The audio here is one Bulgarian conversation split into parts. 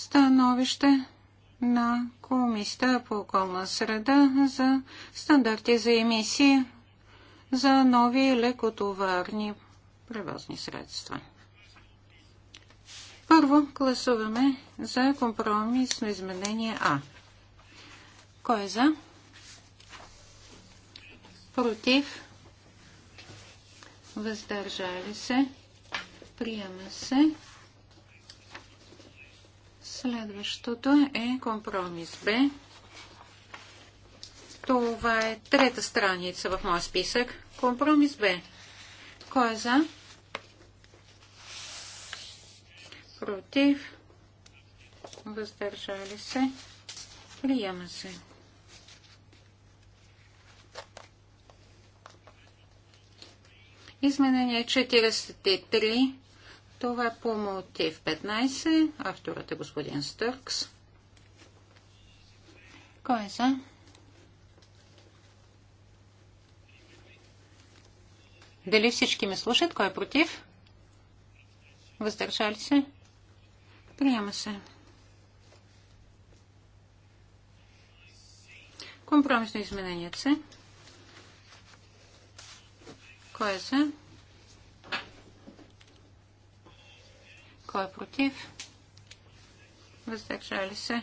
становище на Комисията по околна среда за стандарти за емисии за нови лекотоварни превозни средства. Първо гласуваме за компромисно изменение А. Кой е за? Против? Въздържали се? Приема се. Следващото е компромис Б. Това е трета страница в моя списък. Компромис Б. Кой е за? Против. Въздържали се. Приема се. Изменение 43 това е по мотив 15. Авторът е господин Стъркс. Кой е за? Дали всички ме слушат? Кой е против? Въздържали се? Приема се. Компромисно изменение се. Кой е за? Кой е против? Въздържали се.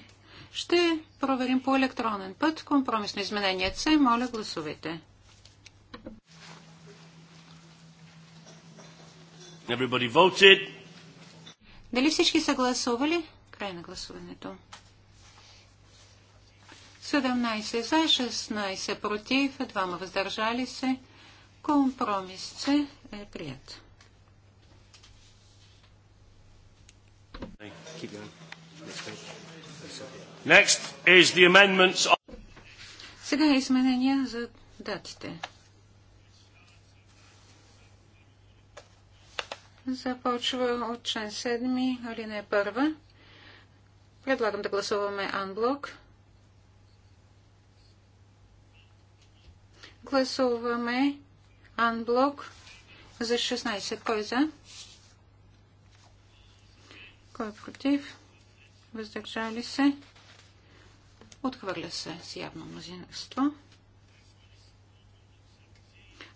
Ще проверим по електронен път. Компромисно изменение С. Моля, гласувайте. Everybody voted. Дали всички са гласували? Край на гласуването. 17 за, 16 против, 2 въздържали се. Компромис С е прият. Сега е изменения за датите. Започва от член 7, алинея 1. Предлагам да гласуваме анблок. Гласуваме анблок за 16. Кой е за? Кой е против? Въздържали се. Отхвърля се с явно мнозинство.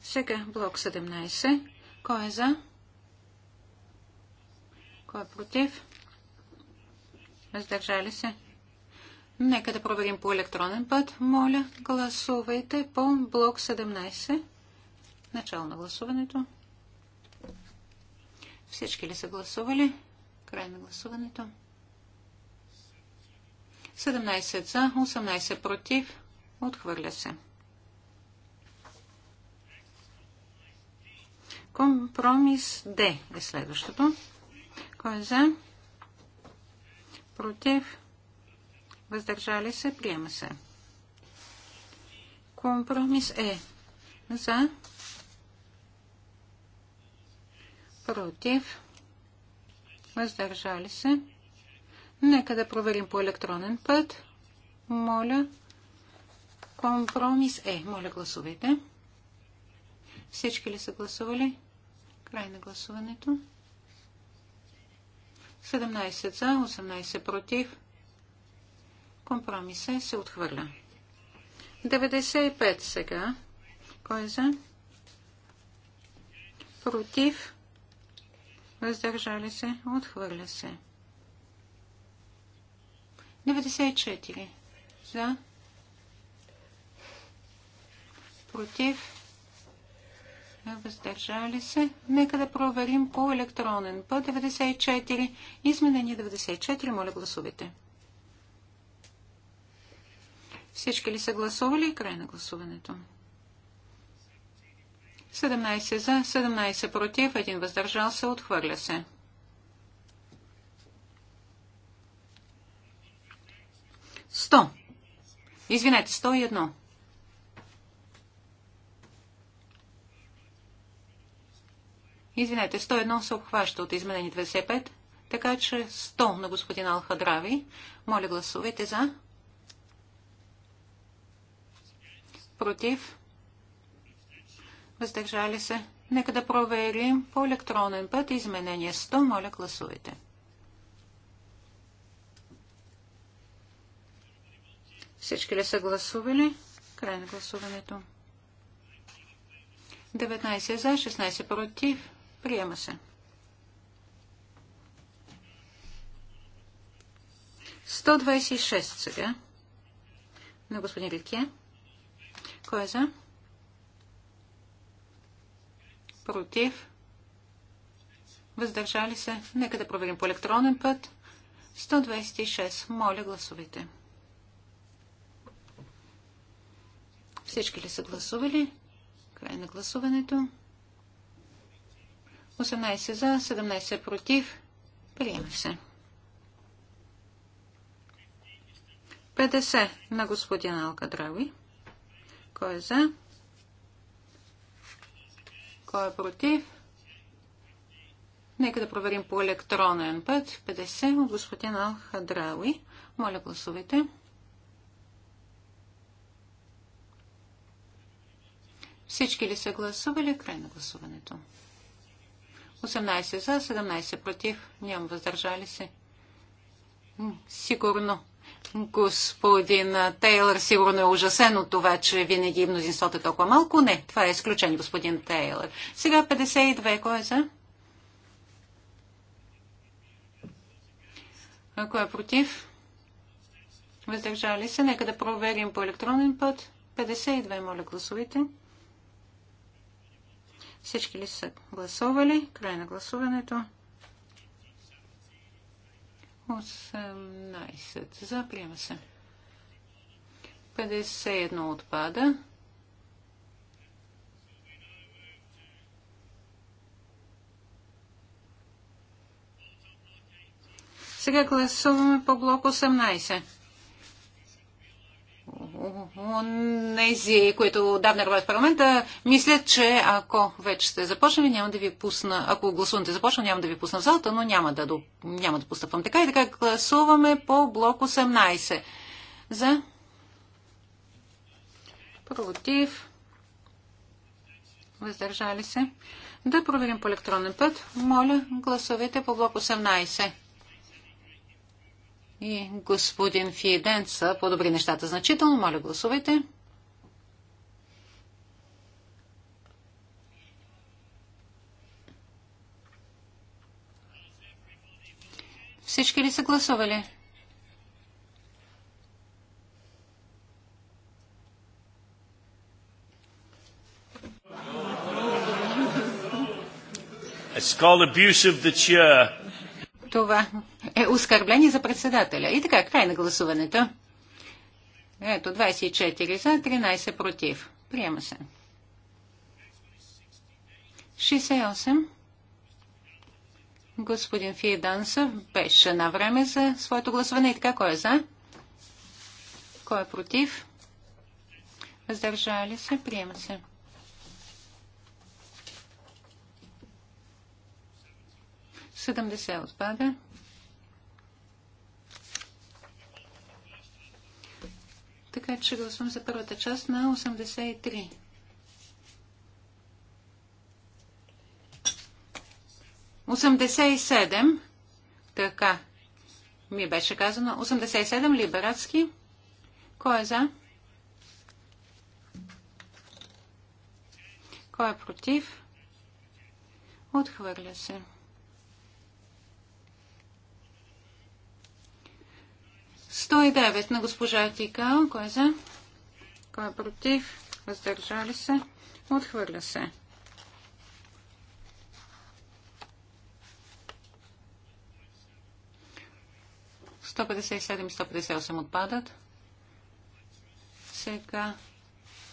Сега блок 17. Кой е за? Кой е против? Въздържали се. Нека да проверим по електронен път. Моля, гласувайте по блок 17. Начало на гласуването. Всички ли са гласували? Край на гласуването. 17 за, 18 против. Отхвърля се. Компромис Д е следващото. Кой е за? Против? Въздържали се? Приема се. Компромис Е. За? Против? въздържали се. Нека да проверим по електронен път. Моля. Компромис е. Моля, гласувайте. Всички ли са гласували? Край на гласуването. 17 за, 18 против. компромис е. се отхвърля. 95 сега. Кой е за? Против въздържали се, отхвърля се. 94 за, против, въздържали се. Нека да проверим по електронен път 94, изменение 94, моля гласувайте. Всички ли са гласували? Край на гласуването. 17 за, 17 против, 1 въздържал се, отхвърля се. Сто. Извинете, 101. Извинете, 101 се обхваща от изменени 25, така че 100 на господин Алхадрави. Моля гласувайте за. Против въздържали се. Нека да проверим по електронен път изменение 100. Моля, гласувайте. Всички ли са гласували? Край на гласуването. 19 за, 16 против. Приема се. 126 сега. На господин Ликия. Кой е за? против, въздържали се. Нека да проверим по електронен път. 126. Моля, гласувайте. Всички ли са гласували? Край на гласуването. 18 за, 17 против. Приема се. 50 на господин Драви. Кой е за? Кой е против? Нека да проверим по електронен път. 50 от господин Алхадрауи. Моля, гласувайте. Всички ли са гласували? Край на гласуването. 18 за, 17 против, няма въздържали се. Сигурно Господин Тейлър сигурно е ужасен от това, че винаги мнозинството е толкова малко. Не, това е изключение, господин Тейлър. Сега 52. Кой е за? А кой е против? Въздържали се. Нека да проверим по електронен път. 52, моля, гласувайте. Всички ли са гласували? Край на гласуването. 18 Заприема се. 51 отпада. Сега гласуваме по блок 18. Нези, които давна работят в парламента, мислят, че ако вече сте започнали, няма да ви пусна, ако гласуването е започна, няма да ви пусна в залата, но няма да, няма да постъпвам така. И така гласуваме по блок 18. За. Против. Въздържали се. Да проверим по електронен път. Моля, гласовете по блок 18. И господин по подобри нещата значително. Моля, гласувайте. Всички ли са гласували? Това е оскърбление за председателя. И така, край на гласуването. Ето, 24 за, 13 против. Приема се. 68. Господин Фиедансов, беше на време за своето гласуване. И така, кой е за? Кой е против? Въздържали се? Приема се. 70 отпада. Така че гласувам за първата част на 83. Осемдесет и седем. Така. Ми беше казано. 87 либератски. Кой е за? Кой е против? Отхвърля се. 109 на госпожа Тикал. Кой е за? Кой е против? Въздържали се? Отхвърля се. Сто и 158 отпадат. Сега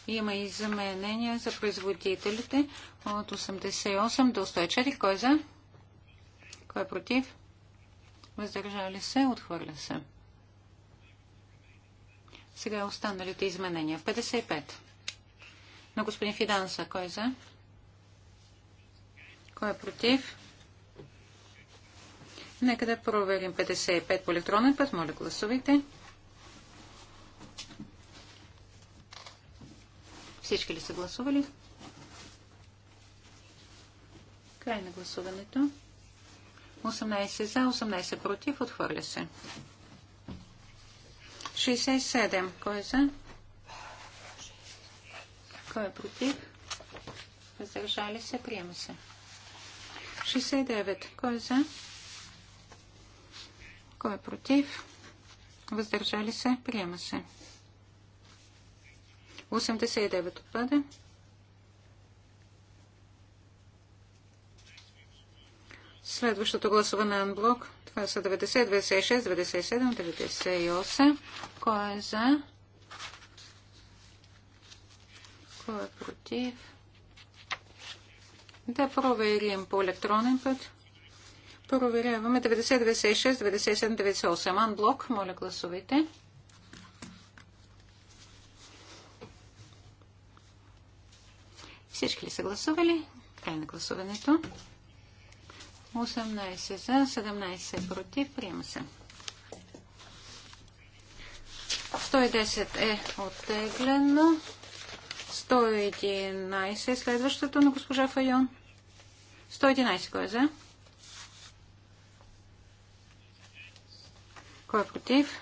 има и заменения за производителите от 88 до 104. Кой е за? Кой е против? Въздържали се? Отхвърля се. Сега останалите изменения. В 55. На господин Фиданса. Кой е за? Кой е против? Нека да проверим 55 по електронен път. Моля, гласувайте. Всички ли са гласували? Край на гласуването. 18 за, 18 против. Отхвърля се. 67. Кой е за? Кой е против? Въздържали се. Приема се. 69. Кой е за? Кой е против? Въздържали се. Приема се. 89 отпада. Следващото гласуване на анблок това са 90, 96, 97, 98. Кой е за? Кой е против? Да проверим по електронен път. Проверяваме 90, 96, 97, 98. Анблок, моля гласовете. Всички ли са гласували? Край на гласуването. 18 за, 17 против. Приема се. 110 е оттеглено. 111 е следващото на госпожа Файон. 111 кой е за? Кой е против?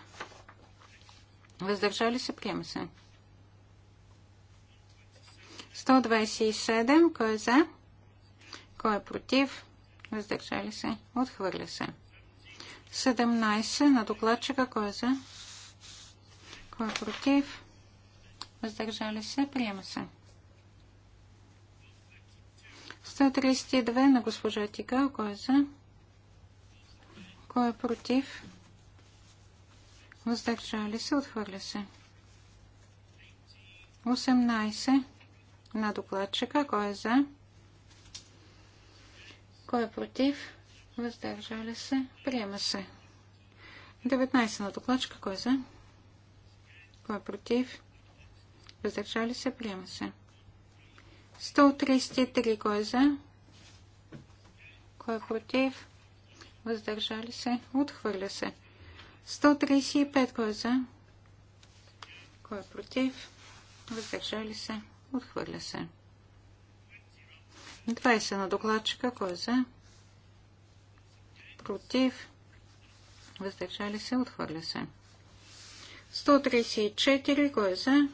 Въздържали се, приема се. 127. Кой е за? Кой е против? въздържали се, отхвърля се. 17 на докладчика, кой е за, кой е против, въздържали се, приема се. 132 на госпожа Тика, кой е за, кой е против, въздържали се, отхвърля се. 18 на докладчика, кой е за, кой е против? Въздържали се. Приема се. 19 на докладчика. Кой е за? Кой е против? Въздържали се. Приема се. 133. Кой е за? Кой е против? Въздържали се. Отхвърля се. 135. Кой е за? Кой е против? Въздържали се. Отхвърля се. 20 на докладчика. Кой е за? Против. Въздържали се. Отхвърля се. 134. Кой е за?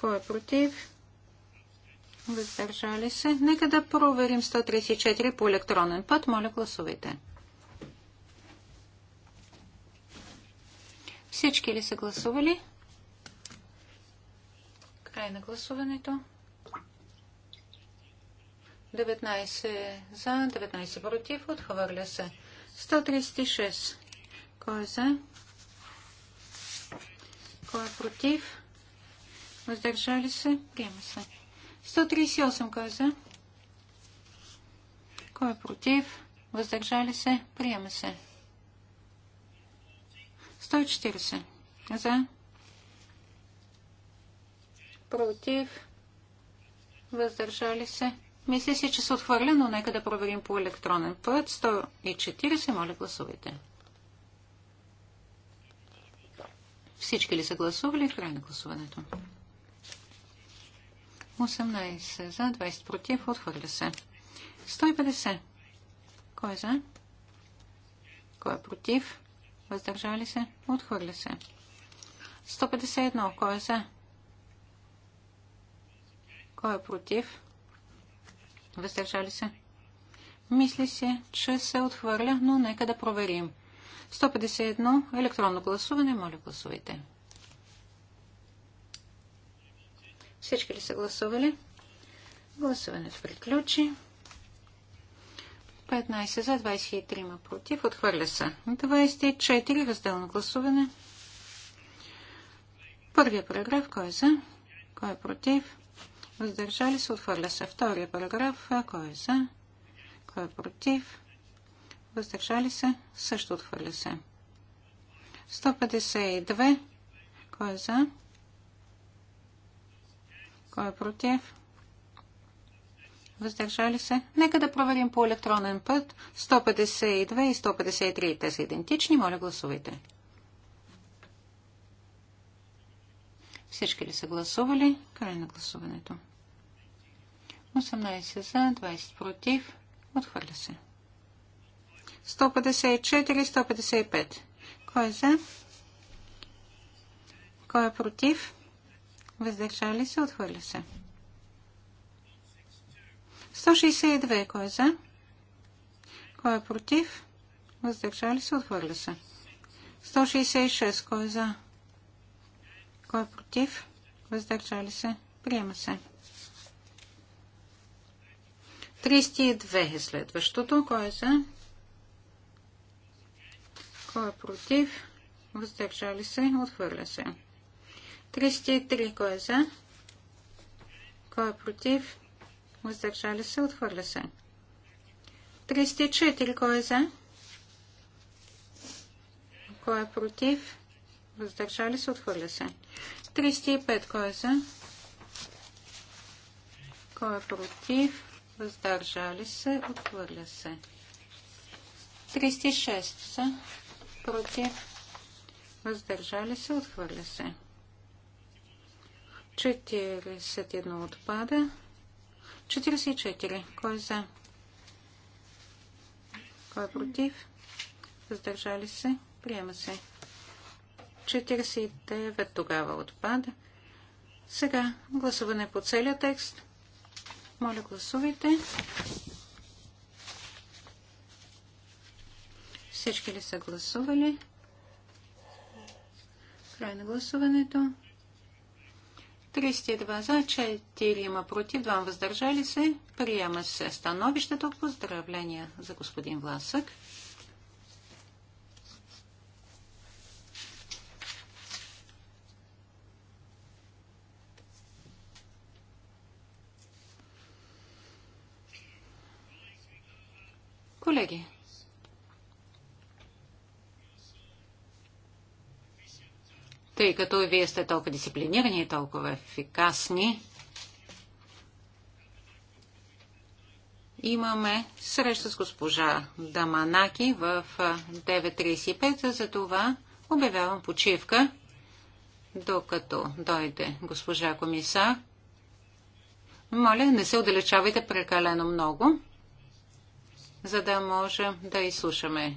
Кой е против? Въздържали се. Нека да проверим 134 по електронен път. Моля, гласувайте. Всички ли са гласували? Край на гласуването. 19 за, 19 против. Отхвърля се. 136. Кой е за? Кой е против? Въздържали се? Приема се. 138. Кой е за? Кой е против? Въздържали се? Приема се. 140. За? Против? Въздържали се? Мисля си, че се отхвърля, но нека да проверим по електронен път. 140, моля гласувайте. Всички ли са гласували? Край на гласуването. 18 за, 20 против, отхвърля се. 150. Кой е за? Кой е против? Въздържали се? Отхвърля се. 151. Кой е за? Кой е против? Въздържали се. Мисли се, че се отхвърля, но нека да проверим. 151. Електронно гласуване. Моля, гласувайте. Всички ли са гласували? Гласуването приключи. 15 за, 23 против. Отхвърля се. 24. Разделно гласуване. Първия параграф. Кой е за? Кой е против? въздържали се, отхвърля се. Втория параграф, кой е за, кой е против, въздържали се, също отхвърля се. 152, кой е за, кой е против, въздържали се. Нека да проверим по електронен път 152 и 153. Те са идентични, моля гласувайте. Всички ли са гласували? Край на гласуването. 18 за, 20 против. Отхвърля се. 154, 155. Кой е за? Кой е против? Въздържали се, отхвърля се. 162. Кой е за? Кой е против? Въздържали се, отхвърля се. 166. Кой е за? Кой е против? Въздържали се. Приема се. 32 е следващото. Кой е за? Кой е против? Въздържали се? Отхвърля се. 33. Кой е за? Кой е против? Въздържали се? Отхвърля се. 34. Кой е за? Кой е против? Въздържали се? Отхвърля се. 35. Кой е за? Кой е против? въздържали се, отхвърля се. 36 са против, въздържали се, отхвърля се. 41 отпада. 44. Кой е за? Кой е против? Въздържали се? Приема се. 49 тогава отпада. Сега гласуване по целия текст. Моля, гласувайте. Всички ли са гласували? Край на гласуването. 32 за, 4 има против, 2 въздържали се. Приема се становището. Поздравления за господин Власък. Колеги, тъй като вие сте толкова дисциплинирани и толкова ефикасни, имаме среща с госпожа Даманаки в 9.35, за това обявявам почивка, докато дойде госпожа комисар. Моля, не се отдалечавайте прекалено много за да можем да изслушаме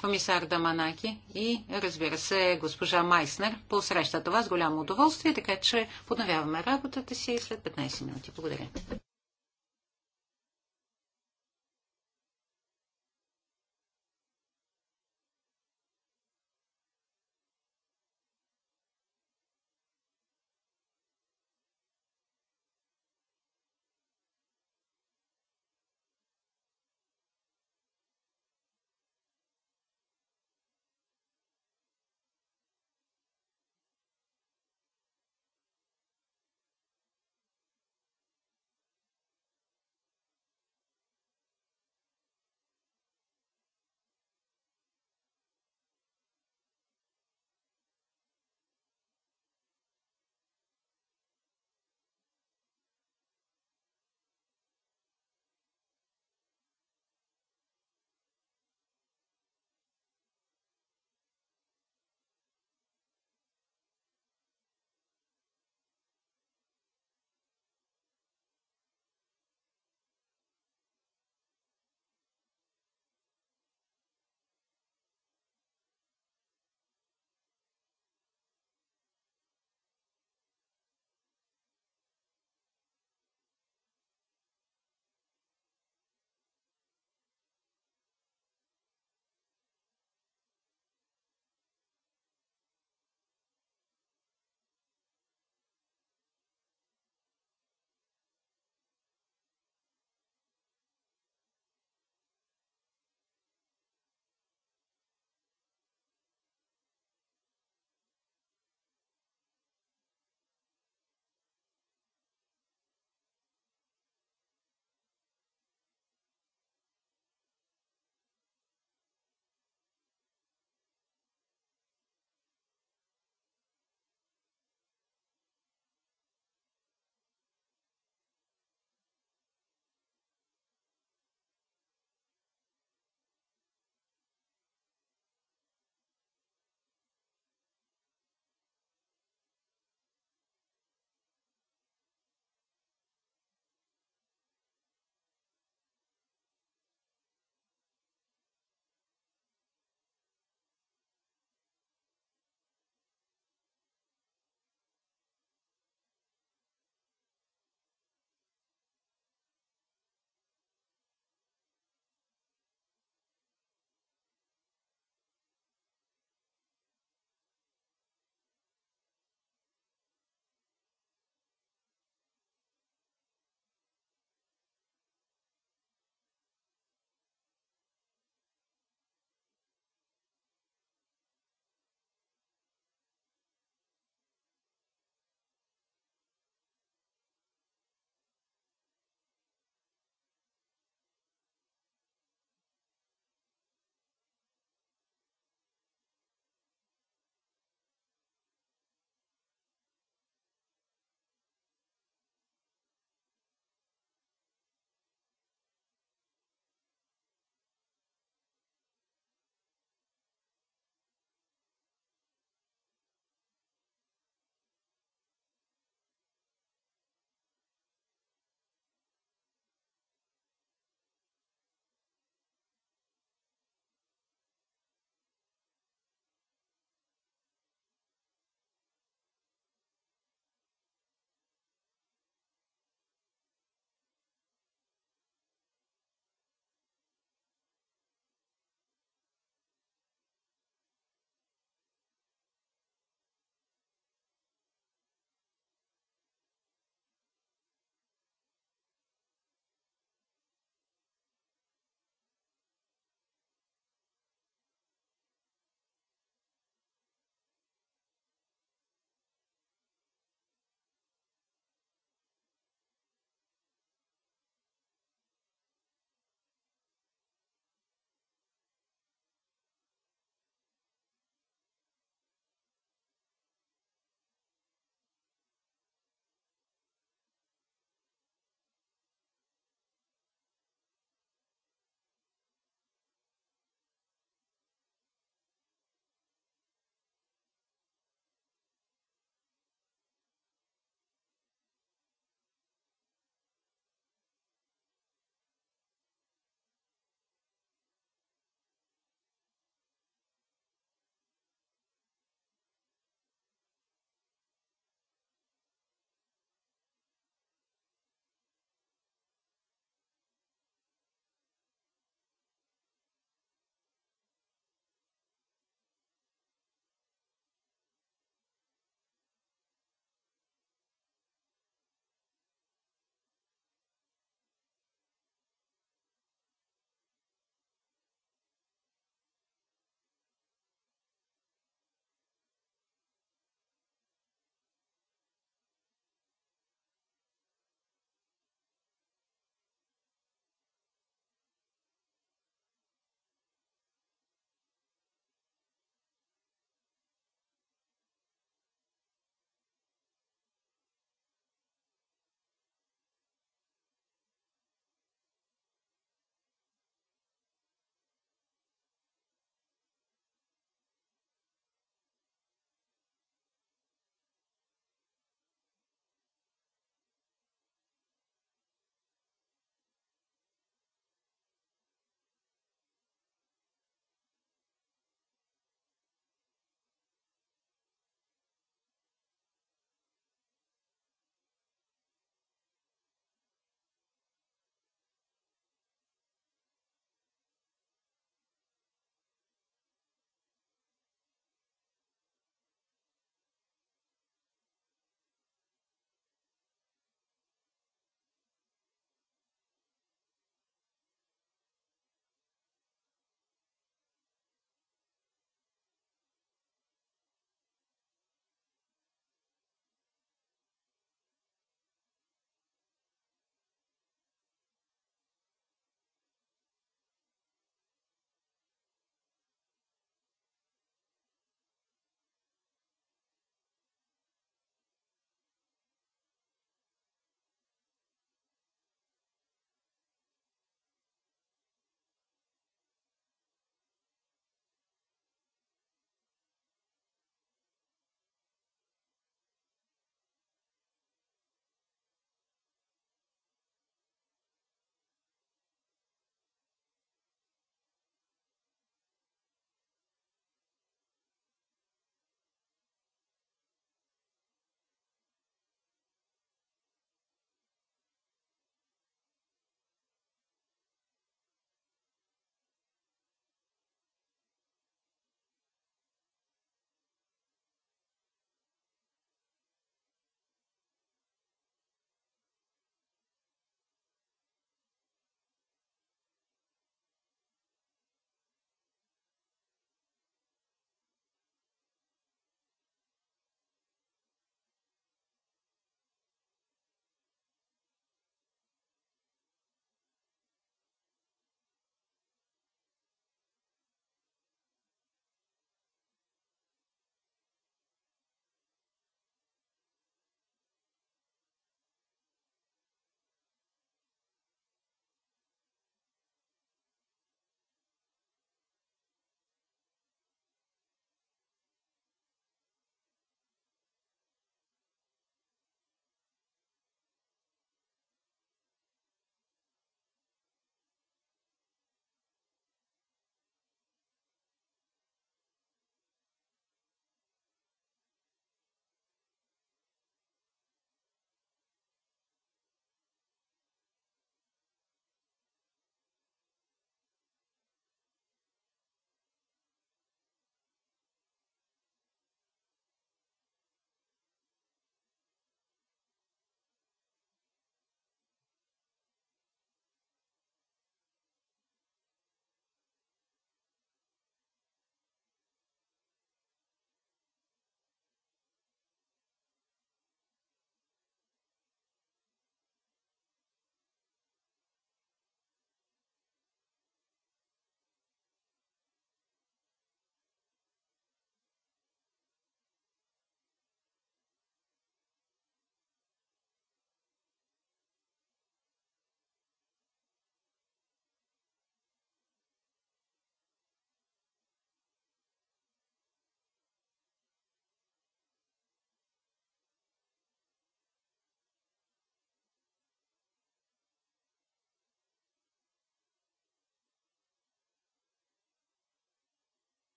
комисар Даманаки и, разбира се, госпожа Майснер посреща това с голямо удоволствие, така че подновяваме работата си след 15 минути. Благодаря.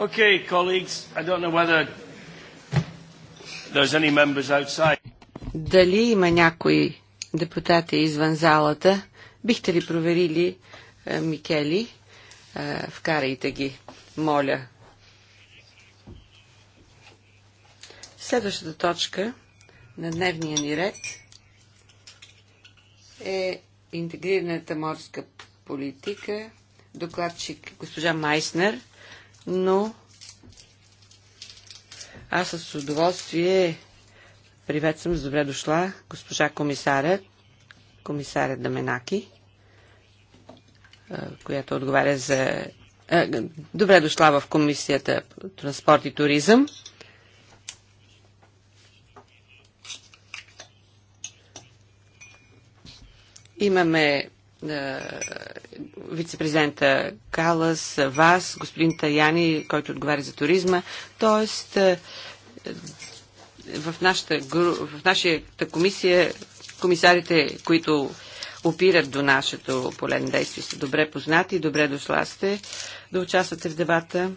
Okay, colleagues, I don't know whether there's any members outside. Дали има някои депутати извън залата? Бихте ли проверили, е, Микели? Е, вкарайте ги, моля. Следващата точка на дневния ни ред е интегрираната морска политика. Докладчик е госпожа Майснер но аз с удоволствие приветствам с добре дошла госпожа комисаря, комисаря Даменаки, която отговаря за... Добре дошла в комисията транспорт и туризъм. Имаме е, вице-президента Калас, вас, господин Таяни, който отговаря за туризма. Тоест, е, в, нашата, в нашата комисия комисарите, които опират до нашето поле на действие, са добре познати. Добре дошла сте да участвате в дебата.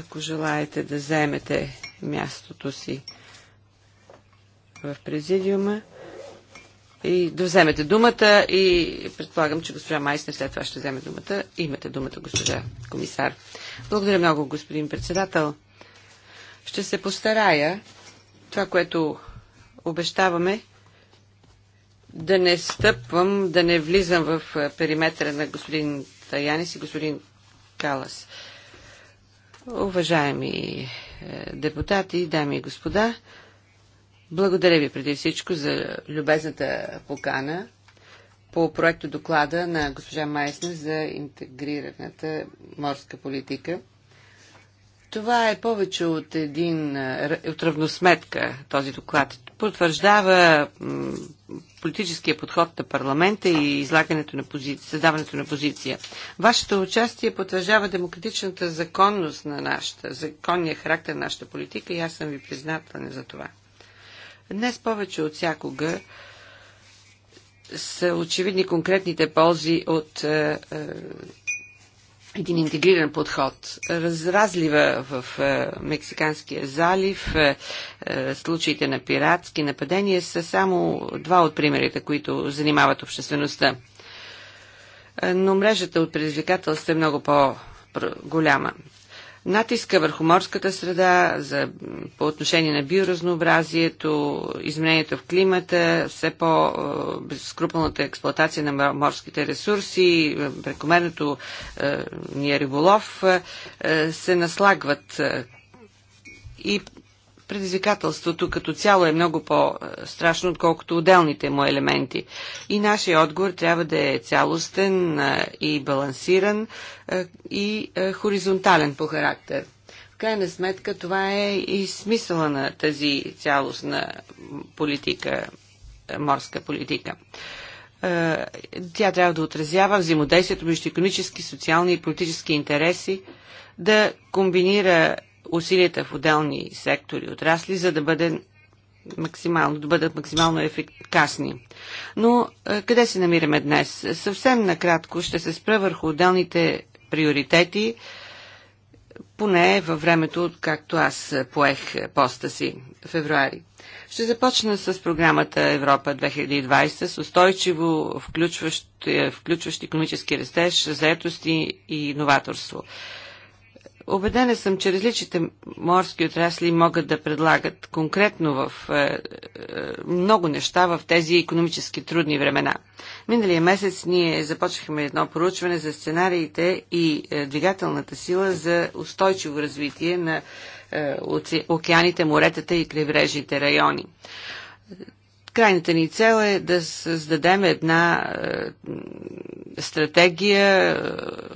Ако желаете да заемете мястото си в президиума и да вземете думата и предполагам, че госпожа Майсне, след това ще вземе думата. Имате думата, госпожа комисар. Благодаря много, господин председател. Ще се постарая това, което обещаваме, да не стъпвам, да не влизам в периметъра на господин Таянис и господин Калас. Уважаеми е, депутати, дами и господа, благодаря ви преди всичко за любезната покана по проекто доклада на госпожа Майсна за интегрираната морска политика. Това е повече от един е, от равносметка, този доклад. Потвърждава политическия подход на парламента и излагането на позиция, създаването на позиция. Вашето участие потвърждава демократичната законност на нашата, законния характер на нашата политика и аз съм ви признателен за това. Днес повече от всякога са очевидни конкретните ползи от е, е, един интегриран подход. Разразлива в е, Мексиканския залив, е, е, случаите на пиратски нападения са само два от примерите, които занимават обществеността. Е, но мрежата от предизвикателства е много по-голяма. Натиска върху морската среда за, по отношение на биоразнообразието, изменението в климата, все по-безскрупната е, експлоатация на морските ресурси, прекомерното е, ни е риболов е, е, се наслагват и предизвикателството като цяло е много по-страшно, отколкото отделните му елементи. И нашия отговор трябва да е цялостен и балансиран и хоризонтален по характер. В крайна сметка това е и смисъла на тази цялостна политика, морска политика. Тя трябва да отразява взаимодействието между економически, социални и политически интереси, да комбинира усилията в отделни сектори, отрасли, за да бъде максимално, да бъдат максимално ефикасни. Но е, къде се намираме днес? Съвсем накратко ще се спра върху отделните приоритети, поне във времето, както аз поех поста си в февруари. Ще започна с програмата Европа 2020 с устойчиво включващ, е, включващ економически растеж, заетост и иноваторство. Обедена съм, че различните морски отрасли могат да предлагат конкретно в е, е, много неща в тези економически трудни времена. Миналия месец ние започнахме едно проучване за сценариите и е, двигателната сила за устойчиво развитие на е, оце, океаните, моретата и крайбрежните райони. Крайната ни цел е да създадем една е, стратегия, е,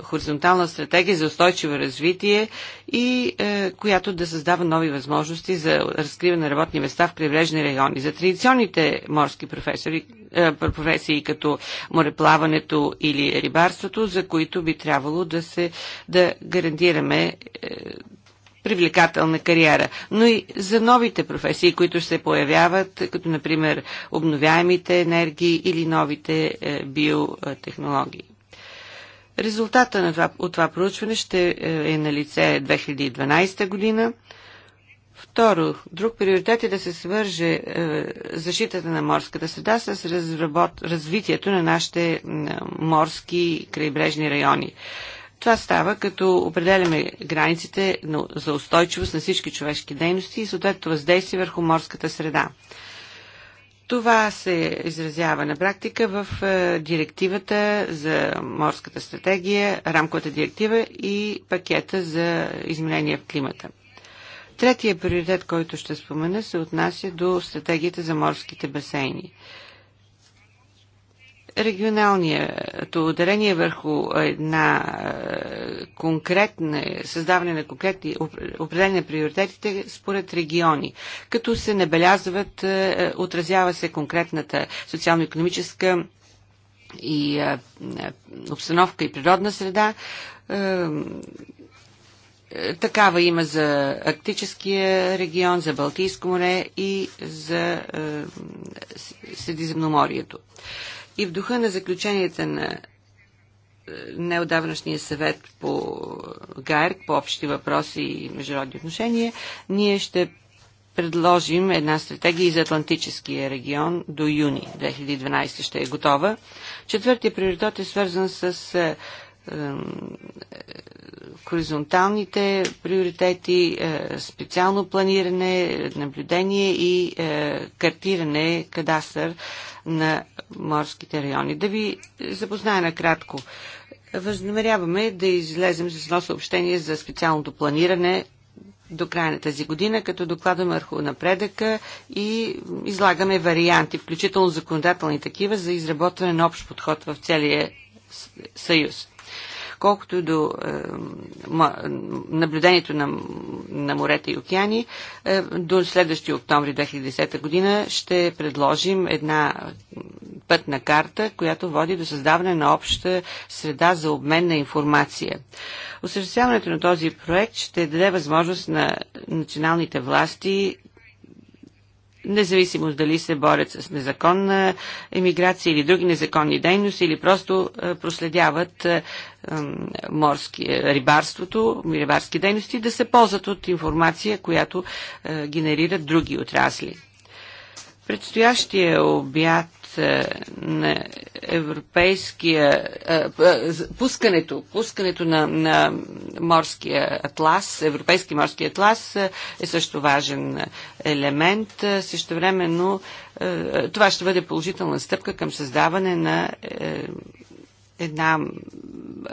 хоризонтална стратегия за устойчиво развитие и е, която да създава нови възможности за разкриване на работни места в крайбрежни райони. За традиционните морски професори, професии като мореплаването или рибарството, за които би трябвало да, се, да гарантираме привлекателна кариера, но и за новите професии, които се появяват, като например обновяемите енергии или новите е, биотехнологии. Резултата на това, от това проучване ще е, е на лице 2012 година. Второ, друг приоритет е да се свърже е, защитата на морската среда с разработ, развитието на нашите е, морски крайбрежни райони. Това става като определяме границите за устойчивост на всички човешки дейности и съответно въздействие върху морската среда. Това се изразява на практика в е, директивата за морската стратегия, рамковата директива и пакета за изменения в климата. Третия приоритет, който ще спомена, се отнася до стратегията за морските басейни регионалният ударение върху една е, конкретна, създаване на конкретни определени на приоритетите според региони, като се набелязват, е, отразява се конкретната социално-економическа и е, обстановка и природна среда, такава има за Арктическия регион, за Балтийско море и за Средиземноморието. И в духа на заключенията на е, неодавнашния съвет по ГАЕРК, по общи въпроси и международни отношения, ние ще предложим една стратегия за Атлантическия регион до юни 2012 ще е готова. Четвъртия приоритет е свързан с е, хоризонталните приоритети, е, специално планиране, наблюдение и е, картиране, кадастър на морските райони. Да ви запозная накратко. Възнамеряваме да излезем с едно съобщение за специалното планиране до края на тази година, като докладваме върху напредъка и излагаме варианти, включително законодателни такива, за изработване на общ подход в целия съюз. Колкото до е, наблюдението на, на морета и океани, е, до следващия октомври 2010 година ще предложим една пътна карта, която води до създаване на обща среда за обмен на информация. Осъществяването на този проект ще даде възможност на националните власти независимо дали се борят с незаконна емиграция или други незаконни дейности, или просто е, проследяват е, морски, е, рибарството, рибарски дейности, да се ползват от информация, която генерират други отрасли. Предстоящия обяд е, на европейския е, е, пускането, пускането на, на морския атлас, европейски морски атлас е също важен елемент. Също времено това ще бъде положителна стъпка към създаване на една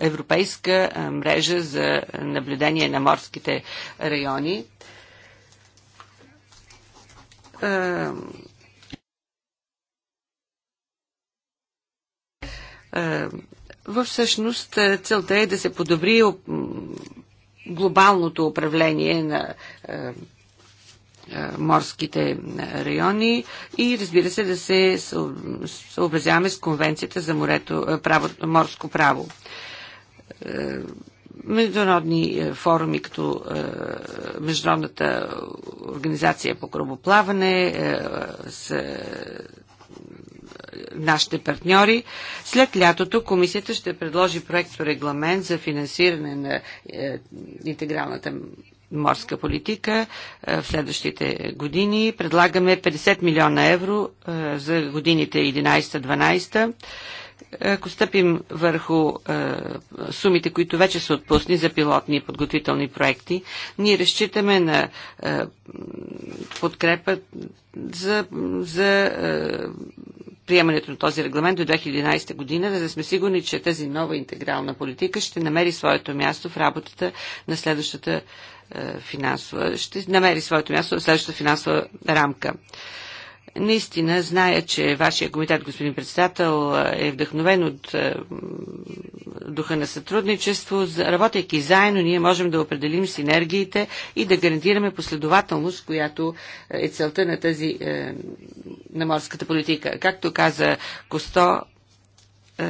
европейска мрежа за наблюдение на морските райони Е, във всъщност е, целта е да се подобри глобалното управление на е, морските райони и разбира се да се съобразяваме с конвенцията за морето, право, морско право. Международни форуми, като Международната организация по кръвоплаване, нашите партньори. След лятото комисията ще предложи проект регламент за финансиране на е, интегралната морска политика е, в следващите години. Предлагаме 50 милиона евро е, за годините 11-12 ако стъпим върху е, сумите, които вече са отпусни за пилотни и подготвителни проекти, ние разчитаме на е, подкрепа за, за е, приемането на този регламент до 2011 година, за да сме сигурни, че тази нова интегрална политика ще намери своето място в работата на следващата е, финансова, ще намери своето място в следващата финансова рамка. Наистина, зная, че вашия комитет, господин председател, е вдъхновен от е, духа на сътрудничество. Работейки заедно, ние можем да определим синергиите и да гарантираме последователност, която е целта на тази е, на морската политика. Както каза Косто,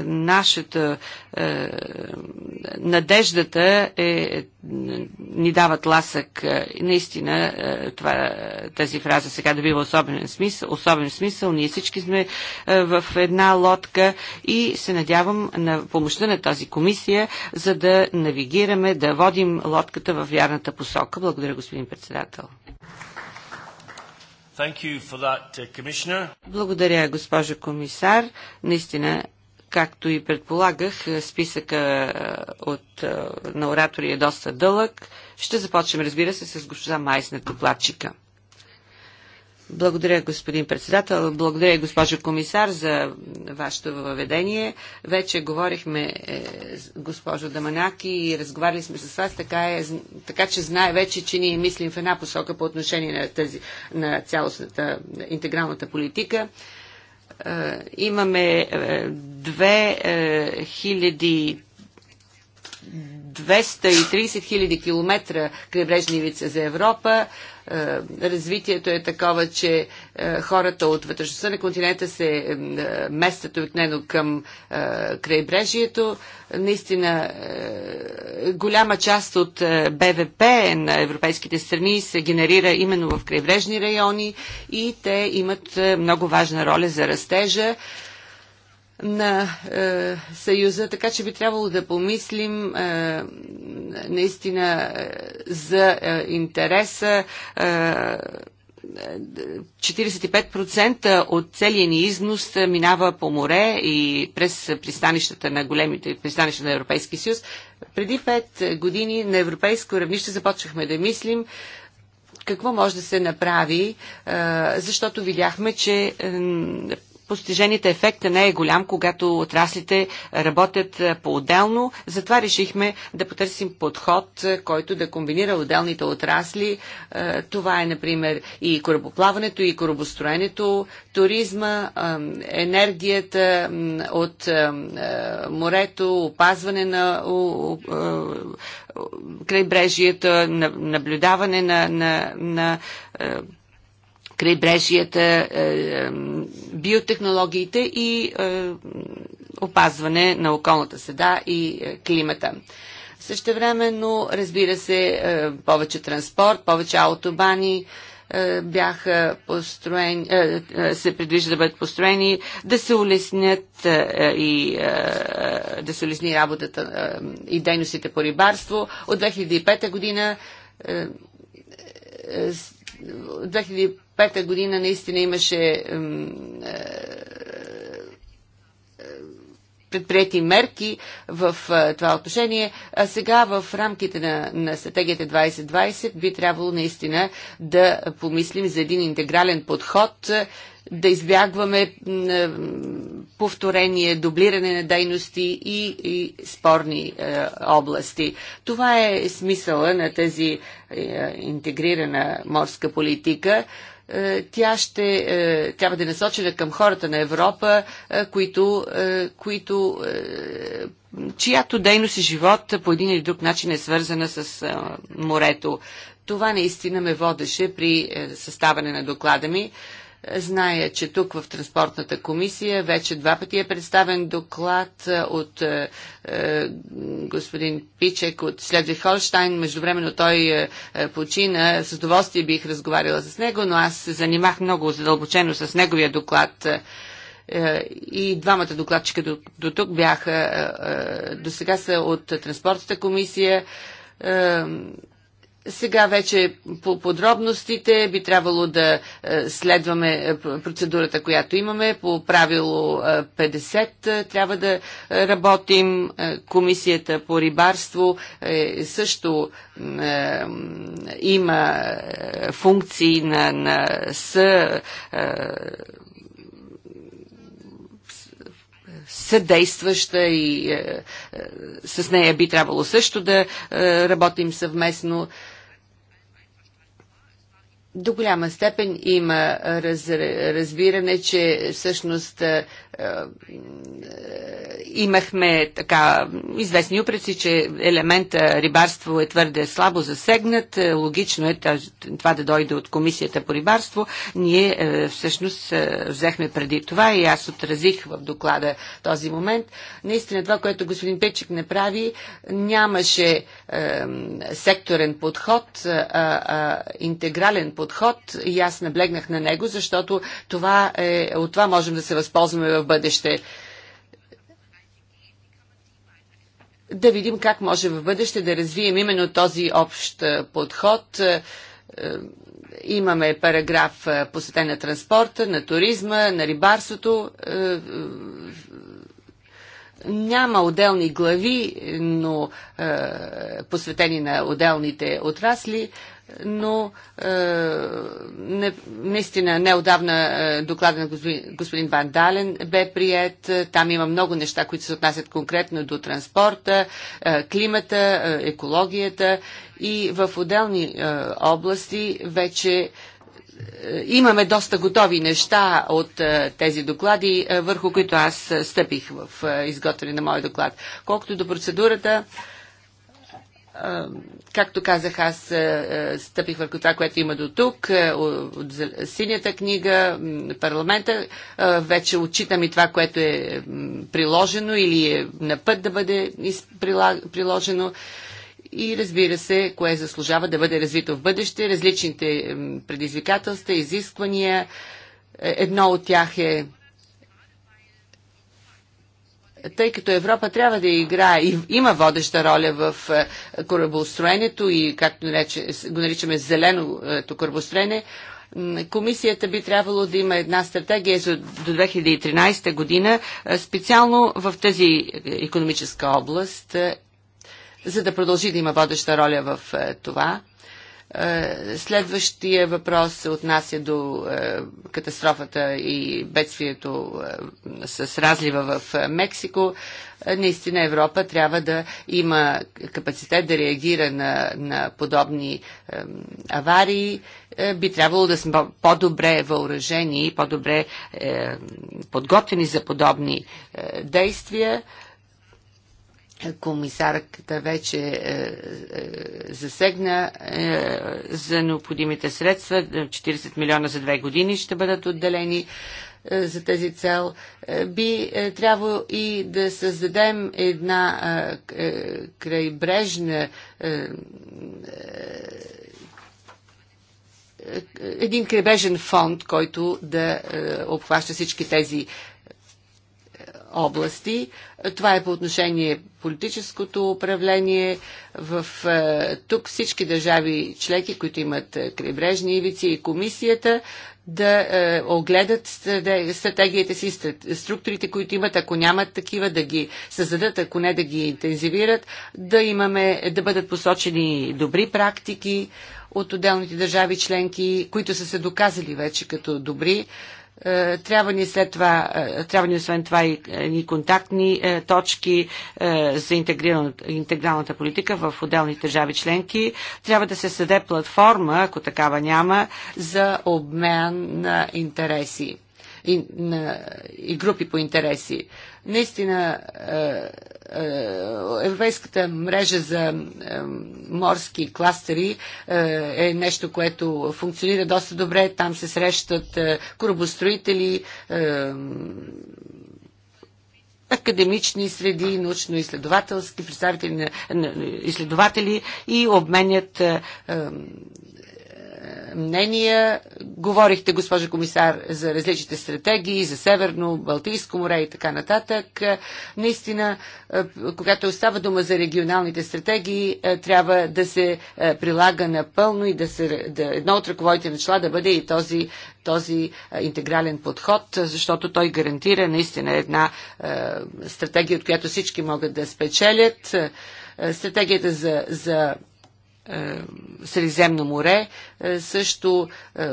нашата е, надеждата е, ни дава тласък. Наистина е, това, тази фраза сега добива особен смисъл, особен смисъл. Ние всички сме е, в една лодка и се надявам на помощта на тази комисия, за да навигираме, да водим лодката в вярната посока. Благодаря, господин председател. That, uh, Благодаря, госпожо комисар. Наистина Както и предполагах, списъка от, на оратори е доста дълъг. Ще започнем, разбира се, с госпожа Майсна Топлачика. Благодаря, господин председател. Благодаря, госпожо комисар, за вашето въведение. Вече говорихме, е, с госпожо Даманаки, и разговаряли сме с вас, така, е, така че знае вече, че ние мислим в една посока по отношение на, тази, на цялостната интегралната политика. Е, имаме 2000 е, 230 хиляди километра крайбрежни ивица за Европа. Е, развитието е такова, че е, хората от вътрешността на континента се е, местят обикновено към крайбрежието. Наистина голяма част от БВП на европейските страни се генерира именно в крайбрежни райони и те имат много важна роля за растежа на е, Съюза, така че би трябвало да помислим е, наистина е, за е, интереса. Е, 45% от целия ни износ минава по море и през пристанищата на големите пристанища на Европейски съюз. Преди 5 години на европейско равнище започнахме да мислим какво може да се направи, е, защото видяхме, че постижените ефекта не е голям, когато отраслите работят по-отделно. Затова решихме да потърсим подход, който да комбинира отделните отрасли. Това е, например, и корабоплаването, и корабостроенето, туризма, енергията от морето, опазване на крайбрежията, наблюдаване на, на, на крайбрежията, е, е, биотехнологиите и е, опазване на околната среда и климата. Същевременно, разбира се, повече транспорт, повече аутобани бяха построени, се предвижда да бъдат построени, да се улеснят и да се улесни работата и дейностите по рибарство. От 2005 година пета година наистина имаше е, е, предприяти мерки в е, това отношение. А сега в рамките на, на стратегията 2020 би трябвало наистина да помислим за един интегрален подход, да избягваме повторение, дублиране на дейности и, и спорни е, области. Това е смисъла на тази е, интегрирана морска политика. Е, е, тя ще трябва да е насочена към хората на Европа, е, които, е, които, чиято дейност и живот по един или друг начин е свързана с морето. Това наистина ме водеше при съставане на доклада ми. Зная, че тук в Транспортната комисия вече два пъти е представен доклад е, от е, е, господин Пичек от Следвих Холштайн. Междувременно той е, е, почина. С удоволствие бих разговаряла с него, но аз се занимах много задълбочено с неговия доклад. Е, и двамата докладчика до, до тук бяха, е, до сега са от Транспортната комисия. Сега вече по подробностите би трябвало да е, следваме е, процедурата, която имаме. По правило 50 е, трябва да работим. Комисията по рибарство също има функции на, на с съдействаща и е, е, с нея би трябвало също да е, работим съвместно. Е, до голяма степен има разбиране, че всъщност е, е, имахме така известни упреци, че елемента рибарство е твърде слабо засегнат. Е, логично е това да дойде от комисията по рибарство. Ние всъщност взехме преди това и аз отразих в доклада този момент. Наистина това, което господин Печик направи, нямаше секторен подход, а, интегрален подход и аз наблегнах на него, защото това е, от това можем да се възползваме в бъдеще. Да видим как може в бъдеще да развием именно този общ подход. Имаме параграф посетен на транспорта, на туризма, на рибарството няма отделни глави, но посветени на отделните отрасли но е, не, наистина неодавна е, доклада на господин, Ван Дален бе прият. Е, там има много неща, които се отнасят конкретно до транспорта, е, климата, е, екологията и в отделни е, области вече е, имаме доста готови неща от е, тези доклади, е, върху които аз е, стъпих в е, изготвяне на моя доклад. Колкото до процедурата, е, както казах, аз стъпих върху това, което има до тук, от синята книга, парламента. Вече отчитам и това, което е приложено или е на път да бъде приложено. И разбира се, кое заслужава да бъде развито в бъдеще, различните предизвикателства, изисквания. Е, едно от тях е тъй като Европа трябва да играе и има водеща роля в е, корабостроенето и както го наричаме зеленото е, корабостроене, Комисията би трябвало да има една стратегия за до 2013 година, е, специално в тази економическа област, за да продължи да има водеща роля в това. Е, следващия въпрос се отнася до е, катастрофата и бедствието е, с разлива в Мексико. Наистина Европа трябва да има капацитет да реагира на, на подобни аварии. Би трябвало да сме по-добре въоръжени и по-добре подготвени за подобни действия комисарката вече е, е, засегна е, за необходимите средства. 40 милиона за две години ще бъдат отделени е, за тази цел. Е, би е, трябвало и да създадем една крайбрежна един крайбрежен фонд, който да обхваща всички тези области. Това е по отношение политическото управление. В, е, тук всички държави членки, които имат е, крайбрежни ивици и комисията, да е, огледат стратегиите си, структурите, които имат, ако нямат такива, да ги създадат, ако не да ги интензивират, да имаме, да бъдат посочени добри практики от отделните държави членки, които са се доказали вече като добри. Е, е, трябва ни след това, е, трябва ни освен това и е, ни контактни точки за интегралната политика в отделните държави членки. Трябва да се съде платформа, ако такава няма, за обмен на интереси и, на, и групи по интереси. Наистина, е, е, Европейската мрежа за е, морски кластери е нещо, което функционира доста добре. Там се срещат корабостроители, академични среди, научно-изследователски представители на, изследователи и обменят мнения. Говорихте, госпожа комисар, за различните стратегии, за Северно, Балтийско море и така нататък. Наистина, е, когато остава дума за регионалните стратегии, е, трябва да се е, прилага напълно и да се, да, едно от ръководите начала да бъде и този, този интегрален подход, защото той гарантира наистина една стратегия, от която всички могат да спечелят стратегията за, за е, Средиземно море, е, също е,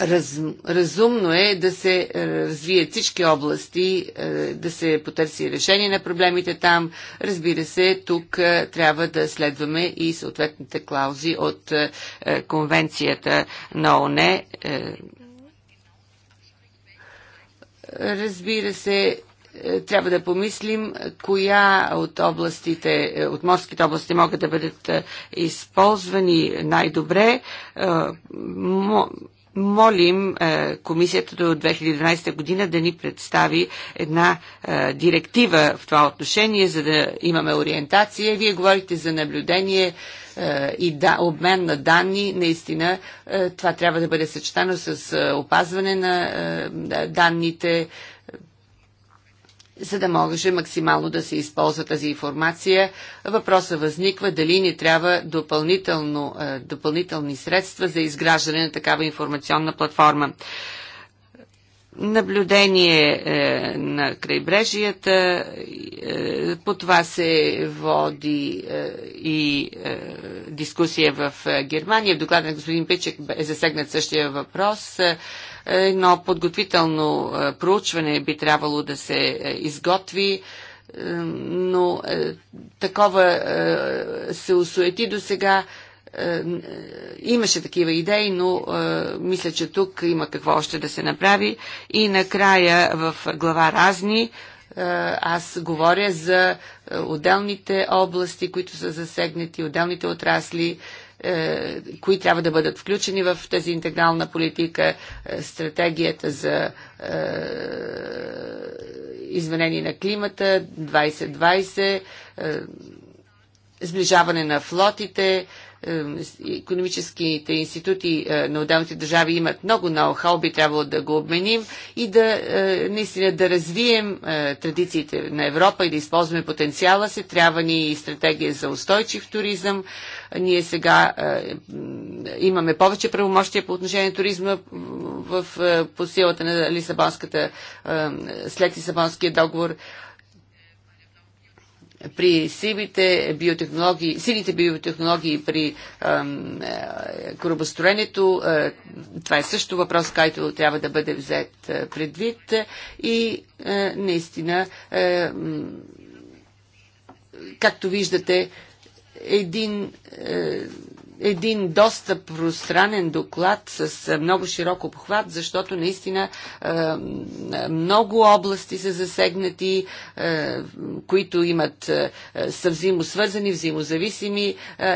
раз, разумно е да се развият всички области, да се потърси решение на проблемите там. Разбира се, тук трябва да следваме и съответните клаузи от конвенцията на ОНЕ. Разбира се, е, трябва да помислим коя от областите, е, от морските области могат да бъдат е, използвани най-добре. Молим комисията до 2012 година да ни представи една директива в това отношение, за да имаме ориентация. Вие говорите за наблюдение и да, обмен на данни, наистина това трябва да бъде съчетано с опазване на данните, за да може максимално да се използва тази информация. Въпросът възниква дали ни трябва допълнително, е, допълнителни средства за изграждане на такава информационна платформа. Наблюдение е, на крайбрежията, е, по това се води и дискусия в Германия. В доклада на господин Пичек е засегнат същия въпрос. Едно подготвително е, проучване би трябвало да се е, изготви е, но такова се осуети до сега. имаше такива идеи, но мисля, че тук има какво още да се направи. И накрая в глава Разни аз говоря за отделните области, които са засегнати, отделните отрасли, е, кои трябва да бъдат включени в тази интегрална политика, е, стратегията за е, изменение на климата 2020, сближаване на флотите, економическите институти е, на отделните държави имат много ноу-хау, би трябвало да го обменим и да е, наистина да развием е, традициите на Европа и да използваме потенциала си. Трябва ни и стратегия за устойчив туризъм. Ние сега имаме повече правомощия по отношение на туризма в, по силата на Лисабонската, след Лисабонския договор при сивите биотехнологии, сините биотехнологии при е, корабостроенето. Е, това е също въпрос, който трябва да бъде взет е, предвид и а, наистина, а, както виждате, един а, един доста пространен доклад с много широк обхват, защото наистина много области са засегнати, които имат, са взаимосвързани, взаимозависими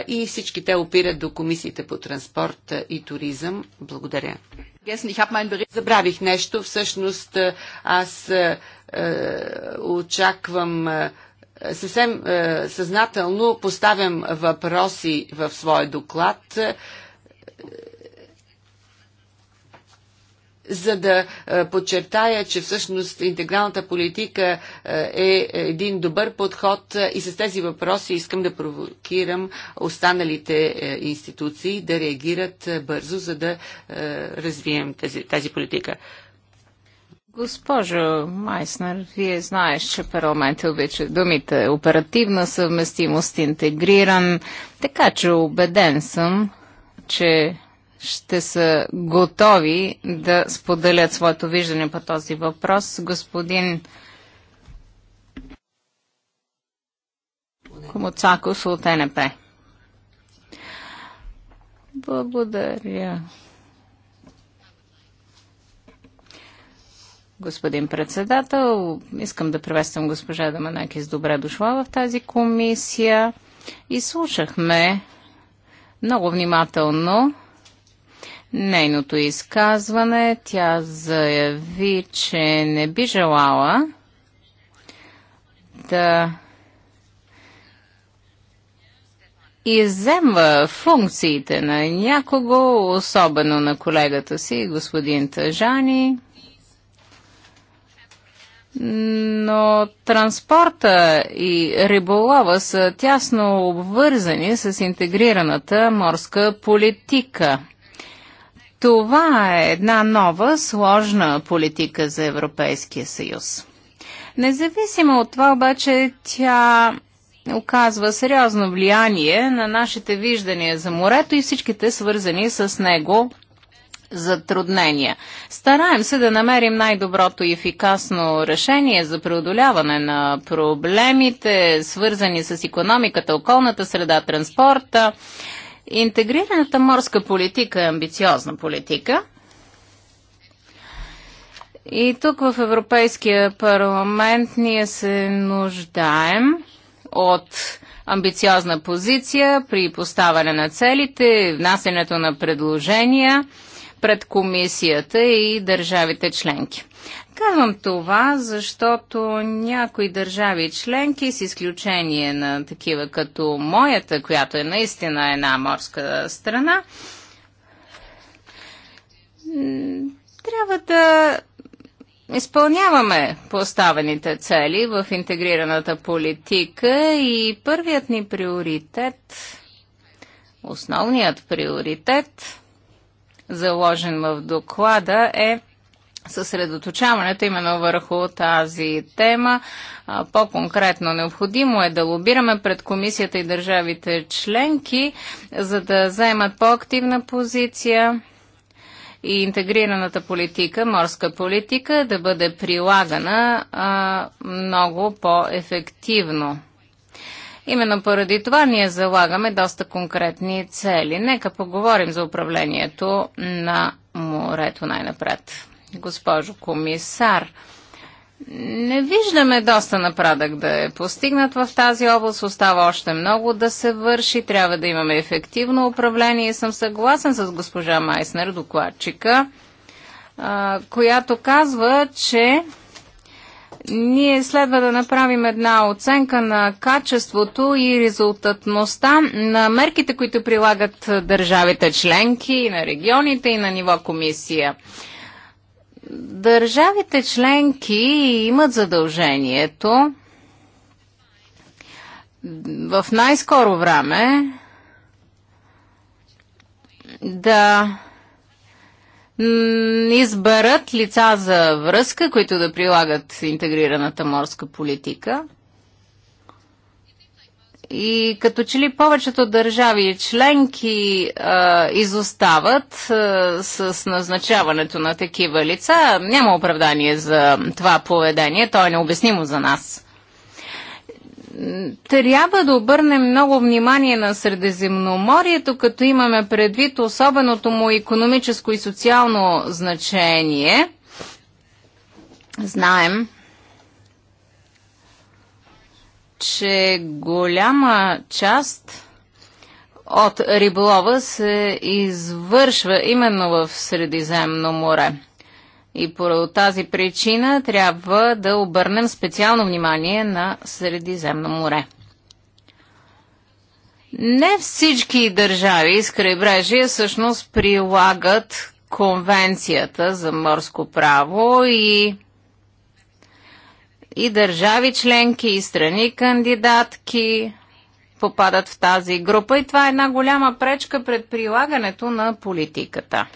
и всички те опират до комисиите по транспорт и туризъм. Благодаря. Забравих нещо. Всъщност аз очаквам е, съвсем е, съзнателно поставям въпроси в своя доклад, е, за да подчертая, че всъщност интегралната политика е един добър подход и с тези въпроси искам да провокирам останалите институции да реагират бързо, за да развием тази, тази политика. Госпожо Майснер, вие знаеш, че парламентът обича думите оперативна съвместимост, интегриран, така че убеден съм, че ще са готови да споделят своето виждане по този въпрос. Господин Комоцакос от НП. Благодаря. господин председател. Искам да приветствам госпожа Даманакис. Добре дошла в тази комисия. И слушахме много внимателно нейното изказване. Тя заяви, че не би желала да иземва функциите на някого, особено на колегата си, господин Тъжани но транспорта и риболова са тясно обвързани с интегрираната морска политика. Това е една нова, сложна политика за Европейския съюз. Независимо от това обаче, тя оказва сериозно влияние на нашите виждания за морето и всичките свързани с него затруднения. Стараем се да намерим най-доброто и ефикасно решение за преодоляване на проблемите, свързани с економиката, околната среда, транспорта. Интегрираната морска политика е амбициозна политика. И тук в Европейския парламент ние се нуждаем от амбициозна позиция при поставяне на целите, внасянето на предложения – пред комисията и държавите членки. Казвам това, защото някои държави членки, с изключение на такива като моята, която е наистина една морска страна, трябва да изпълняваме поставените цели в интегрираната политика и първият ни приоритет, основният приоритет – заложен в доклада, е съсредоточаването именно върху тази тема. По-конкретно необходимо е да лобираме пред комисията и държавите членки, за да заемат по-активна позиция и интегрираната политика, морска политика, да бъде прилагана а, много по-ефективно. Именно поради това ние залагаме доста конкретни цели. Нека поговорим за управлението на морето най-напред. Госпожо комисар, не виждаме доста напредък да е постигнат в тази област. Остава още много да се върши. Трябва да имаме ефективно управление. И съм съгласен с госпожа Майснер, докладчика, която казва, че ние следва да направим една оценка на качеството и резултатността на мерките, които прилагат държавите членки, на регионите и на ниво комисия. Държавите членки имат задължението в най-скоро време да изберат лица за връзка, които да прилагат интегрираната морска политика. И като че ли повечето държави и членки а, изостават а, с назначаването на такива лица, няма оправдание за това поведение, то е необяснимо за нас трябва да обърнем много внимание на Средиземноморието, като имаме предвид особеното му економическо и социално значение. Знаем, че голяма част от риболова се извършва именно в Средиземно море. И по тази причина трябва да обърнем специално внимание на Средиземно море. Не всички държави с крайбрежие всъщност прилагат конвенцията за морско право и и държави членки, и страни кандидатки попадат в тази група и това е една голяма пречка пред прилагането на политиката.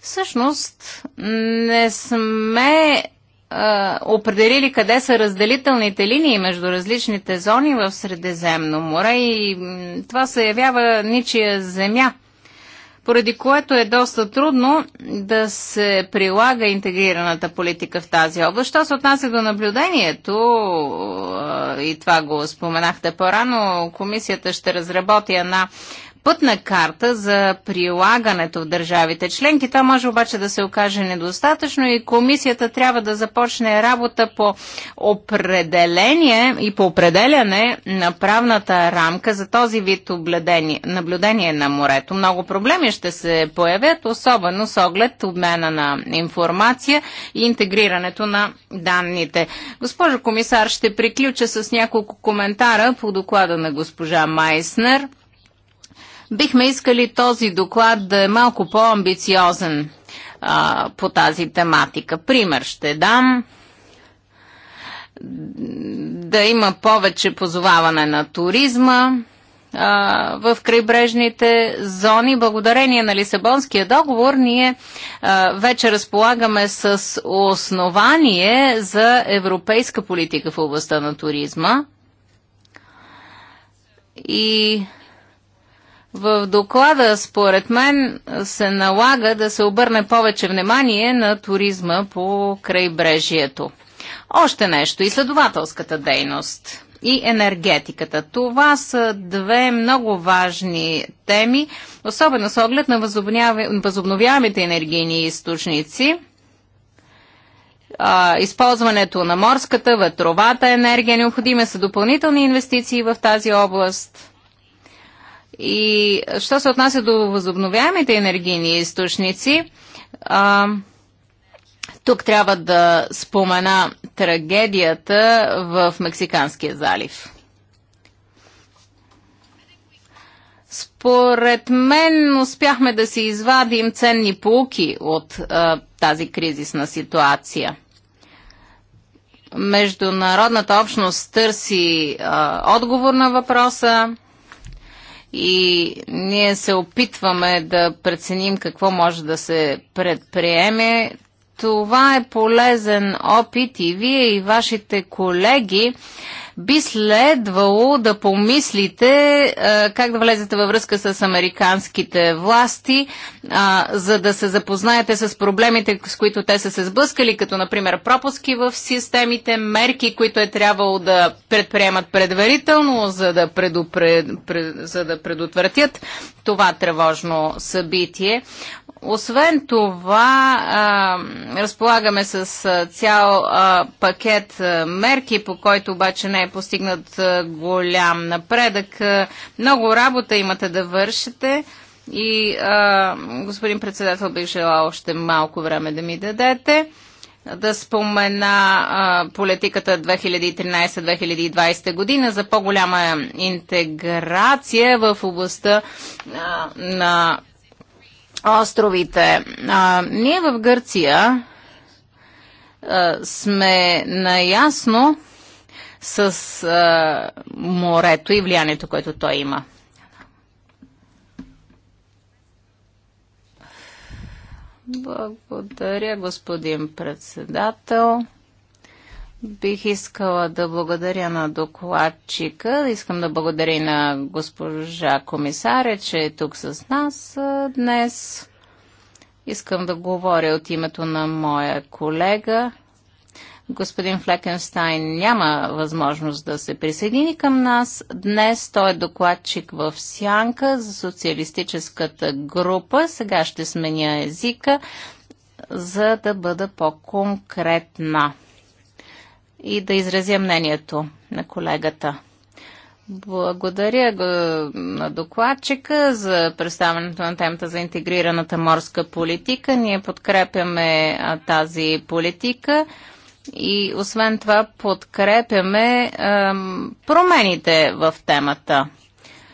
Всъщност не сме а, определили къде са разделителните линии между различните зони в Средиземно море и това се явява ничия земя, поради което е доста трудно да се прилага интегрираната политика в тази област. Що се отнася до наблюдението, и това го споменахте по-рано, комисията ще разработи една пътна карта за прилагането в държавите членки. Това може обаче да се окаже недостатъчно и комисията трябва да започне работа по определение и по определяне на правната рамка за този вид наблюдение на морето. Много проблеми ще се появят, особено с оглед обмена на информация и интегрирането на данните. Госпожо комисар, ще приключа с няколко коментара по доклада на госпожа Майснер. Бихме искали този доклад да е малко по-амбициозен по тази тематика. Пример ще дам да има повече позоваване на туризма в крайбрежните зони. Благодарение на Лисабонския договор ние а, вече разполагаме с основание за европейска политика в областта на туризма. И в доклада, според мен, се налага да се обърне повече внимание на туризма по крайбрежието. Още нещо, изследователската дейност и енергетиката. Това са две много важни теми, особено с оглед на възобновяемите енергийни източници. използването на морската, ветровата енергия. Необходими са допълнителни инвестиции в тази област. И що се отнася до възобновяемите енергийни източници, а, тук трябва да спомена трагедията в Мексиканския залив. Според мен успяхме да си извадим ценни полуки от а, тази кризисна ситуация. Международната общност търси а, отговор на въпроса и ние се опитваме да преценим какво може да се предприеме. Това е полезен опит и вие и вашите колеги би следвало да помислите а, как да влезете във връзка с американските власти, а, за да се запознаете с проблемите, с които те са се сблъскали, като например пропуски в системите, мерки, които е трябвало да предприемат предварително, за да, предупред, пред, за да предотвратят това тревожно събитие. Освен това, а, разполагаме с цял а, пакет а, мерки, по който обаче не е постигнат голям напредък. Много работа имате да вършите. И, а, господин председател, бих желал още малко време да ми дадете да спомена а, политиката 2013-2020 година за по-голяма интеграция в областта а, на островите. А, ние в Гърция а, сме наясно, с а, морето и влиянието, което той има. Благодаря, господин председател. Бих искала да благодаря на докладчика. Искам да благодаря и на госпожа комисаря, че е тук с нас днес. Искам да говоря от името на моя колега. Господин Флекенстайн няма възможност да се присъедини към нас. Днес той е докладчик в Сянка за социалистическата група. Сега ще сменя езика, за да бъда по-конкретна и да изразя мнението на колегата. Благодаря го на докладчика за представянето на темата за интегрираната морска политика. Ние подкрепяме тази политика. И освен това подкрепяме ем, промените в темата.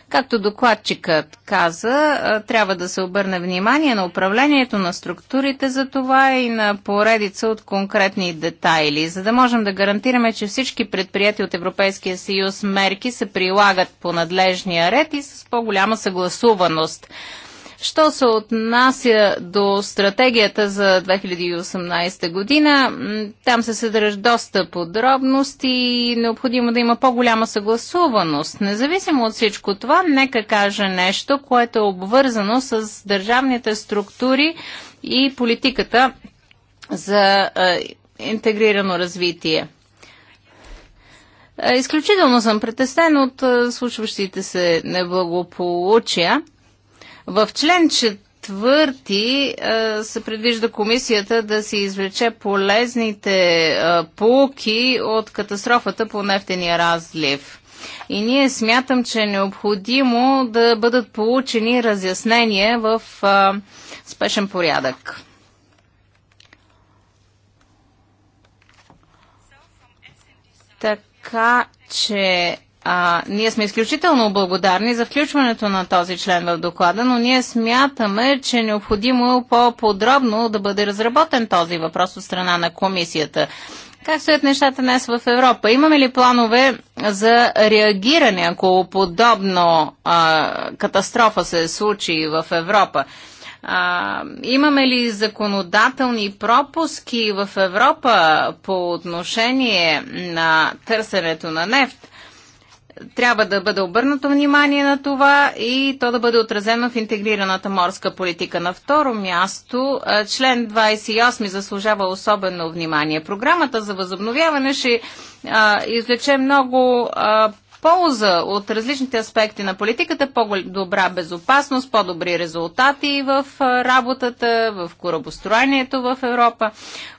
Както докладчикът каза, трябва да се обърне внимание на управлението на структурите за това и на поредица от конкретни детайли, за да можем да гарантираме, че всички предприяти от Европейския съюз мерки се прилагат по надлежния ред и с по-голяма съгласуваност. Що се отнася до стратегията за 2018 година, там се съдържат доста подробности и необходимо да има по-голяма съгласуваност. Независимо от всичко това, нека кажа нещо, което е обвързано с държавните структури и политиката за интегрирано развитие. Е, изключително съм претестен от случващите се неблагополучия. В член 4 се предвижда комисията да се извлече полезните полуки от катастрофата по нефтения разлив. И ние смятам, че е необходимо да бъдат получени разяснения в а, спешен порядък. Така че а, ние сме изключително благодарни за включването на този член в доклада, но ние смятаме, че е необходимо по-подробно да бъде разработен този въпрос от страна на комисията. Как стоят нещата днес в Европа? Имаме ли планове за реагиране, ако подобно а, катастрофа се случи в Европа? А, имаме ли законодателни пропуски в Европа по отношение на търсенето на нефт? Трябва да бъде обърнато внимание на това и то да бъде отразено в интегрираната морска политика. На второ място, член 28 заслужава особено внимание. Програмата за възобновяване ще а, излече много а, полза от различните аспекти на политиката, по-добра безопасност, по-добри резултати в работата, в корабостроението в Европа.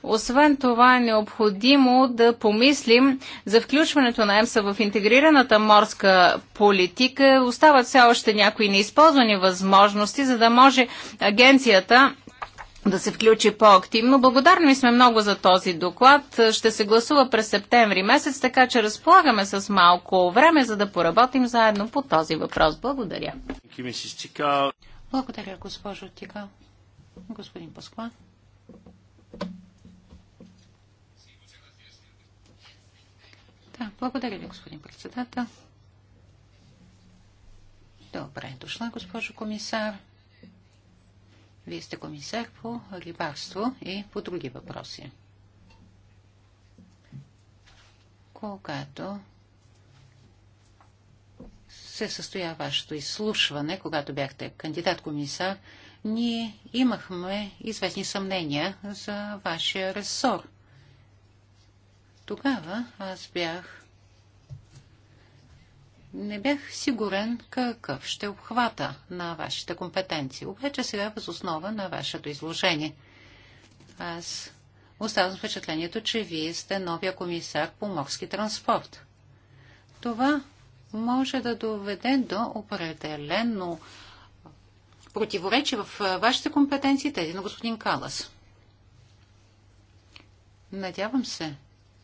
Освен това е необходимо да помислим за включването на ЕМСА в интегрираната морска политика. Остават все още някои неизползвани възможности, за да може агенцията да се включи по-активно. Благодарни сме много за този доклад. Ще се гласува през септември месец, така че разполагаме с малко време, за да поработим заедно по този въпрос. Благодаря. Благодаря, госпожо Тика. Господин Пасква. Да, благодаря ви, господин председател. Добре, дошла, госпожо комисар. Вие сте комисар по рибарство и по други въпроси. Когато се състоя вашето изслушване, когато бяхте кандидат-комисар, ние имахме известни съмнения за вашия ресор. Тогава аз бях не бях сигурен какъв ще е обхвата на вашите компетенции. Обаче сега въз основа на вашето изложение. Аз оставам впечатлението, че вие сте новия комисар по морски транспорт. Това може да доведе до определено противоречие в вашите компетенции тези на господин Калас. Надявам се,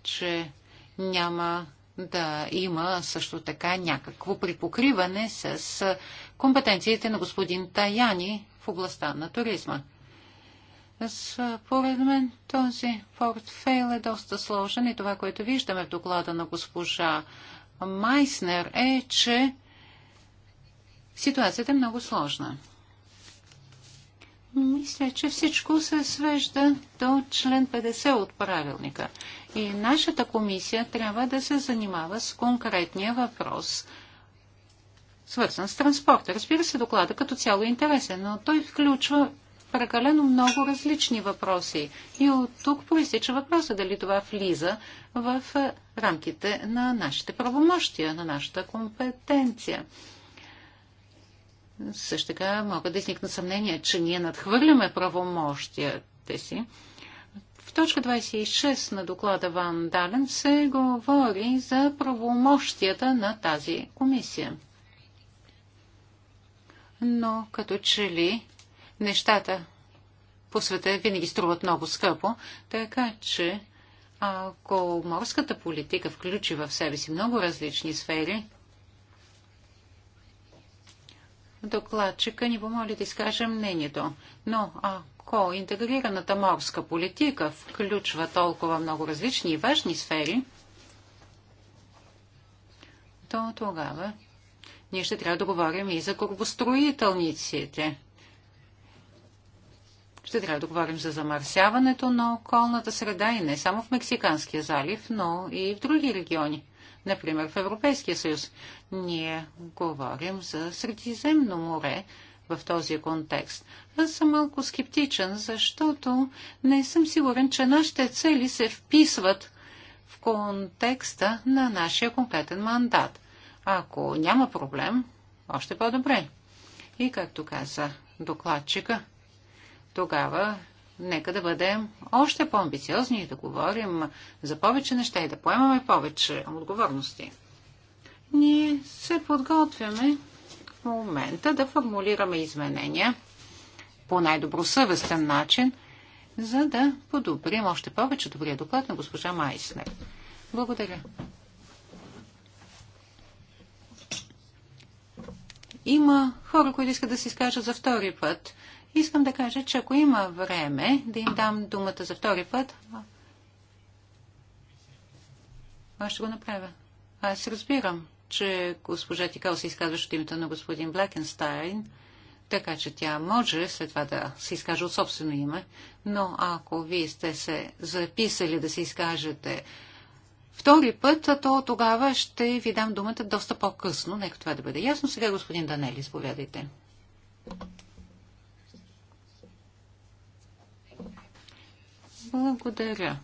че няма да има също така някакво припокриване с компетенциите на господин Таяни в областта на туризма. Според мен този портфейл е доста сложен и това, което виждаме в доклада на госпожа Майснер е, че ситуацията е много сложна. Мисля, че всичко се свежда до член 50 от правилника. И нашата комисия трябва да се занимава с конкретния въпрос, свързан с транспорта. Разбира се, доклада като цяло е интересен, но той включва прекалено много различни въпроси. И от тук проистича въпроса дали това влиза в рамките на нашите правомощия, на нашата компетенция. Също така могат да изникнат съмнения, че ние надхвърляме правомощията си. В точка 26 на доклада Ван Дален се говори за правомощията на тази комисия. Но като че ли нещата по света винаги струват много скъпо, така че ако морската политика включи в себе си много различни сфери, докладчика ни помоли да изкаже мнението. Но ако интегрираната морска политика включва толкова много различни и важни сфери, то тогава ние ще трябва да говорим и за корбостроителниците. Ще трябва да говорим за замърсяването на околната среда и не само в Мексиканския залив, но и в други региони. Например, в Европейския съюз ние говорим за Средиземно море в този контекст. Аз съм малко скептичен, защото не съм сигурен, че нашите цели се вписват в контекста на нашия конкретен мандат. Ако няма проблем, още по-добре. И както каза докладчика, тогава нека да бъдем още по-амбициозни и да говорим за повече неща и да поемаме повече отговорности. Ние се подготвяме в момента да формулираме изменения по най-добросъвестен начин, за да подобрим още повече добрия доклад на госпожа Майснер. Благодаря. Има хора, които искат да се изкажат за втори път. Искам да кажа, че ако има време да им дам думата за втори път, аз ще го направя. Аз разбирам, че госпожа Тикал се изказваше от името на господин Блекенстайн, така че тя може след това да се изкаже от собствено име, но ако вие сте се записали да се изкажете втори път, то тогава ще ви дам думата доста по-късно. Нека това да бъде ясно. Сега господин Данели, изповядайте. Благодаря.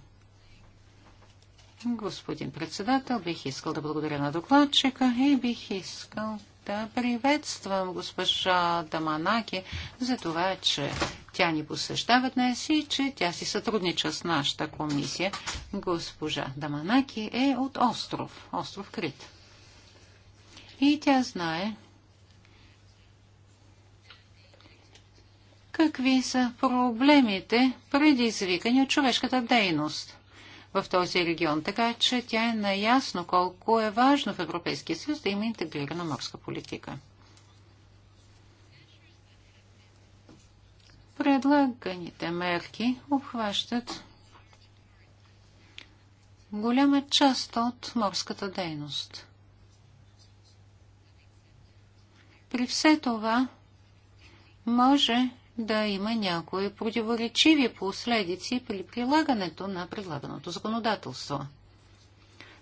Господин председател, бих искал да благодаря на докладчика и бих искал да приветствам госпожа Даманаки за това, че тя ни посещава днес и че тя си сътруднича с нашата комисия. Госпожа Даманаки е от остров, остров Крит. И тя знае, Какви са проблемите, предизвикани от човешката дейност в този регион, така че тя е наясно колко е важно в Европейския съюз да има интегрирана морска политика. Предлаганите мерки обхващат голяма част от морската дейност. При все това може да има някои противоречиви последици при прилагането на предлаганото законодателство.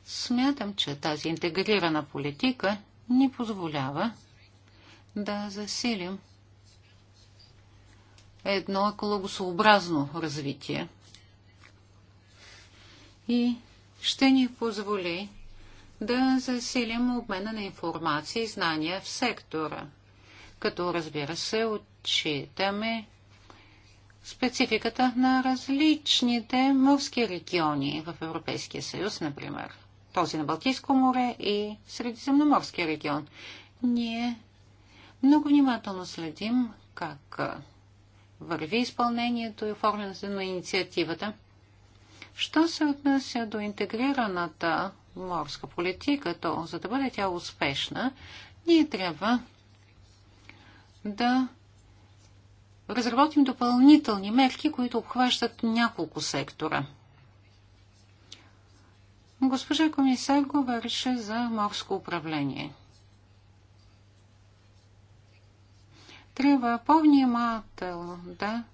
Смятам, че тази интегрирана политика ни позволява да засилим едно екологосообразно развитие и ще ни позволи да засилим обмена на информация и знания в сектора, като разбира се от отчитаме спецификата на различните морски региони в Европейския съюз, например. Този на Балтийско море и Средиземноморския регион. Ние много внимателно следим как върви изпълнението и оформянето на инициативата. Що се отнася до интегрираната морска политика, то за да бъде тя успешна, ние трябва да разработим допълнителни мерки, които обхващат няколко сектора. Госпожа комисар говореше за морско управление. Трябва по-внимателно да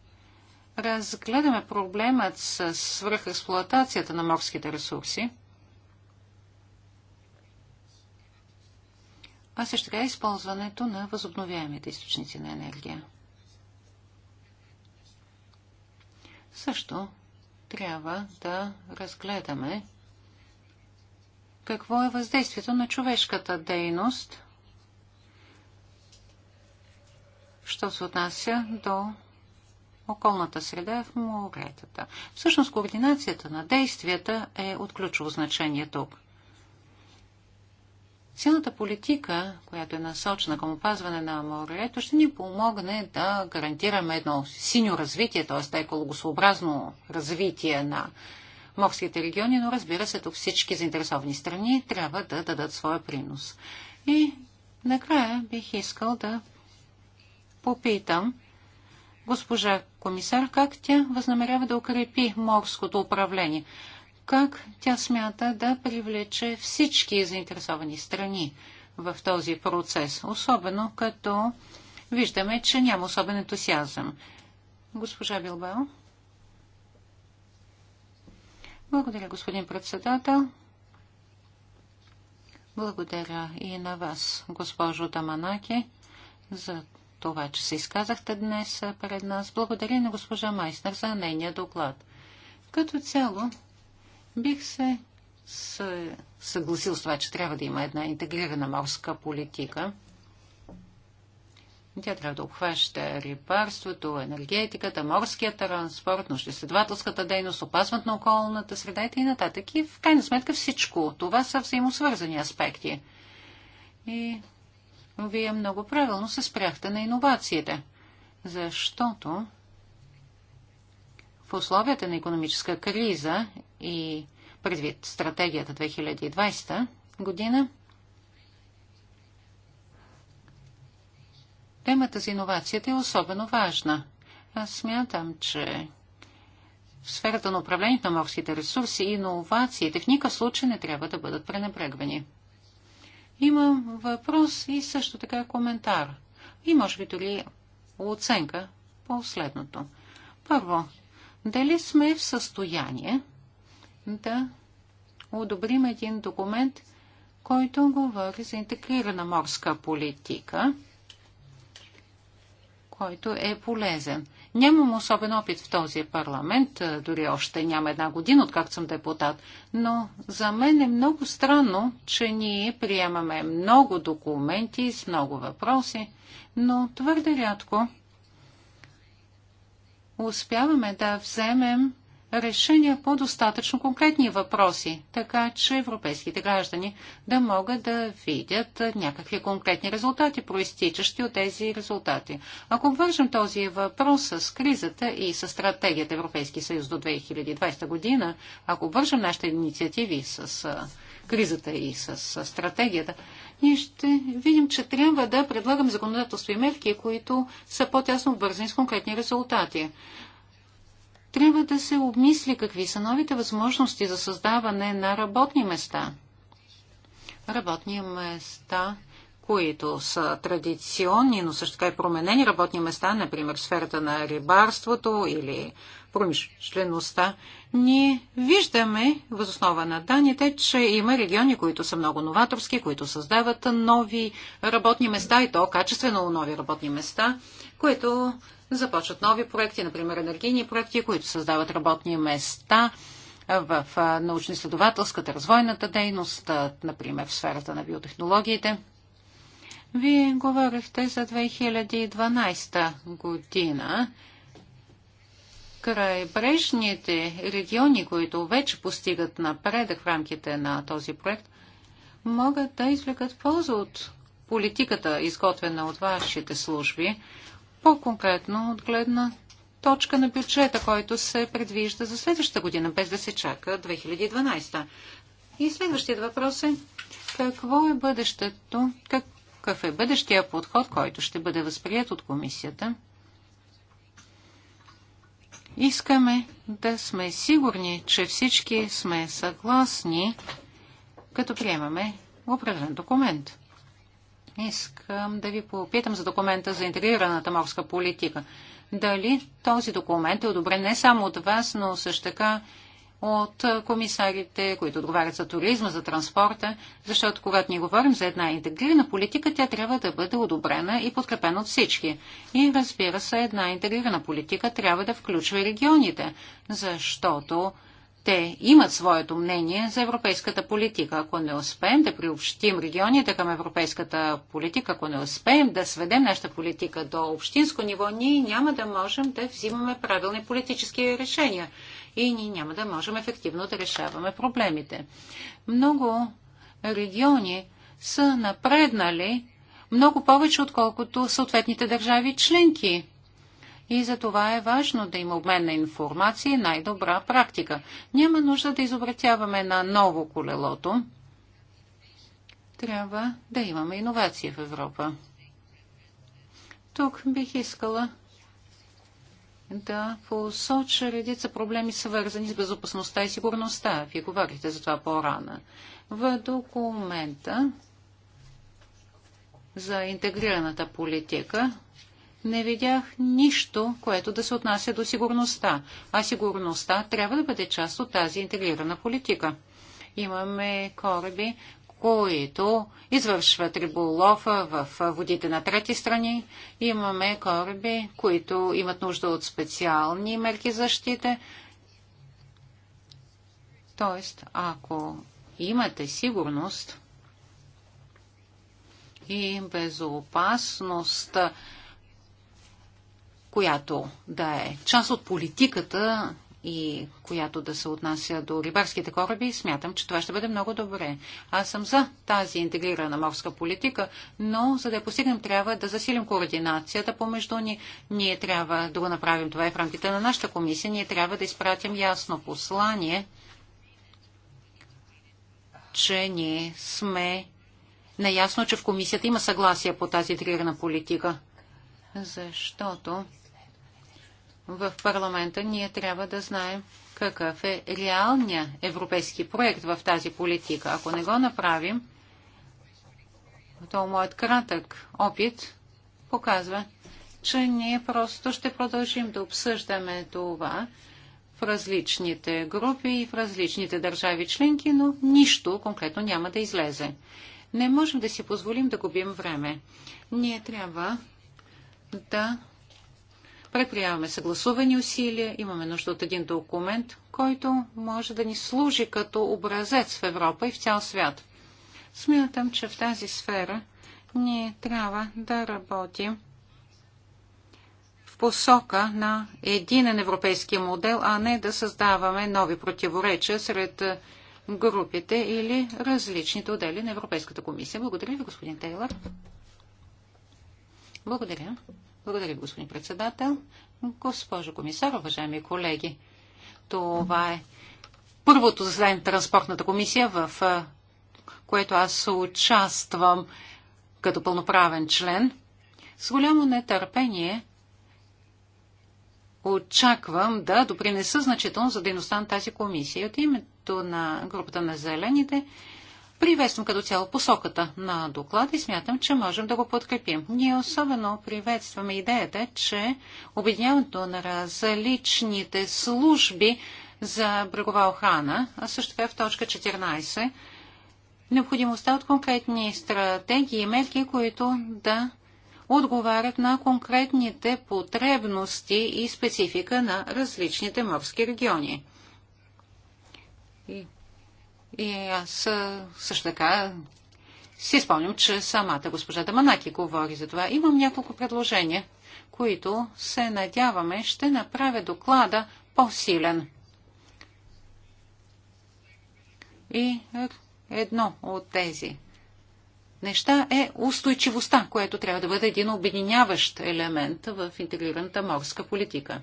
разгледаме проблемът с свръхексплуатацията на морските ресурси, а също така използването на възобновяемите източници на енергия. също трябва да разгледаме какво е въздействието на човешката дейност, що се отнася до околната среда в моретата. Всъщност координацията на действията е от ключово значение тук. Силната политика, която е насочена към опазване на морето, ще ни помогне да гарантираме едно синьо развитие, т.е. екологосообразно развитие на морските региони, но разбира се, тук всички заинтересовани страни трябва да дадат своя принос. И накрая бих искал да попитам госпожа комисар как тя възнамерява да укрепи морското управление – как тя смята да привлече всички заинтересовани страни в този процес, особено като виждаме, че няма особен ентусиазъм. Госпожа Билбао. Благодаря, господин председател. Благодаря и на вас, госпожо Таманаки, за това, че се изказахте днес пред нас. Благодаря и на госпожа Майснер за нейния доклад. Като цяло, Бих се съгласил с това, че трябва да има една интегрирана морска политика. Тя трябва да обхваща рибарството, енергетиката, морския транспорт, нощеследователската дейност, опазването на околната среда и т.н. И в крайна сметка всичко това са взаимосвързани аспекти. И вие много правилно се спряхте на иновациите, защото в условията на економическа криза и предвид стратегията 2020 година, темата за иновацията е особено важна. Аз смятам, че в сферата на управлението на морските ресурси и иновациите в никакъв случай не трябва да бъдат пренебрегвани. Имам въпрос и също така коментар. И може би дори оценка по следното. Първо, дали сме в състояние да одобрим един документ, който говори за интегрирана морска политика, който е полезен. Нямам особен опит в този парламент, дори още няма една година, откакто съм депутат, но за мен е много странно, че ние приемаме много документи с много въпроси, но твърде рядко успяваме да вземем решения по достатъчно конкретни въпроси, така че европейските граждани да могат да видят някакви конкретни резултати, проистичащи от тези резултати. Ако вържем този въпрос с кризата и с стратегията Европейски съюз до 2020 година, ако вържем нашите инициативи с кризата и с стратегията, ние ще видим, че трябва да предлагам законодателство и мерки, които са по-тясно обвързани с конкретни резултати. Трябва да се обмисли какви са новите възможности за създаване на работни места. Работни места, които са традиционни, но също така и променени работни места, например в сферата на рибарството или промишлеността, ние виждаме възоснова на данните, че има региони, които са много новаторски, които създават нови работни места и то качествено нови работни места, които започват нови проекти, например енергийни проекти, които създават работни места в научно-изследователската, развойната дейност, например в сферата на биотехнологиите. Вие говорихте за 2012 година крайбрежните региони, които вече постигат напредък в рамките на този проект, могат да извлекат полза от политиката, изготвена от вашите служби, по-конкретно от гледна точка на бюджета, който се предвижда за следващата година, без да се чака 2012. И следващият въпрос е какво е бъдещето, какъв е бъдещия подход, който ще бъде възприят от комисията? Искаме да сме сигурни, че всички сме съгласни, като приемаме определен документ. Искам да ви попитам за документа за интегрираната морска политика. Дали този документ е одобрен не само от вас, но също така от комисарите, които отговарят за туризма, за транспорта, защото когато ни говорим за една интегрирана политика, тя трябва да бъде одобрена и подкрепена от всички. И разбира се, една интегрирана политика трябва да включва и регионите, защото те имат своето мнение за европейската политика. Ако не успеем да приобщим регионите към европейската политика, ако не успеем да сведем нашата политика до общинско ниво, ние няма да можем да взимаме правилни политически решения и ние няма да можем ефективно да решаваме проблемите. Много региони са напреднали много повече, отколкото съответните държави членки. И за това е важно да има обмен на информация и най-добра практика. Няма нужда да изобретяваме на ново колелото. Трябва да имаме иновации в Европа. Тук бих искала да посоча редица проблеми, свързани с безопасността и сигурността. Вие говорихте за това по-рано. В документа за интегрираната политика не видях нищо, което да се отнася до сигурността. А сигурността трябва да бъде част от тази интегрирана политика. Имаме кораби, които извършват риболов в водите на трети страни. Имаме кораби, които имат нужда от специални мерки защита. Тоест, ако имате сигурност и безопасност, която да е част от политиката и която да се отнася до рибарските кораби, смятам, че това ще бъде много добре. Аз съм за тази интегрирана морска политика, но за да я постигнем трябва да засилим координацията помежду ни. Ние трябва да го направим това и е в рамките на нашата комисия. Ние трябва да изпратим ясно послание, че ние сме наясно, че в комисията има съгласие по тази интегрирана политика. Защото в парламента, ние трябва да знаем какъв е реалният европейски проект в тази политика. Ако не го направим, то моят кратък опит показва, че ние просто ще продължим да обсъждаме това в различните групи и в различните държави членки, но нищо конкретно няма да излезе. Не можем да си позволим да губим време. Ние трябва да предприемаме съгласувани усилия, имаме нужда от един документ, който може да ни служи като образец в Европа и в цял свят. Смятам, че в тази сфера ние трябва да работим в посока на единен европейски модел, а не да създаваме нови противоречия сред групите или различните отдели на Европейската комисия. Благодаря ви, господин Тейлър. Благодаря. Благодаря, господин председател. Госпожо комисар, уважаеми колеги, това е първото заседание на Транспортната комисия, в което аз участвам като пълноправен член. С голямо нетърпение очаквам да допринеса значително за дейността на тази комисия. От името на групата на зелените Приветствам като цяло посоката на доклада и смятам, че можем да го подкрепим. Ние особено приветстваме идеята, че обединяването на различните служби за брегова охрана, а също така в точка 14, необходимостта от конкретни стратегии и мерки, които да отговарят на конкретните потребности и специфика на различните морски региони. И аз също така си спомням, че самата госпожа Даманаки говори за това. Имам няколко предложения, които се надяваме ще направя доклада по-силен. И едно от тези неща е устойчивостта, което трябва да бъде един обединяващ елемент в интегрираната морска политика.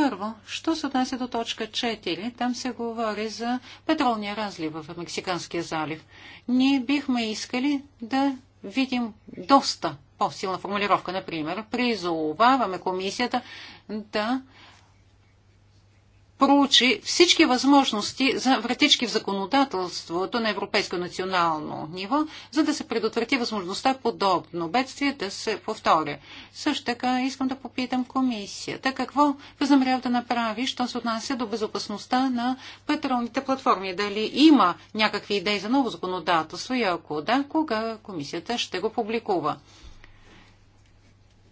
Първо, що се отнася до точка 4, там се говори за петролния разлив в Мексиканския залив. Ние бихме искали да видим доста по-силна формулировка, например, призоваваме комисията да проучи всички възможности за вратички в законодателството на европейско национално ниво, за да се предотврати възможността подобно бедствие да се повторя. Също така искам да попитам комисията какво възнамерява да направи, що се отнася до безопасността на петролните платформи. Дали има някакви идеи за ново законодателство и ако да, кога комисията ще го публикува.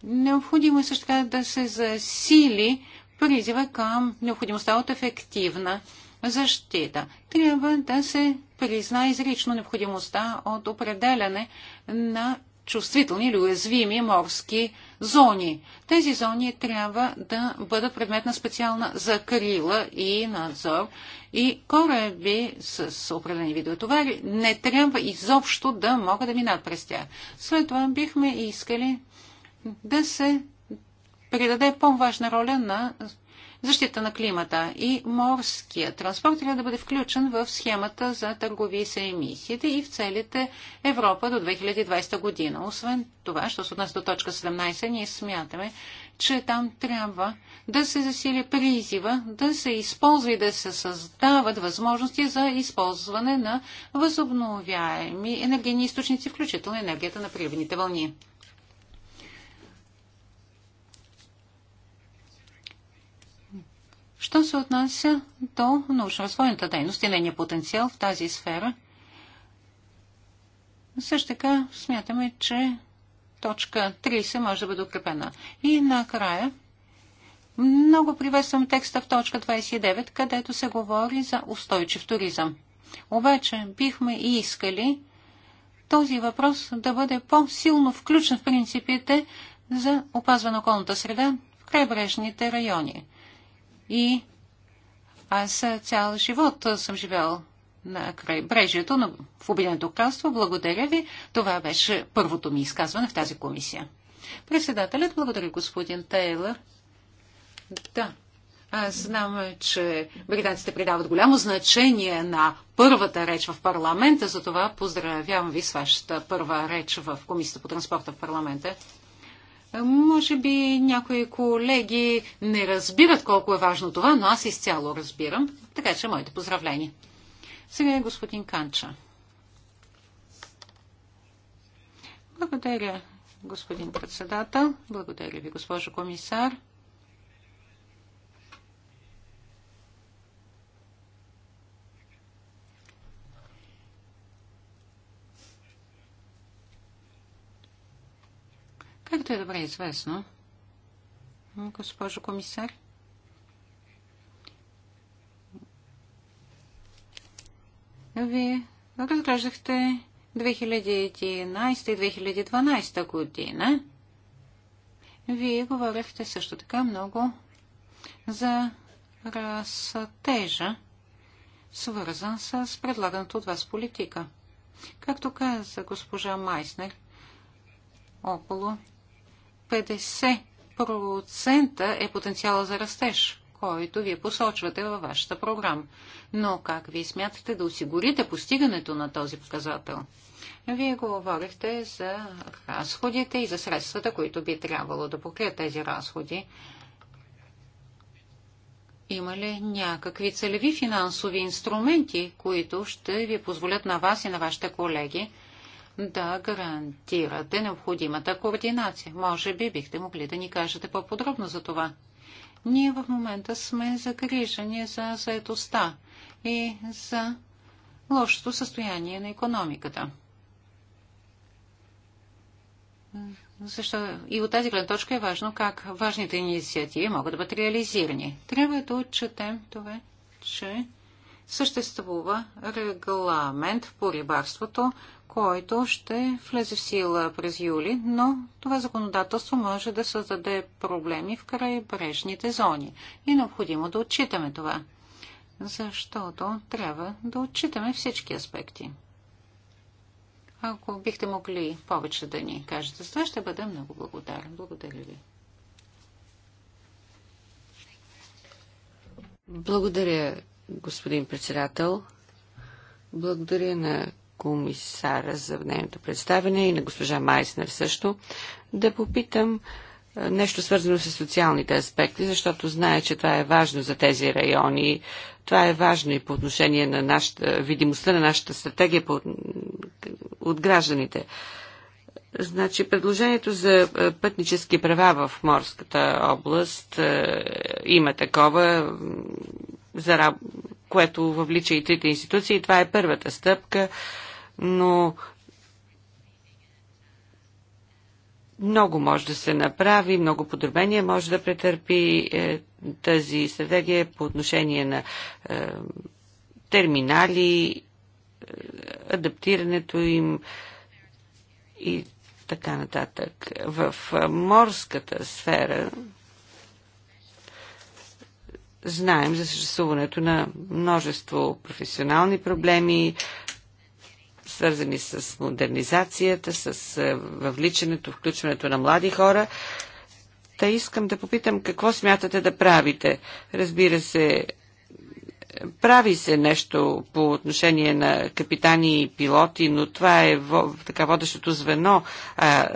Необходимо е също така да се засили призива към необходимостта от ефективна защита. Трябва да се призна изрично необходимостта от определяне на чувствителни или уязвими морски зони. Тези зони трябва да бъдат предмет на специална закрила и надзор и кораби с определени видове товари не трябва изобщо да могат да минат през тях. След това бихме искали да се придаде по-важна роля на защита на климата и морския транспорт трябва да бъде включен в схемата за търговии с емисиите и в целите Европа до 2020 година. Освен това, що се отнася до точка 17, ние смятаме, че там трябва да се засили призива, да се използва и да се създават възможности за използване на възобновяеми енергийни източници, включително енергията на приливните вълни. Що се отнася до научно-развойната дейност и нейния потенциал в тази сфера, също така смятаме, че точка 30 може да бъде укрепена. И накрая много приветствам текста в точка 29, където се говори за устойчив туризъм. Обаче бихме и искали този въпрос да бъде по-силно включен в принципите за опазване на околната среда в крайбрежните райони. И аз цял живот съм живял на край брежието на, в Обединеното кралство. Благодаря ви. Това беше първото ми изказване в тази комисия. Председателят, благодаря господин Тейлър. Да. Аз знам, че британците придават голямо значение на първата реч в парламента, затова поздравявам ви с вашата първа реч в Комисията по транспорта в парламента. Може би някои колеги не разбират колко е важно това, но аз изцяло разбирам. Така че моите поздравления. Сега е господин Канча. Благодаря, господин председател. Благодаря ви, госпожо комисар. Както ами, е добре известно, госпожо комисар, вие разглеждахте 2011-2012 година. Вие говорихте също така много за растежа, свързан с предлаганата от вас политика. Както каза госпожа Майснер, около 50% е потенциала за растеж, който вие посочвате във вашата програма. Но как вие смятате да осигурите постигането на този показател? Вие говорихте за разходите и за средствата, които би трябвало да покрият тези разходи. Има ли някакви целеви финансови инструменти, които ще ви позволят на вас и на вашите колеги да гарантирате необходимата координация. Може би бихте могли да ни кажете по-подробно за това. Ние в момента сме загрижени за заедостта и за лошото състояние на економиката. Защо и от тази гледна точка е важно как важните инициативи могат да бъдат реализирани. Трябва да отчетем това, че съществува регламент по рибарството, който ще влезе в сила през юли, но това законодателство може да създаде проблеми в крайбрежните зони. И необходимо да отчитаме това, защото трябва да отчитаме всички аспекти. Ако бихте могли повече да ни кажете с това, ще бъда много благодарен. Благодаря ви. Благодаря, господин председател. Благодаря на комисара за нейното представяне и на госпожа Майснер също, да попитам е, нещо свързано с социалните аспекти, защото знае, че това е важно за тези райони. Това е важно и по отношение на нашата, видимостта на нашата стратегия по, от гражданите. Значи, предложението за е, пътнически права в морската област е, има такова, за, което въвлича и трите институции. Това е първата стъпка но много може да се направи, много подробения може да претърпи е, тази стратегия по отношение на е, терминали, е, адаптирането им и така нататък. В е, морската сфера знаем за съществуването на множество професионални проблеми, свързани с модернизацията, с е, въвличането, включването на млади хора. Та искам да попитам какво смятате да правите. Разбира се, прави се нещо по отношение на капитани и пилоти, но това е така водещото звено. А,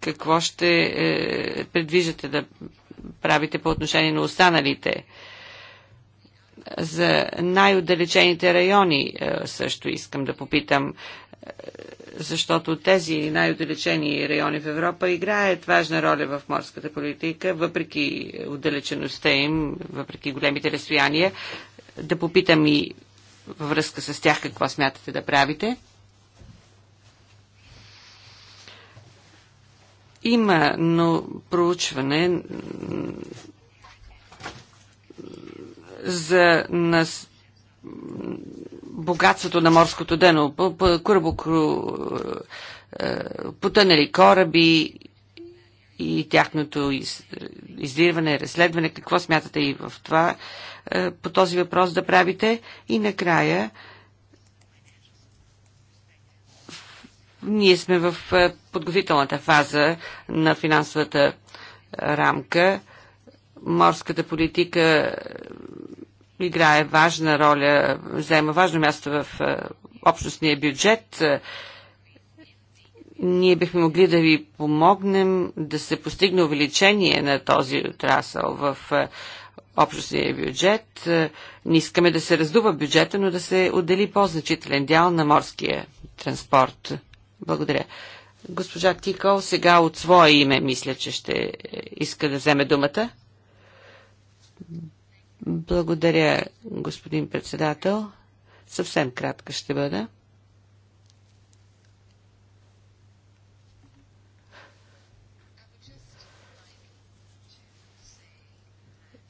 какво ще е, предвиждате да правите по отношение на останалите? За най-отдалечените райони е, също искам да попитам, е, защото тези най-отдалечени райони в Европа играят важна роля в морската политика, въпреки отдалечеността им, въпреки големите разстояния. Да попитам и във връзка с тях какво смятате да правите. Има но проучване за нас богатството на морското дъно, по, е, потънали кораби и тяхното из, издирване, разследване. Какво смятате и в това е, по този въпрос да правите? И накрая ние сме в е, подготвителната фаза на финансовата рамка морската политика играе важна роля, взема важно място в общностния бюджет. Ние бихме могли да ви помогнем да се постигне увеличение на този отрасъл в общностния бюджет. Не искаме да се раздува бюджета, но да се отдели по-значителен дял на морския транспорт. Благодаря. Госпожа Тикол сега от свое име мисля, че ще иска да вземе думата. Благодаря, господин председател. Съвсем кратка ще бъда.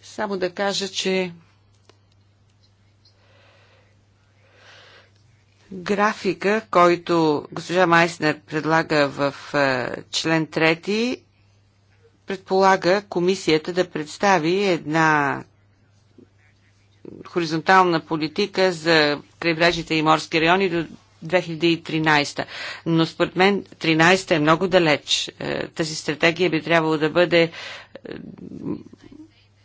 Само да кажа, че графика, който госпожа Майснер предлага в е, член 3, предполага комисията да представи една хоризонтална политика за крайбрежните и морски райони до 2013. Но според мен 13 е много далеч. Е, тази стратегия би трябвало да бъде е,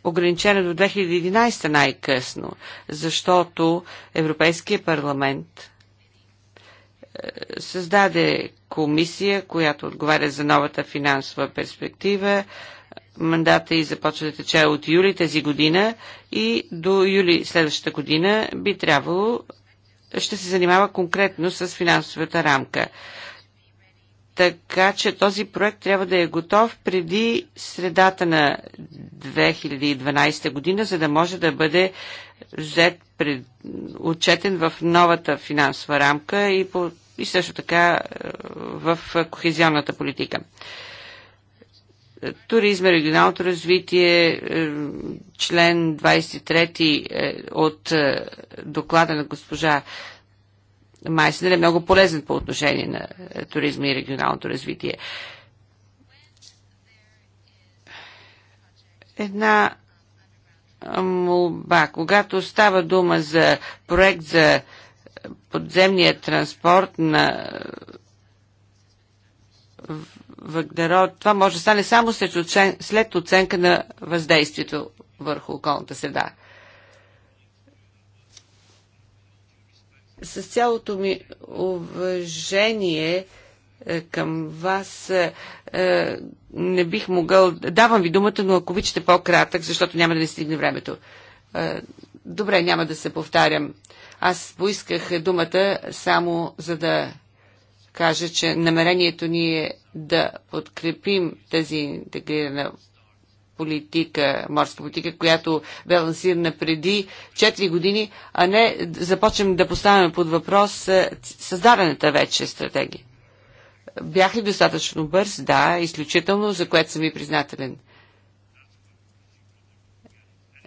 ограничена до 2011 най-късно, защото Европейския парламент създаде комисия, която отговаря за новата финансова перспектива. Мандата и започва да тече от юли тази година и до юли следващата година би трябвало ще се занимава конкретно с финансовата рамка. Така че този проект трябва да е готов преди средата на 2012 година, за да може да бъде взет пред, отчетен в новата финансова рамка и по и също така е, в кохезионната политика туризма, регионалното развитие, е, член 23 е, от доклада на госпожа Майснер е много полезен по отношение на туризма и регионалното развитие. Една молба. Когато става дума за проект за Подземния транспорт на е, въглерод, това може да стане само след, след оценка на въздействието върху околната среда. С цялото ми уважение е, към вас е, не бих могъл... Давам ви думата, но ако обичате по-кратък, защото няма да не стигне времето. Добре, няма да се повтарям. Аз поисках думата само за да кажа, че намерението ни е да подкрепим тази интегрирана политика, морска политика, която бе лансирана преди 4 години, а не започнем да поставяме под въпрос е, създадената вече стратегия. Бях ли достатъчно бърз? Да, изключително, за което съм и признателен.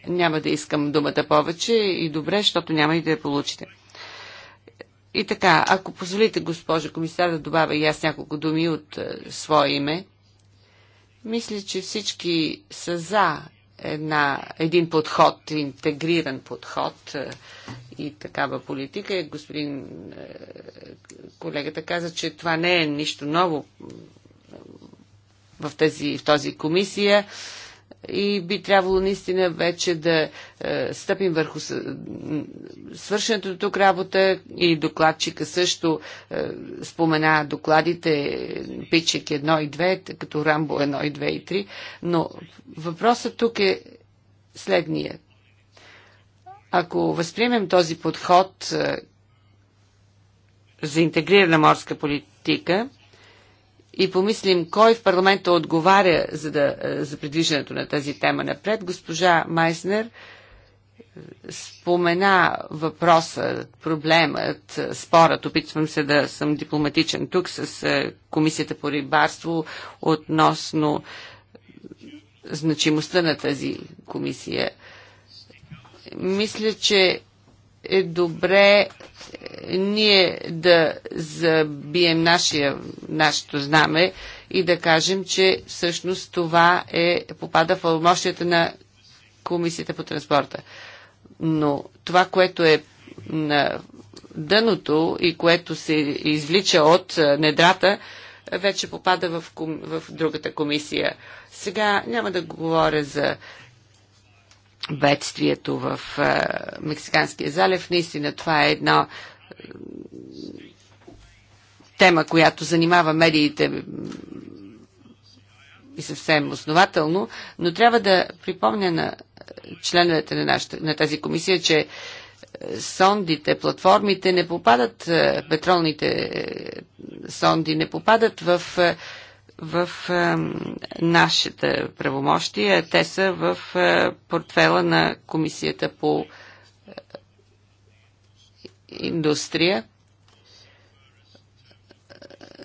Няма да искам думата повече и добре, защото няма и да я получите. И така, ако позволите, госпожа комисар, да добавя и аз няколко думи от е, свое име. Мисля, че всички са за една, един подход, интегриран подход е, и такава политика. Господин е, колегата каза, че това не е нищо ново в, тази, в този комисия и би трябвало наистина вече да е, стъпим върху свършеното тук работа и докладчика също е, спомена докладите Пичек 1 и 2, като Рамбо 1 и 2 и 3, но въпросът тук е следния. Ако възприемем този подход е, за интегрирана морска политика, и помислим кой в парламента отговаря за, да, е, за придвижването на тази тема напред. Госпожа Майснер е, спомена въпроса, проблемът, е, спорът. Опитвам се да съм дипломатичен тук с Комисията по рибарство относно значимостта на тази комисия. Мисля, че е добре е, ние да забием нашия, нашето знаме и да кажем, че всъщност това е, попада в алмощията на Комисията по транспорта. Но това, което е на дъното и което се извлича от е, недрата, вече попада в, ком... в другата комисия. Сега няма да говоря за бедствието в е, Мексиканския залив. Наистина това е една тема, която занимава медиите и съвсем основателно, но трябва да припомня на членовете на, нашата, на тази комисия, че е, сондите, платформите не попадат, е, петролните сонди не попадат в в а, е, нашите правомощия. Те са в а, е, портфела на Комисията по е, индустрия.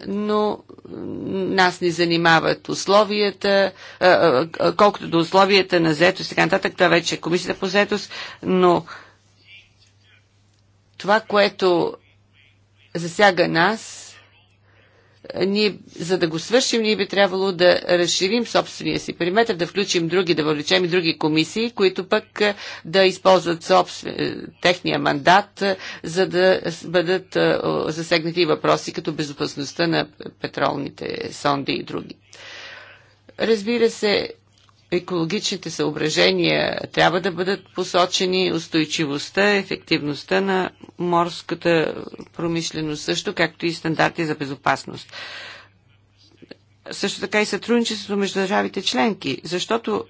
Но нас ни занимават условията, а, а, колкото до условията на заетост и така нататък, това вече е Комисията по заетост, но това, което засяга нас, ние, за да го свършим, ние би трябвало да разширим собствения си периметр, да включим други, да въвлечем и други комисии, които пък е, да използват собствен, техния мандат, е, за да бъдат е, засегнати въпроси като безопасността на петролните сонди и други. Разбира се, екологичните съображения трябва да бъдат посочени, устойчивостта, ефективността на морската промишленост също, както и стандарти за безопасност. Също така и сътрудничеството между държавите членки, защото,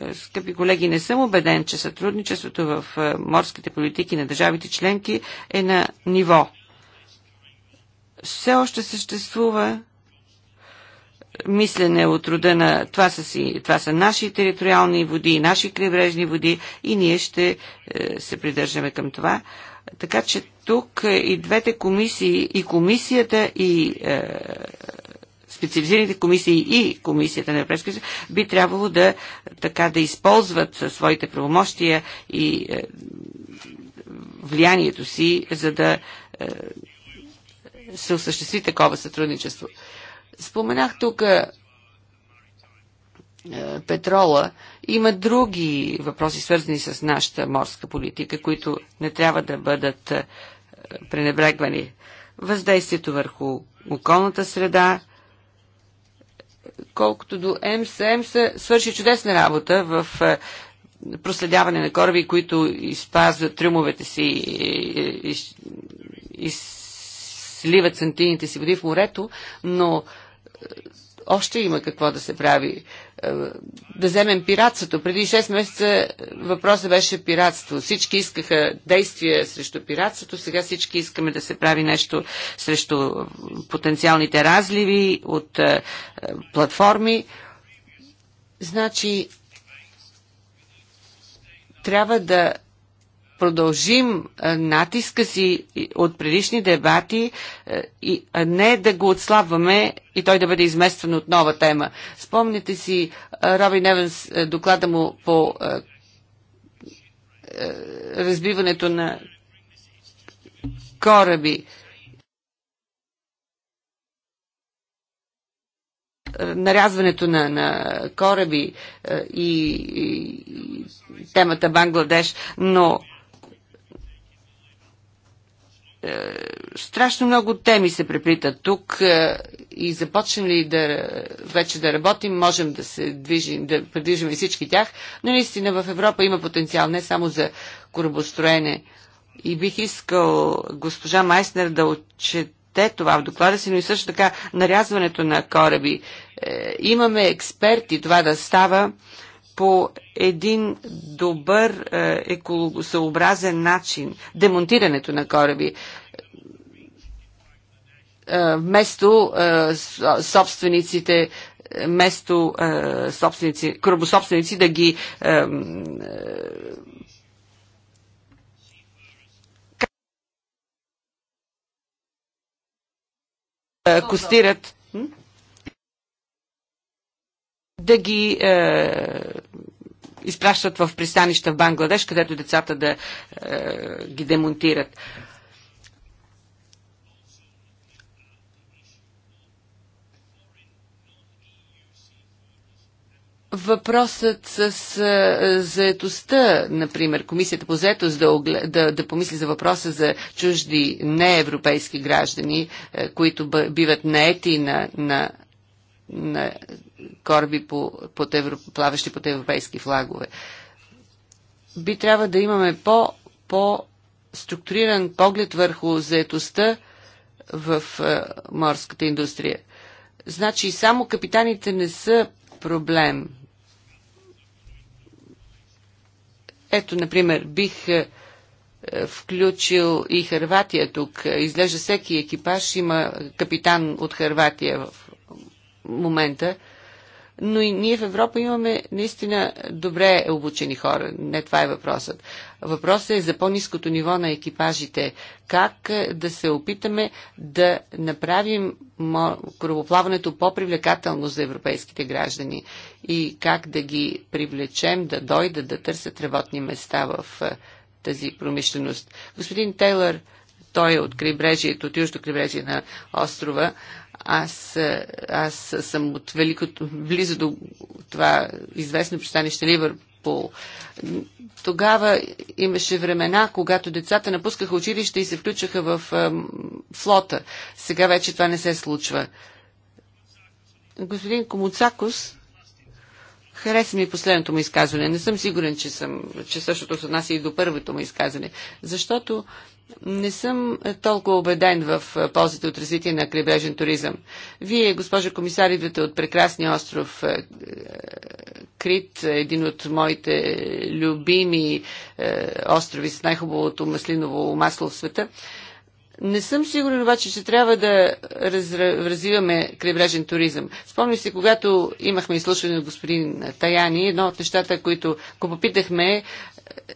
е, скъпи колеги, не съм убеден, че сътрудничеството в е, морските политики на държавите членки е на ниво. Все още съществува мислене от рода на това са, си, това са наши териториални води, наши крайбрежни води и ние ще е, се придържаме към това. Така че тук е, и двете комисии, и комисията, и е, специализираните комисии и комисията на Европейския съюз би трябвало да, така, да използват своите правомощия и е, влиянието си, за да е, се осъществи такова сътрудничество. Споменах тук е, петрола. Има други въпроси, свързани с нашата морска политика, които не трябва да бъдат е, пренебрегвани. Въздействието върху околната среда, колкото до МС, МС свърши чудесна работа в е, проследяване на кораби, които изпазват трюмовете си и, сливат сантините си води в морето, но още има какво да се прави. Е, да вземем пиратството. Преди 6 месеца въпросът беше пиратство. Всички искаха действия срещу пиратството, сега всички искаме да се прави нещо срещу потенциалните разливи от е, платформи. Значи, трябва да продължим натиска си от предишни дебати, и не да го отслабваме и той да бъде изместван от нова тема. Спомните си Роби Невенс доклада му по разбиването на кораби. нарязването на, на кораби и, и темата Бангладеш, но е, страшно много теми се преплитат тук е, и започнем ли да, вече да работим, можем да се движим, да придвижим всички тях, но наистина в Европа има потенциал не само за корабостроене. И бих искал госпожа Майснер да отчете това в доклада си, но и също така нарязването на кораби. Е, имаме експерти това да става по един добър е, екологосъобразен начин демонтирането на кораби е, вместо е, собствениците вместо собственици, корабособственици да ги костират да ги е, изпращат в пристанища в Бангладеш, където децата да е, ги демонтират. Въпросът с е, заетостта, например, Комисията по заетост да, да, да помисли за въпроса за чужди неевропейски граждани, е, които биват наети на, на на кораби по, под евро, плаващи под европейски флагове. Би трябва да имаме по, по структуриран поглед върху заетостта в е, морската индустрия. Значи само капитаните не са проблем. Ето, например, бих е, е, включил и Харватия тук. Изглежда всеки екипаж има капитан от Харватия в момента. Но и ние в Европа имаме наистина добре обучени хора. Не това е въпросът. Въпросът е за по-низкото ниво на екипажите. Как е, да се опитаме да направим кръвоплаването по-привлекателно за европейските граждани и как да ги привлечем да дойдат да търсят работни места в е, тази промишленост. Господин Тейлър, той е от крайбрежието, от южно крайбрежие на острова, аз, аз съм от великото, близо до това известно пристанище Ливър по... Тогава имаше времена, когато децата напускаха училище и се включваха в а, флота. Сега вече това не се случва. Господин Комуцакос Хареса ми последното му изказване. Не съм сигурен, че, съм, че същото се отнася и до първото му изказване. Защото не съм е, толкова убеден в е, ползите от развитие на крайбрежен туризъм. Вие, госпожа комисар, идвате от прекрасния остров е, Крит, един от моите любими острови с най-хубавото маслиново масло в света. Не съм сигурен обаче, че трябва да развиваме крайбрежен туризъм. Спомни си, когато имахме изслушване от господин Таяни, едно от нещата, които го попитахме е,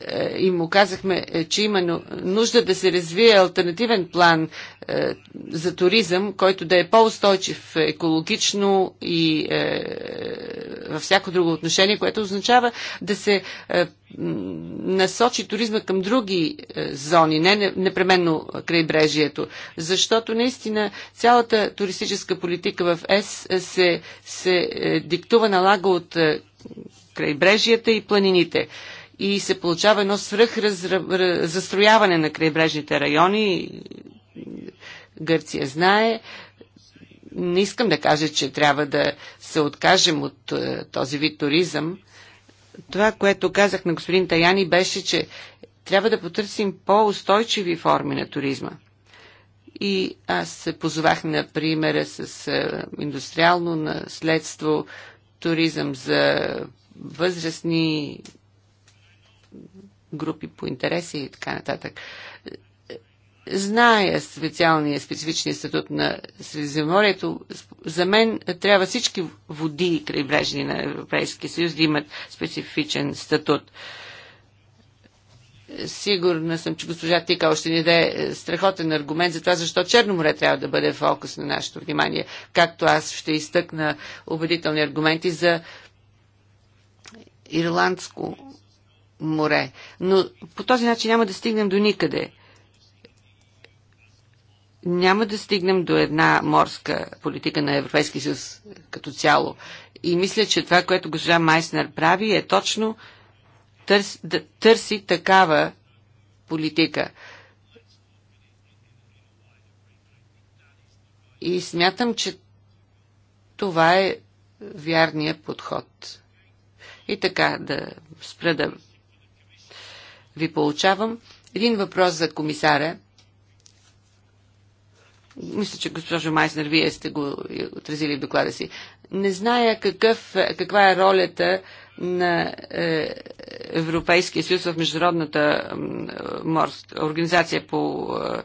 е, и му казахме, е, че има нужда да се развие альтернативен план за туризъм, който да е по-устойчив екологично и във всяко друго отношение, което означава да се насочи туризма към други е, зони, не непременно крайбрежието, защото наистина цялата туристическа политика в ЕС се, се е, диктува, налага от е, крайбрежията и планините и се получава едно свръхзастрояване на крайбрежните райони. Гърция знае. Не искам да кажа, че трябва да се откажем от този вид туризъм, това, което казах на господин Таяни, беше, че трябва да потърсим по-устойчиви форми на туризма. И аз се позовах на примера с е, индустриално наследство, туризъм за възрастни групи по интереси и така нататък зная специалния, специфичния статут на Средиземноморието, за мен трябва всички води и крайбрежни на Европейския съюз да имат специфичен статут. Сигурна съм, че госпожа Тика още ни даде е, страхотен аргумент за това, защо Черно море трябва да бъде фокус на нашето внимание, както аз ще изтъкна убедителни аргументи за Ирландско море. Но по този начин няма да стигнем до никъде – няма да стигнем до една морска политика на Европейския съюз като цяло. И мисля, че това, което госпожа Майснер прави, е точно търс, да търси такава политика. И смятам, че това е вярния подход. И така да спра да ви получавам. Един въпрос за комисаря мисля, че госпожо Майснер, вие сте го отразили в доклада си. Не зная какъв, каква е ролята на е, Европейския съюз в Международната морс, организация по е,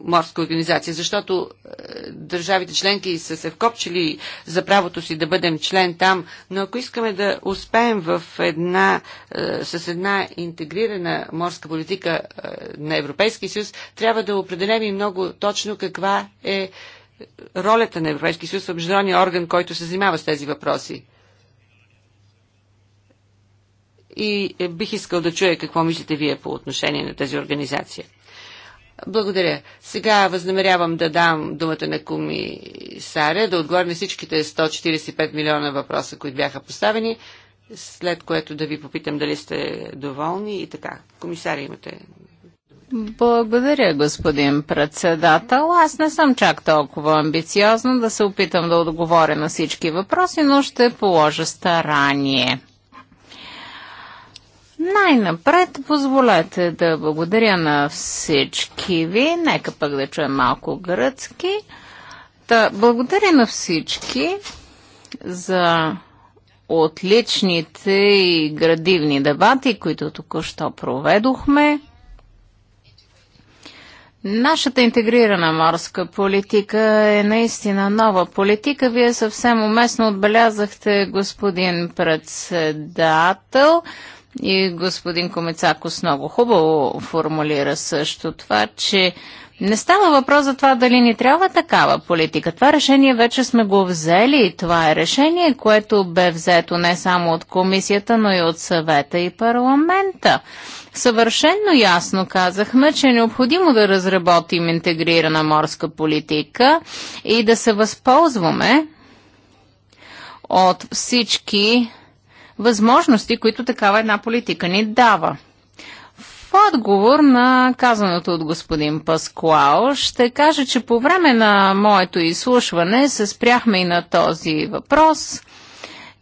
морска организация, защото е, държавите членки са се вкопчили за правото си да бъдем член там, но ако искаме да успеем в една, е, с една интегрирана морска политика е, на Европейския съюз, трябва да определим и много точно каква е ролята на Европейския съюз в международния орган, който се занимава с тези въпроси и бих искал да чуя какво мислите вие по отношение на тази организация. Благодаря. Сега възнамерявам да дам думата на комисаря, да отговоря на всичките 145 милиона въпроса, които бяха поставени, след което да ви попитам дали сте доволни и така. Комисаря имате благодаря, господин председател. Аз не съм чак толкова амбициозна да се опитам да отговоря на всички въпроси, но ще положа старание. Най-напред позволете да благодаря на всички ви. Нека пък да чуем малко гръцки. Та, благодаря на всички за отличните и градивни дебати, които току-що проведохме. Нашата интегрирана морска политика е наистина нова политика. Вие съвсем уместно отбелязахте, господин председател. И господин Комецакос много хубаво формулира също това, че не става въпрос за това дали ни трябва такава политика. Това решение вече сме го взели. Това е решение, което бе взето не само от комисията, но и от съвета и парламента. Съвършенно ясно казахме, че е необходимо да разработим интегрирана морска политика и да се възползваме от всички възможности, които такава една политика ни дава. В отговор на казаното от господин Паскуал, ще кажа, че по време на моето изслушване се спряхме и на този въпрос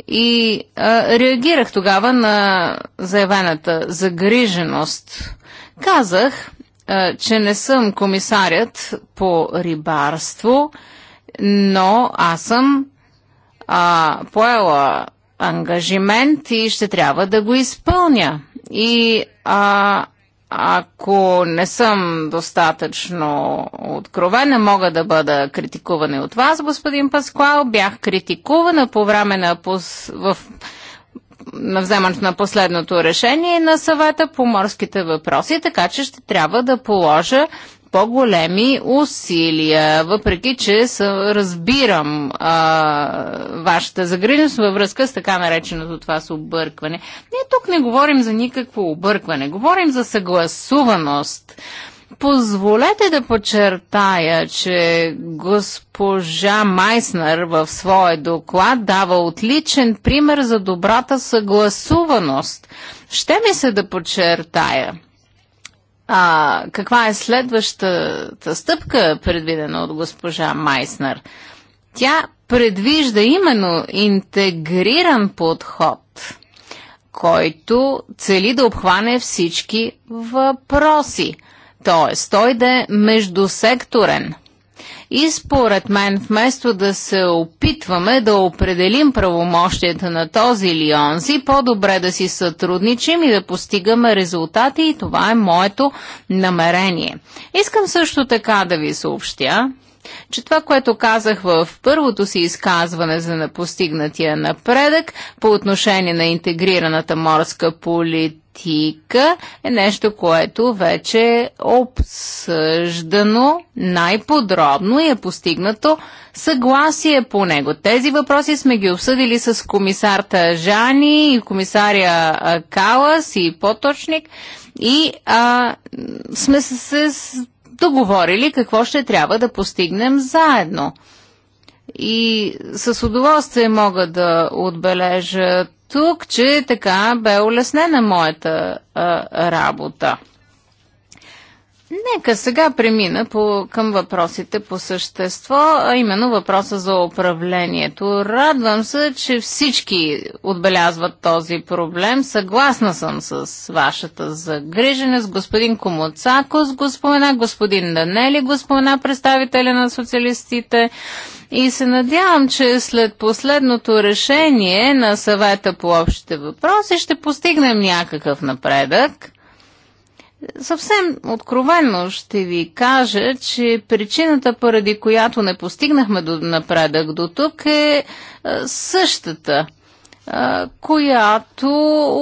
и а, реагирах тогава на заявената загриженост. Казах, а, че не съм комисарят по рибарство, но аз съм а, поела ангажимент и ще трябва да го изпълня. И а, ако не съм достатъчно откровена, мога да бъда критикувана от вас, господин Паскуал. Бях критикувана по време на, пос... в... на вземането на последното решение на съвета по морските въпроси, така че ще трябва да положа по-големи усилия, въпреки че разбирам а, вашата загриженост във връзка с така нареченото това с объркване. Ние тук не говорим за никакво объркване, говорим за съгласуваност. Позволете да подчертая, че госпожа Майснер в своя доклад дава отличен пример за добрата съгласуваност. Ще ми се да подчертая – а, каква е следващата стъпка, предвидена от госпожа Майснер? Тя предвижда именно интегриран подход, който цели да обхване всички въпроси. Тоест, той да е междусекторен – и според мен, вместо да се опитваме да определим правомощията на този или онзи, по-добре да си сътрудничим и да постигаме резултати и това е моето намерение. Искам също така да ви съобщя, че това, което казах в първото си изказване за непостигнатия напредък по отношение на интегрираната морска политика, политика е нещо, което вече е обсъждано най-подробно и е постигнато съгласие по него. Тези въпроси сме ги обсъдили с комисарта Жани и комисаря Калас и Поточник и а, сме се договорили какво ще трябва да постигнем заедно. И с удоволствие мога да отбележа тук, че така бе улеснена моята а, работа. Нека сега премина по, към въпросите по същество, а именно въпроса за управлението. Радвам се, че всички отбелязват този проблем. Съгласна съм с вашата загриженост. Господин Комоцакос, го спомена, господин Данели го спомена, представителя на социалистите. И се надявам, че след последното решение на съвета по общите въпроси ще постигнем някакъв напредък Съвсем откровенно ще ви кажа, че причината, поради която не постигнахме до напредък до тук е, е същата, е, която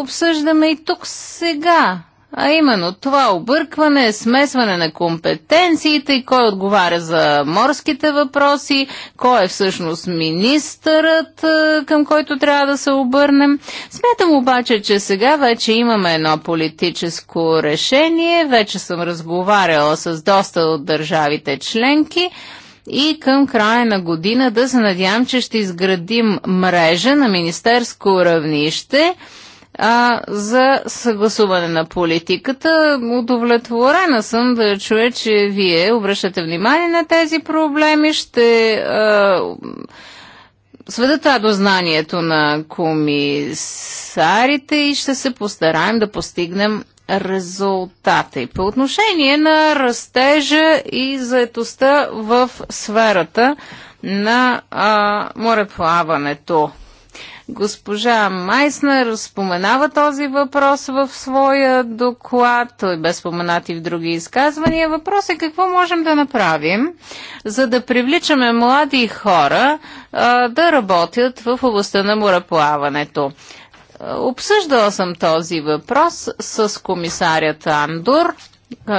обсъждаме и тук сега. А именно това объркване, смесване на компетенциите и кой отговаря за морските въпроси, кой е всъщност министърът, към който трябва да се обърнем. Смятам обаче, че сега вече имаме едно политическо решение, вече съм разговаряла с доста от държавите членки и към края на година да се надявам, че ще изградим мрежа на министерско равнище – а, за съгласуване на политиката. Удовлетворена съм да чуя, че вие обръщате внимание на тези проблеми, ще а, сведа това до знанието на комисарите и ще се постараем да постигнем резултати. По отношение на растежа и заетостта в сферата на а, мореплаването. Госпожа Майснер споменава този въпрос в своя доклад, той бе споменат и в други изказвания. Въпрос е какво можем да направим, за да привличаме млади хора а, да работят в областта на мореплаването. Обсъждала съм този въпрос с комисарят Андур,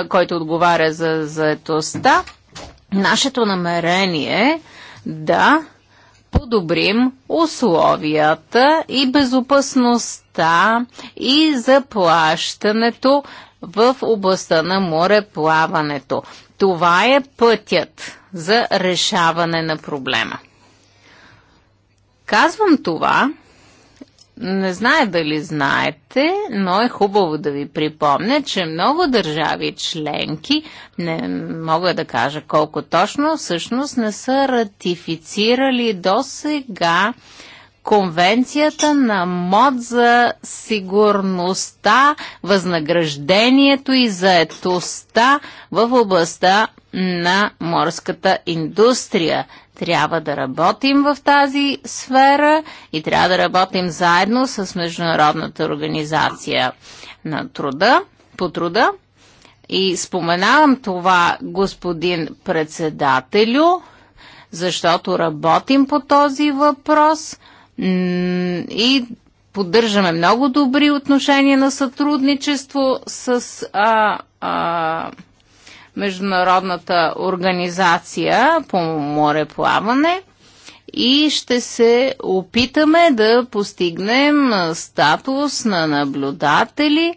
който отговаря за заетостта. Нашето намерение е да подобрим условията и безопасността и заплащането в областта на мореплаването. Това е пътят за решаване на проблема. Казвам това, не знае дали знаете, но е хубаво да ви припомня, че много държави членки, не мога да кажа колко точно, всъщност не са ратифицирали до сега Конвенцията на МОД за сигурността, възнаграждението и заетостта в областта на морската индустрия. Трябва да работим в тази сфера и трябва да работим заедно с Международната организация на труда, по труда. И споменавам това, господин председателю, защото работим по този въпрос и поддържаме много добри отношения на сътрудничество с а, а, Международната организация по мореплаване и ще се опитаме да постигнем статус на наблюдатели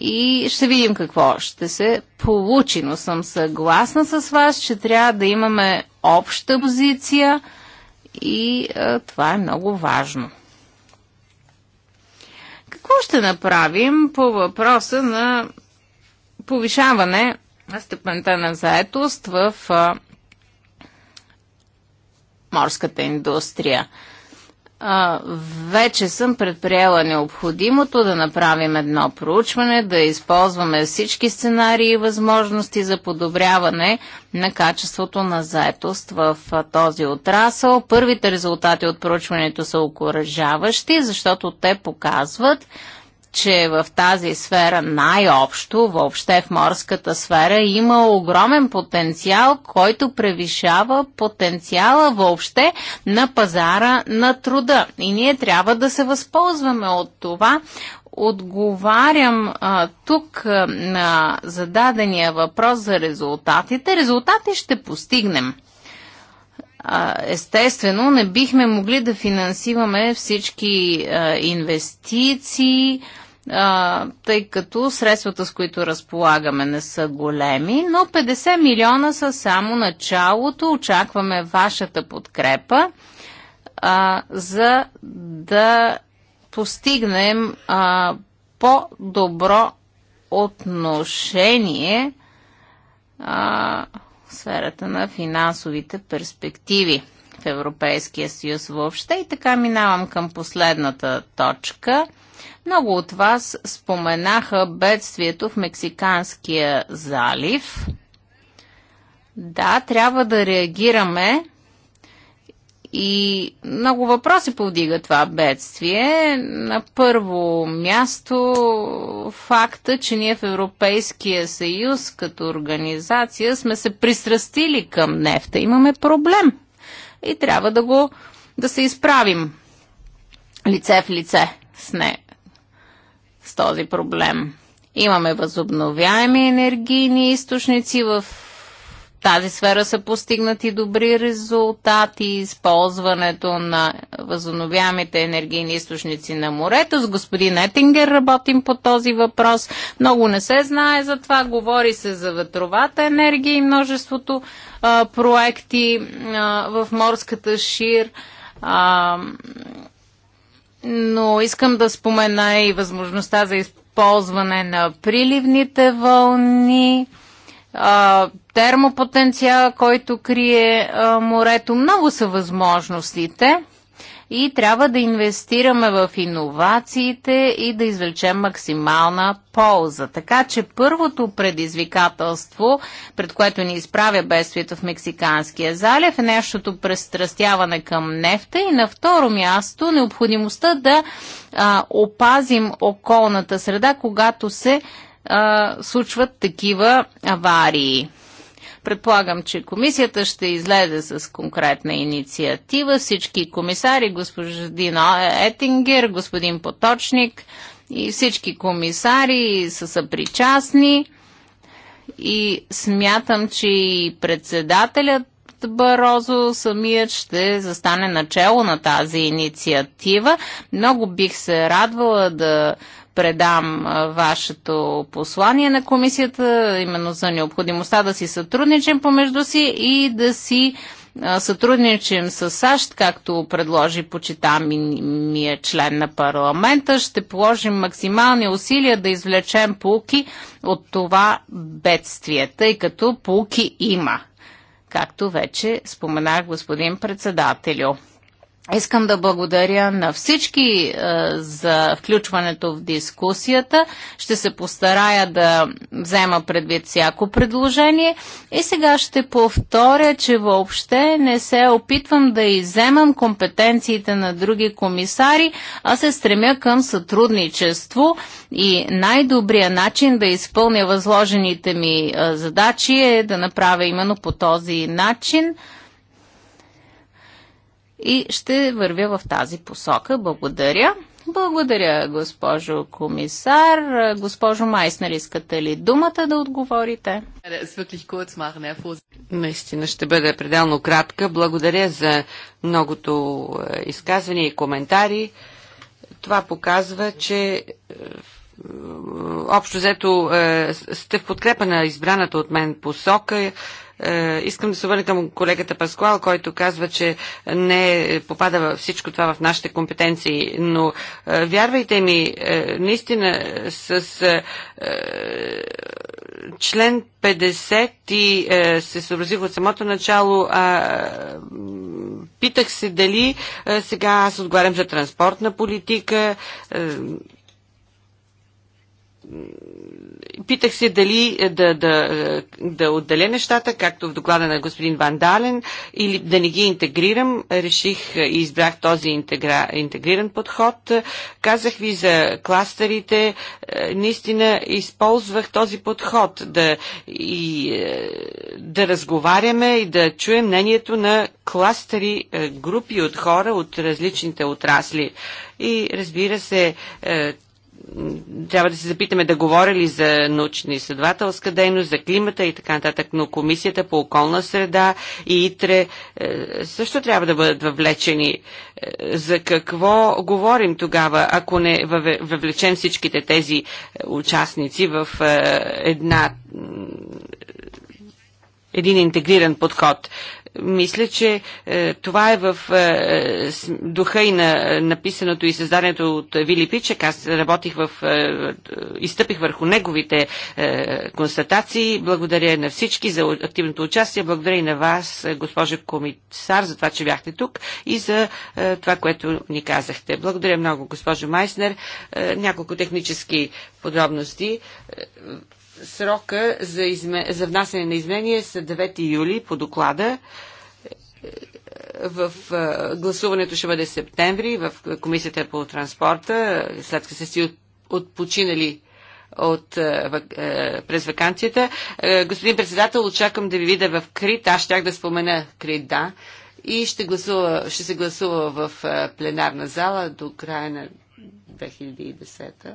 и ще видим какво ще се получи. Но съм съгласна с вас, че трябва да имаме обща позиция и а, е, това е много важно. Какво ще направим по въпроса на повишаване степента на заетост в морската индустрия. вече съм предприела необходимото да направим едно проучване, да използваме всички сценарии и възможности за подобряване на качеството на заетост в този отрасъл. Първите резултати от проучването са окоръжаващи, защото те показват, че в тази сфера най-общо, въобще в морската сфера, има огромен потенциал, който превишава потенциала въобще на пазара на труда. И ние трябва да се възползваме от това, отговарям а, тук а, на зададения въпрос за резултатите. Резултати ще постигнем. А, естествено, не бихме могли да финансираме всички а, инвестиции, а, тъй като средствата, с които разполагаме, не са големи, но 50 милиона са само началото. Очакваме вашата подкрепа, а, за да постигнем а, по-добро отношение а, в сферата на финансовите перспективи в Европейския съюз въобще. И така минавам към последната точка – много от вас споменаха бедствието в Мексиканския залив. Да, трябва да реагираме и много въпроси повдига това бедствие. На първо място факта, че ние в Европейския съюз като организация сме се пристрастили към нефта. Имаме проблем и трябва да го да се изправим лице в лице с, не, с този проблем. Имаме възобновяеми енергийни източници в тази сфера са постигнати добри резултати. Използването на възобновяемите енергийни източници на морето. С господин Етингер работим по този въпрос. Много не се знае за това. Говори се за ветровата енергия и множеството а, проекти а, в морската шир. А, но искам да спомена и възможността за използване на приливните вълни, термопотенциала, който крие морето. Много са възможностите и трябва да инвестираме в иновациите и да извлечем максимална полза. Така че първото предизвикателство, пред което ни изправя бедствието в Мексиканския залив, е нещото престрастяване към нефта и на второ място необходимостта да а, опазим околната среда, когато се а, случват такива аварии. Предполагам, че комисията ще излезе с конкретна инициатива. Всички комисари, господин Етингер, господин Поточник и всички комисари са съпричастни. И смятам, че и председателят Барозо самият ще застане начало на тази инициатива. Много бих се радвала да предам вашето послание на комисията, именно за необходимостта да си сътрудничим помежду си и да си сътрудничим с САЩ, както предложи почитамия член на парламента. Ще положим максимални усилия да извлечем полки от това бедствие, тъй като пулки има, както вече споменах господин председателю. Искам да благодаря на всички е, за включването в дискусията. Ще се постарая да взема предвид всяко предложение. И сега ще повторя, че въобще не се опитвам да иземам компетенциите на други комисари, а се стремя към сътрудничество и най-добрият начин да изпълня възложените ми е, задачи е да направя именно по този начин – и ще вървя в тази посока. Благодаря. Благодаря, госпожо комисар. Госпожо Майснер, искате ли думата да отговорите? Е Наистина ще бъде пределно кратка. Благодаря за многото е, изказвания и коментари. Това показва, че е, общо взето сте в подкрепа на избраната от мен посока е, искам да се обърна към колегата Паскуал, който казва, че не е, попада всичко това в нашите компетенции, но е, вярвайте ми, наистина с член 50 и се съобразих от самото начало. А, питах се дали сега аз отговарям за транспортна политика. А, Питах се дали да, да, да отделя нещата, както в доклада на господин Ван Дален, или да не ги интегрирам. Реших и избрах този интегра, интегриран подход. Казах ви за кластерите. Е, наистина използвах този подход да, и, е, да разговаряме и да чуем мнението на кластери, е, групи от хора от различните отрасли. И разбира се, трябва да се запитаме да говоря ли за научно изследователска дейност, за климата и така нататък, но Комисията по околна среда и ИТРЕ е, също трябва да бъдат въвлечени. Е, за какво говорим тогава, ако не въвлечем всичките тези е, участници в една един интегриран подход. Мисля, че е, това е в е, духа и на е, написаното и създаденото от Вили Пичек. Аз работих в... Е, е, изтъпих върху неговите е, констатации. Благодаря на всички за активното участие. Благодаря и на вас, е, госпожа комисар, за това, че бяхте тук и за е, това, което ни казахте. Благодаря много, госпожо Майснер. Е, няколко технически подробности. Е, Срока за, изме... за внасяне на изменение са 9 юли по доклада. В гласуването ще бъде септември в Комисията по транспорта, след като се си отпочинали от, през вакансията. Господин председател, очаквам да ви видя в Крит. Аз щях да спомена Крит, да. И ще, гласува, ще се гласува в пленарна зала до края на 2010 -та.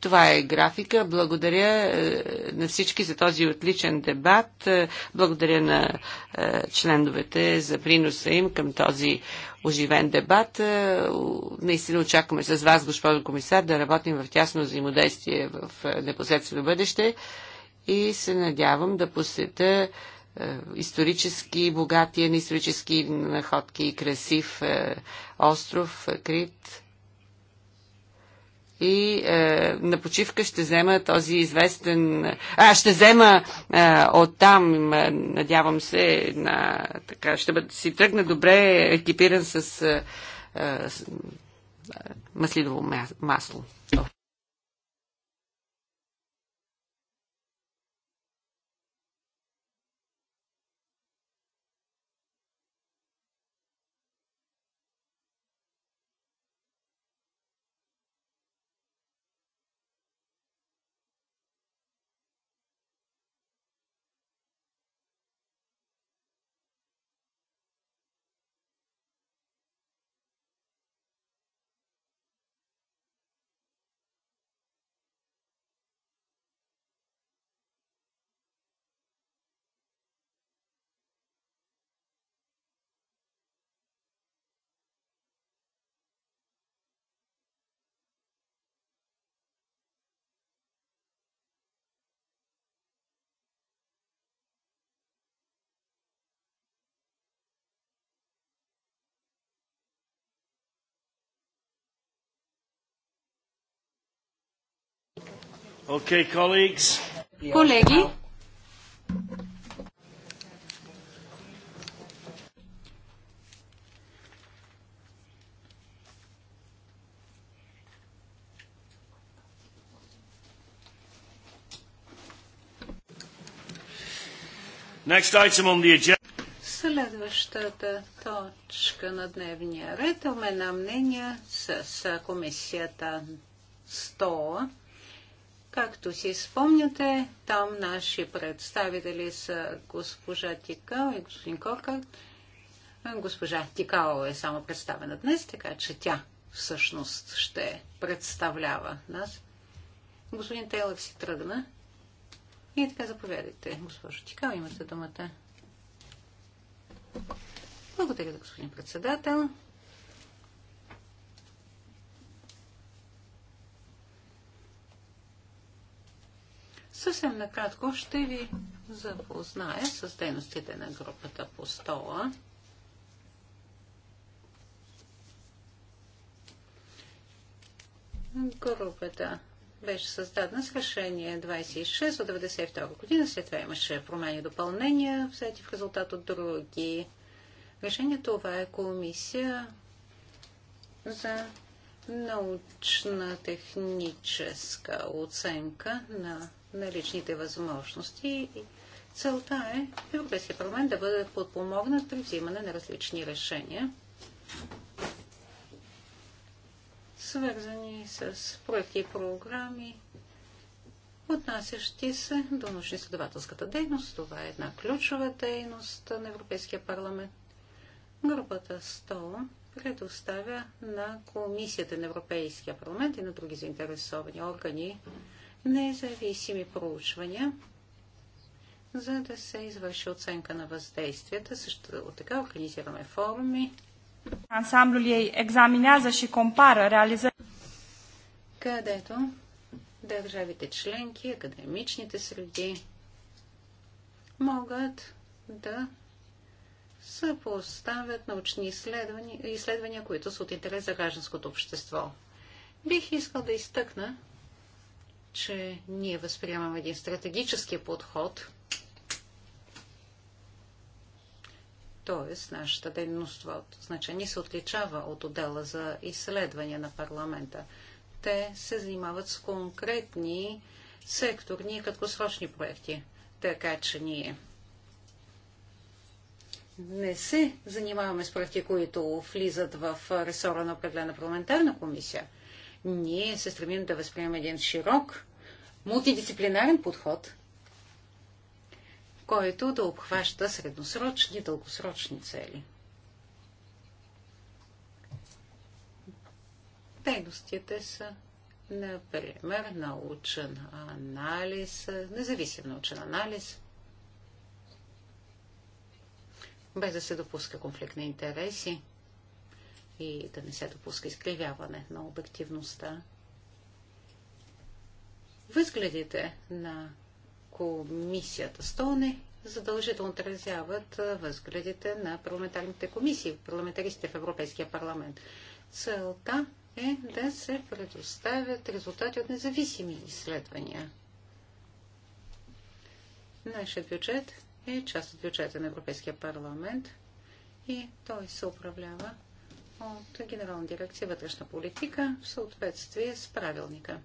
Това е графика. Благодаря е, на всички за този отличен дебат. Е, благодаря на е, членовете за приноса им към този оживен дебат. Наистина очакваме с вас, госпожо комисар, да работим в тясно взаимодействие в непосредствено бъдеще и се надявам да посетя исторически богатия на исторически находки и красив остров Крит и е, на почивка ще взема този известен... А, ще взема е, оттам, там, е, надявам се, на, така, ще бъд, си тръгна добре екипиран с е, е, е маслидово масло. Okay, colleagues. Колеги, Next item on the agenda. Следващата точка на дневния ред е на мнения с комисията 100 Както си спомняте, там наши представители са госпожа Тикао и господин Коркар. Госпожа Тикао е само представена днес, така че тя всъщност ще представлява нас. Господин Тейлър си тръгна. И така заповядайте, госпожо Тикао, имате думата. Благодаря, господин председател. Съвсем накратко ще ви запозная с дейностите на групата по стола. Групата беше създадена с решение 26 от 1992 година. След това имаше промени и допълнения, взети в резултат от други Решение Това е комисия за научна техническа оценка на наличните възможности. Целта е Европейския парламент да бъде подпомогнат при взимане на различни решения, свързани с проекти и програми, отнасящи се до научно-изследователската дейност. Това е една ключова дейност на Европейския парламент. Групата 100 предоставя на Комисията на Европейския парламент и на други заинтересовани органи независими проучвания, за да се извърши оценка на въздействията. Също така организираме форуми. Ансамблul ei examinează и компара реализа... Където държавите членки, академичните среди могат да съпоставят научни изследвания, изследвания, които са от интерес за гражданското общество. Бих искал да изтъкна, че ние възприемаме един стратегически подход, т.е. нашата дейност в значение се отличава от отдела за изследвания на парламента. Те се занимават с конкретни секторни и краткосрочни проекти, така че ние не се занимаваме с проекти, които влизат в ресора на определена парламентарна комисия – ние се стремим да възприемем един широк, мултидисциплинарен подход, който да обхваща средносрочни и дългосрочни цели. Дейностите са, например, научен анализ, независим научен анализ, без да се допуска конфликт на интереси, и да не се допуска изкривяване на обективността. Възгледите на комисията Стоне задължително отразяват възгледите на парламентарните комисии, парламентаристите в Европейския парламент. Целта е да се предоставят резултати от независими изследвания. Нашият бюджет е част от бюджета на Европейския парламент и той се управлява от Генерална дирекция вътрешна политика в съответствие с правилника.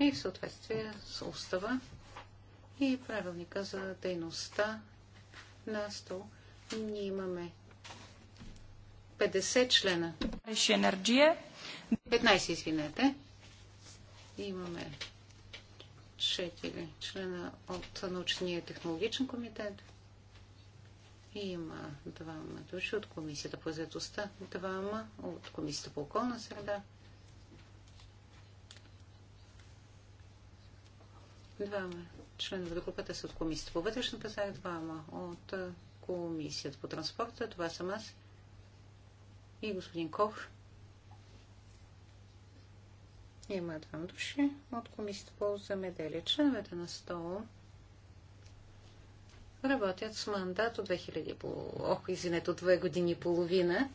И в съответствие с устава и правилника за дейността на СТО ние имаме 50 члена. 15, извинете. Имаме 4 члена от научния технологичен комитет, има двама души от Комисията по заедостта, двама от Комисията по околна среда, двама членове на групата са от Комисията по вътрешен пазар, двама от Комисията по транспорта, това съм аз и господин Кох. Има двама души от Комисията по замеделие. Членовете на стол работят с мандат от 2000, ох, извинете, от 2 години и половина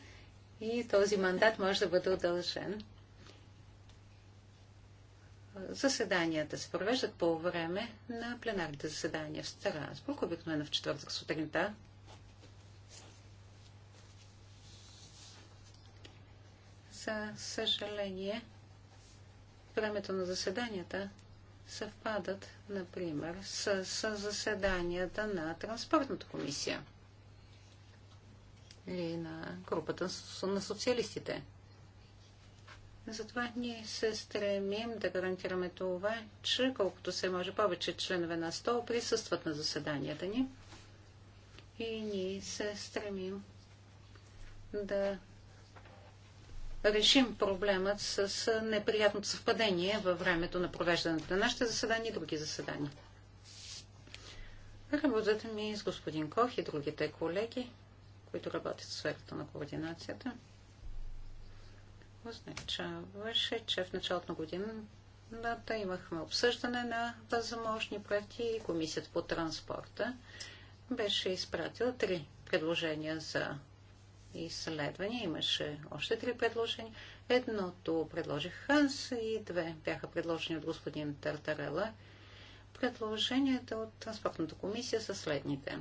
и този мандат може да бъде удължен. Заседанията се провеждат по време на пленарните заседания в Страсбург, обикновено в четвъртък сутринта. За съжаление, времето на заседанията съвпадат, например, с, с заседанията на Транспортната комисия или на групата на социалистите. Затова ние се стремим да гарантираме това, че колкото се може повече членове на стол присъстват на заседанията ни и ние се стремим да решим проблемът с неприятното съвпадение във времето на провеждането на нашите заседания и други заседания. Работата ми с господин Кох и другите колеги, които работят в сферата на координацията, означаваше, че в началото на годината имахме обсъждане на възможни проекти и Комисията по транспорта беше изпратила три предложения за изследвания. Имаше още три предложения. Едното предложих Ханс и две бяха предложени от господин Тартарела. Предложенията от Транспортната комисия са следните.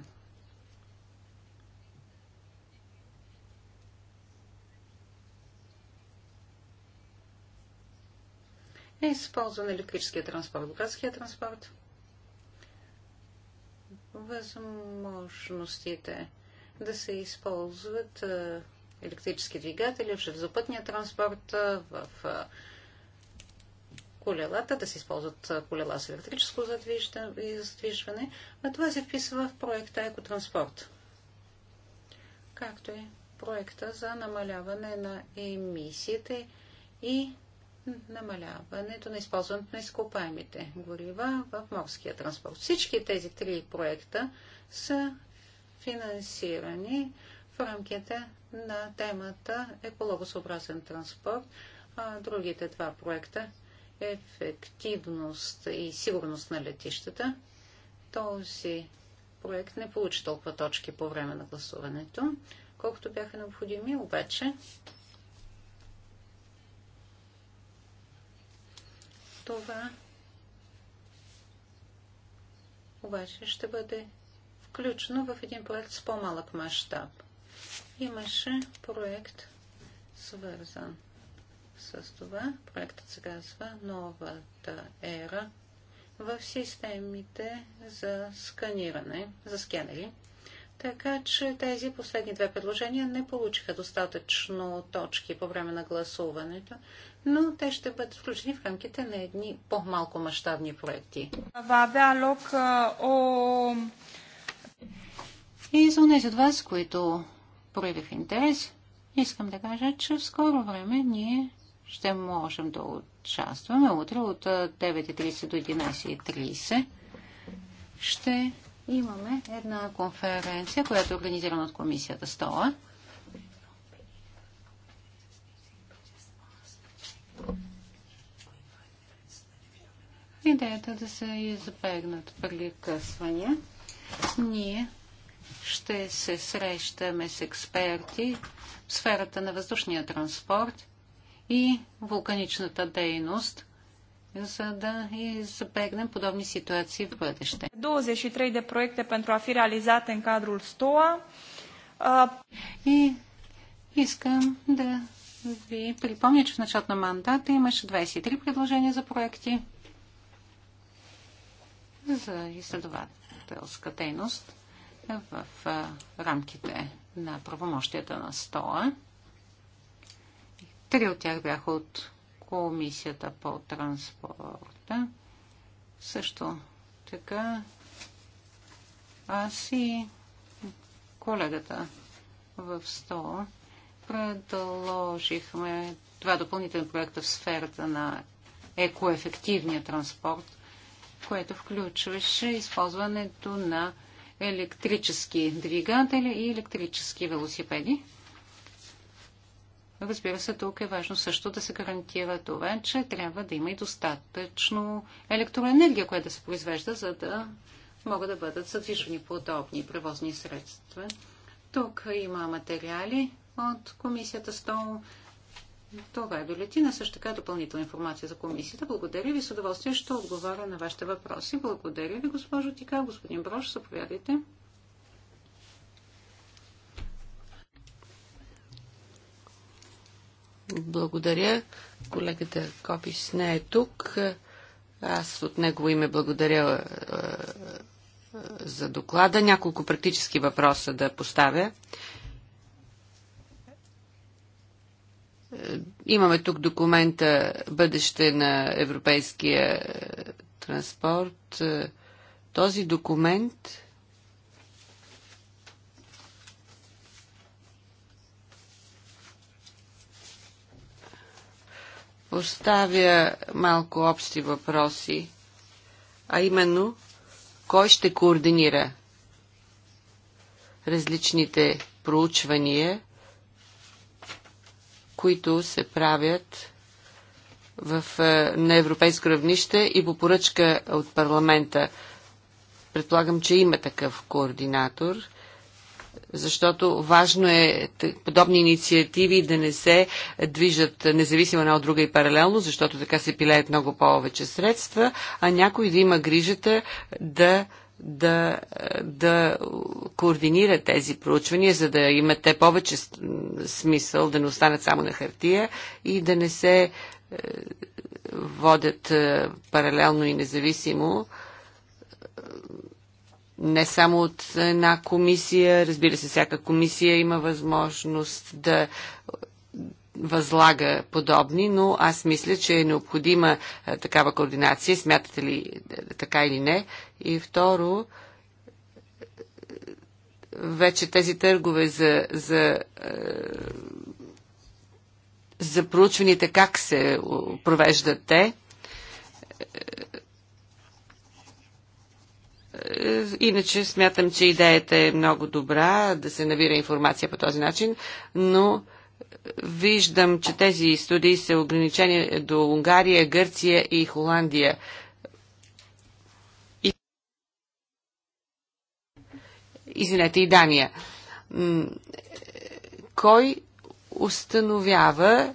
е използван електрическия транспорт, градския транспорт. Възможностите да се използват електрически двигатели в железопътния транспорт, в колелата, да се използват колела с електрическо задвижване, а това се вписва в проекта Екотранспорт, както и е проекта за намаляване на емисиите и намаляването на използването на изкопаемите горива в морския транспорт. Всички тези три проекта са финансирани в рамките на темата екологосъобразен транспорт, а другите два проекта ефективност и сигурност на летищата. Този проект не получи толкова точки по време на гласуването, колкото бяха необходими, обаче това обаче ще бъде включено в един проект с по-малък мащаб. Имаше проект свързан с това. Проектът се казва Новата ера в системите за сканиране, за скенери. Така че тези последни две предложения не получиха достатъчно точки по време на гласуването, но те ще бъдат включени в рамките на едни по-малко мащабни проекти. лок о и за тези от вас, които проявих интерес, искам да кажа, че в скоро време ние ще можем да участваме. Утре от 9.30 до 11.30 ще имаме една конференция, която е организирана от комисията СТОА. Идеята е да се избегнат прекъсвания. Ние ще се срещаме с експерти в сферата на въздушния транспорт и вулканичната дейност, за да избегнем подобни ситуации в бъдеще. 23 de proiecte pentru a fi realizate în cadrul STOA. И искам да ви припомня, че в началото на мандата имаше 23 предложения за проекти за изследователска дейност в рамките на правомощията на СТОА. Три от тях бяха от Комисията по транспорта. Също така аз и колегата в СТО предложихме два допълнителни проекта в сферата на екоефективния транспорт, което включваше използването на електрически двигатели и електрически велосипеди. Разбира се, тук е важно също да се гарантира това, че трябва да има и достатъчно електроенергия, която да се произвежда, за да могат да бъдат задвижвани подобни превозни средства. Тук има материали от комисията СТОЛ това е бюлетина също така допълнителна информация за комисията. Благодаря ви с удоволствие, ще отговаря на вашите въпроси. Благодаря ви, госпожо Тика. Господин Брош, заповядайте. Благодаря. Колегата Копис не е тук. Аз от него име благодаря е, е, за доклада. Няколко практически въпроса да поставя. Имаме тук документа Бъдеще на европейския е, транспорт. Е, този документ поставя малко общи въпроси, а именно кой ще координира различните проучвания – които се правят в, е, на европейско равнище и по поръчка от парламента. Предполагам, че има такъв координатор, защото важно е подобни инициативи да не се движат независимо една от друга и паралелно, защото така се пилеят много повече средства, а някой да има грижата да да, да координира тези проучвания, за да имат те повече смисъл, да не останат само на хартия и да не се е, водят е, паралелно и независимо е, не само от една комисия, разбира се, всяка комисия има възможност да възлага подобни, но аз мисля, че е необходима е, такава координация. Смятате ли е, така или не? И второ, е, вече тези търгове за, за, за проучваните как се провеждат те, Иначе смятам, че идеята е много добра да се набира информация по този начин, но виждам, че тези студии са ограничени до Унгария, Гърция и Холандия. И... Извинете, и Дания. Кой установява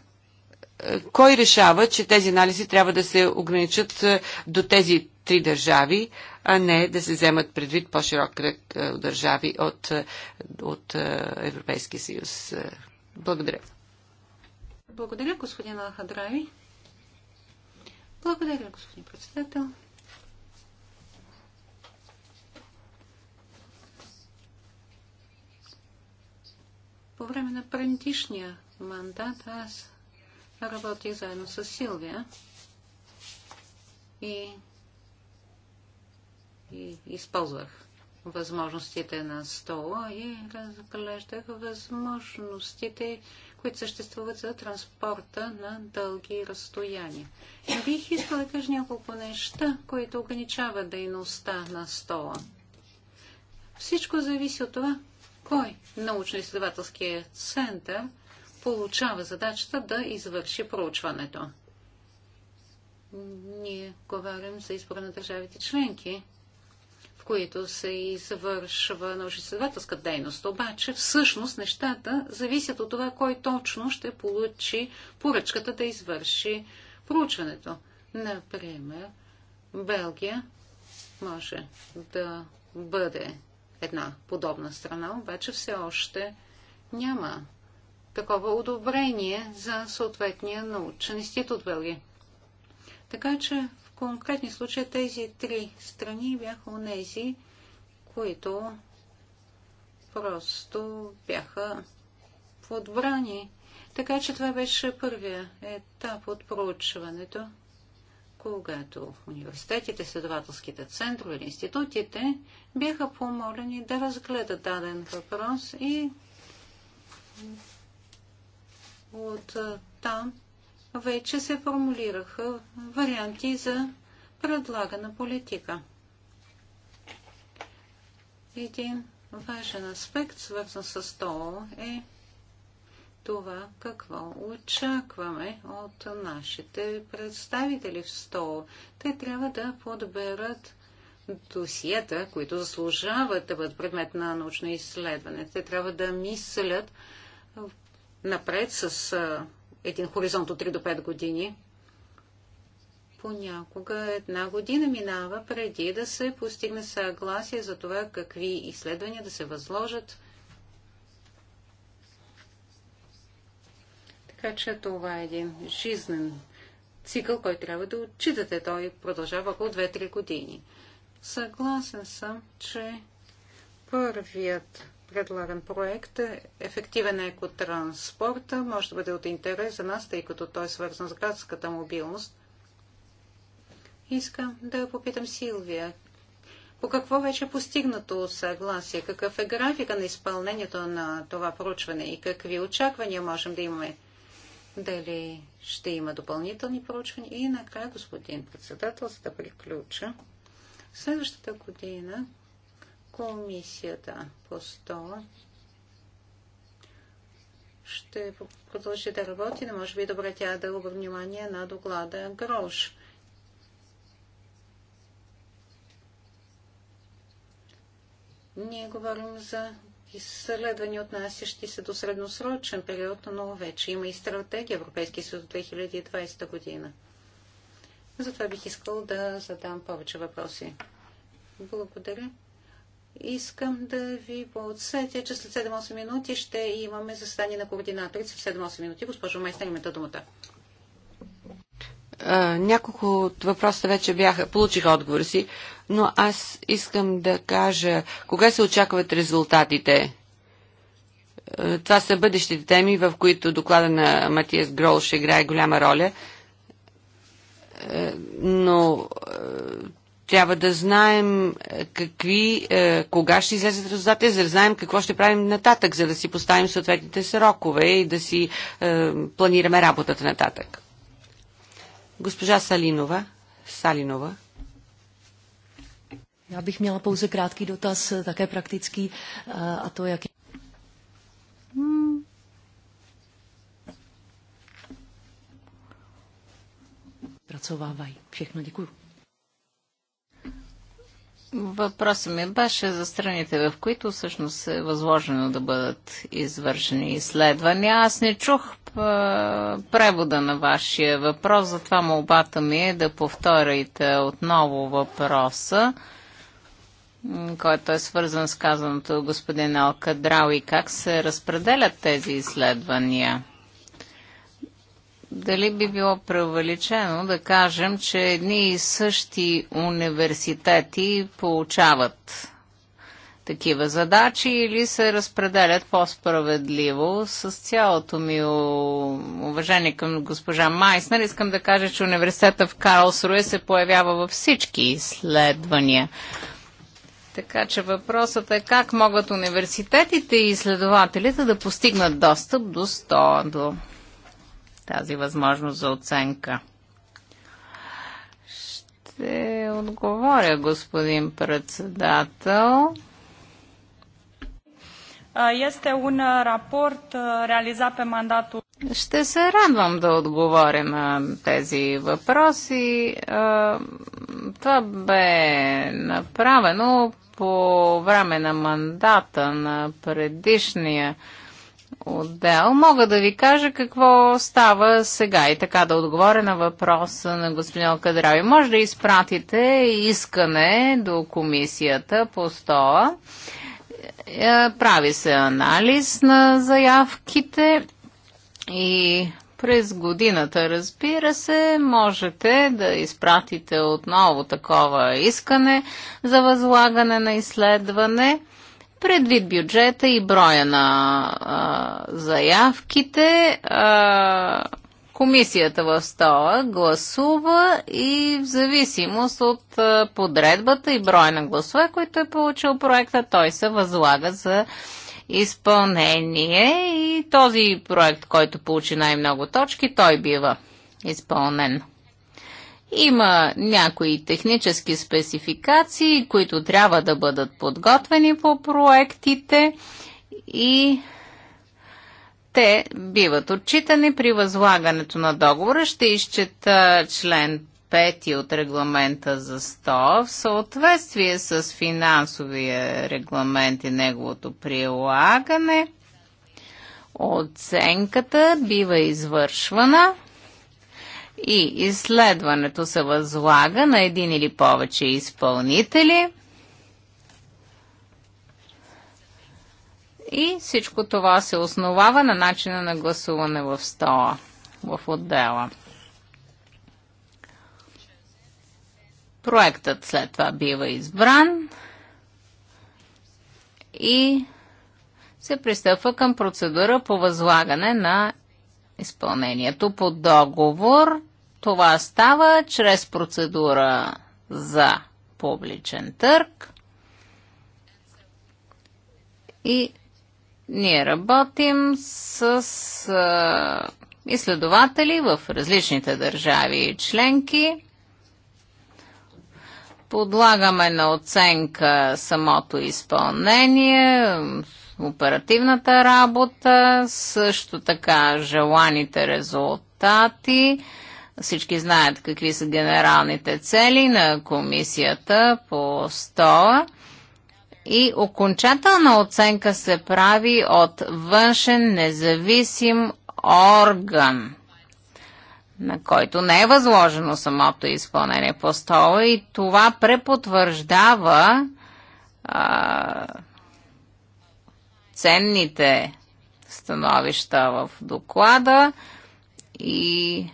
е, кой решава, че тези анализи трябва да се ограничат е, до тези три държави, а не да се вземат предвид по-широк кръг е, държави от, от Европейския съюз? Благодаря. Благодаря, господин Алхадрави. Благодаря, господин председател. По време на предишния мандат аз работих заедно с Силвия и, и използвах възможностите на стола и разглеждах възможностите които съществуват за транспорта на дълги разстояния. Бих искала да кажа няколко неща, които ограничават дейността на стола. Всичко зависи от това, кой научно-изследователския център получава задачата да извърши проучването. Ние говорим за избор на държавите членки, които се извършва научно-изследователска дейност. Обаче всъщност нещата зависят от това, кой точно ще получи поръчката да извърши проучването. Например, Белгия може да бъде една подобна страна, обаче все още няма такова одобрение за съответния научен институт в Белгия. Така че конкретни случаи тези три страни бяха унези, които просто бяха подбрани. Така че това беше първия етап от проучването, когато университетите, следователските центрове или институтите бяха помолени да разгледат даден въпрос и от там вече се формулираха варианти за предлагана политика. Един важен аспект, свързан с ТО, е това какво очакваме от нашите представители в СТО. Те трябва да подберат досиета, които заслужават да бъдат предмет на научно изследване. Те трябва да мислят напред с един хоризонт от 3 до 5 години. Понякога една година минава преди да се постигне съгласие за това какви изследвания да се възложат. Така че това е един жизнен цикъл, който трябва да отчитате. Той продължава около 2-3 години. Съгласен съм, че първият предлаган проект Ефективен екотранспорт може да бъде от интерес за нас, тъй като той е свързан с градската мобилност. Искам да попитам Силвия. По какво вече е постигнато съгласие? Какъв е графика на изпълнението на това проучване и какви очаквания можем да имаме? Дали ще има допълнителни проучвания? И накрая, господин председател, за да приключа. Следващата година Комисията по стола ще продължи да работи, но може би е добре тя да обърне внимание на доклада Грош. Ние говорим за изследвания, отнасящи се до средносрочен период, но вече има и стратегия Европейския съюз 2020 година. Затова бих искал да задам повече въпроси. Благодаря искам да ви подсетя, че след 7-8 минути ще имаме заседание на координаторите. В 7-8 минути, госпожо Майстер, имате думата. няколко от въпроса вече бяха, получих отговор си, но аз искам да кажа, кога се очакват резултатите? Това са бъдещите теми, в които доклада на Матиас Грол ще играе голяма роля но трябва да знаем е, какви, е, кога ще излезат резултатите, за да знаем какво ще правим нататък, за да си поставим съответните срокове и да си е, планираме работата нататък. Госпожа Салинова. Салинова. Já bych měla pouze krátký dotaz, také praktický, a to, jak... Pracovávají. Všechno děkuju. Въпросът ми беше за страните, в които всъщност е възложено да бъдат извършени изследвания. Аз не чух превода на вашия въпрос, затова молбата ми е да повторите отново въпроса, който е свързан с казаното господин Алкадрал и как се разпределят тези изследвания дали би било преувеличено да кажем, че едни и същи университети получават такива задачи или се разпределят по-справедливо. С цялото ми уважение към госпожа Майснер, искам да кажа, че университета в Карлсруе се появява във всички изследвания. Така че въпросът е как могат университетите и изследователите да постигнат достъп до 100, до тази възможност за оценка. Ще отговоря, господин председател. Este un raport realizat pe mandatul. Ще се радвам да отговоря на тези въпроси. Това бе направено по време на мандата на предишния отдел, мога да ви кажа какво става сега и така да отговоря на въпроса на господин Кадрави. Може да изпратите искане до комисията по стола. Е, прави се анализ на заявките и през годината, разбира се, можете да изпратите отново такова искане за възлагане на изследване – Предвид бюджета и броя на а, заявките, а, комисията в стола гласува и в зависимост от а, подредбата и броя на гласове, които е получил проекта, той се възлага за изпълнение и този проект, който получи най-много точки, той бива изпълнен. Има някои технически спецификации, които трябва да бъдат подготвени по проектите и те биват отчитани при възлагането на договора. Ще изчета член 5 от регламента за 100 в съответствие с финансовия регламент и неговото прилагане. Оценката бива извършвана и изследването се възлага на един или повече изпълнители и всичко това се основава на начина на гласуване в стола, в отдела. Проектът след това бива избран и се пристъпва към процедура по възлагане на изпълнението по договор това става чрез процедура за публичен търг. И ние работим с а, изследователи в различните държави и членки. Подлагаме на оценка самото изпълнение, оперативната работа, също така желаните резултати всички знаят какви са генералните цели на комисията по стола. И окончателна оценка се прави от външен независим орган, на който не е възложено самото изпълнение по стола и това препотвърждава а, ценните становища в доклада и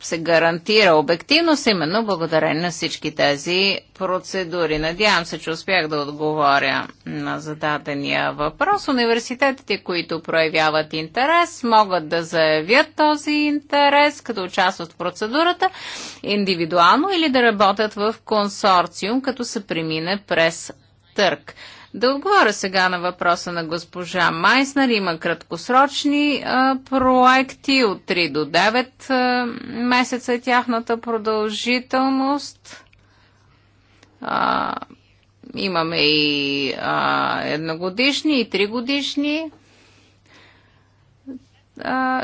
се гарантира обективност именно благодарение на всички тези процедури. Надявам се, че успях да отговоря на зададения въпрос. Университетите, които проявяват интерес, могат да заявят този интерес, като участват в процедурата индивидуално или да работят в консорциум, като се премине през търг. Да отговоря сега на въпроса на госпожа Майснер. Има краткосрочни а, проекти от 3 до 9 а, месеца е тяхната продължителност. А, имаме и а, едногодишни и тригодишни.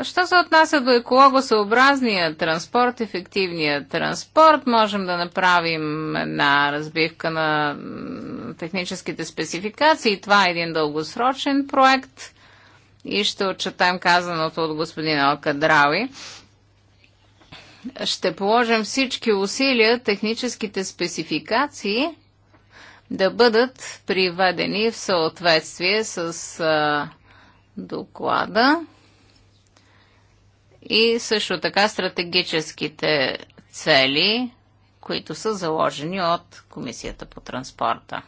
Що се отнася до екологосъобразния транспорт, ефективния транспорт, можем да направим една разбивка на техническите спецификации. Това е един дългосрочен проект и ще отчетем казаното от господин Алкадрауи. Ще положим всички усилия техническите спецификации да бъдат приведени в съответствие с доклада и също така стратегическите цели, които са заложени от Комисията по транспорта.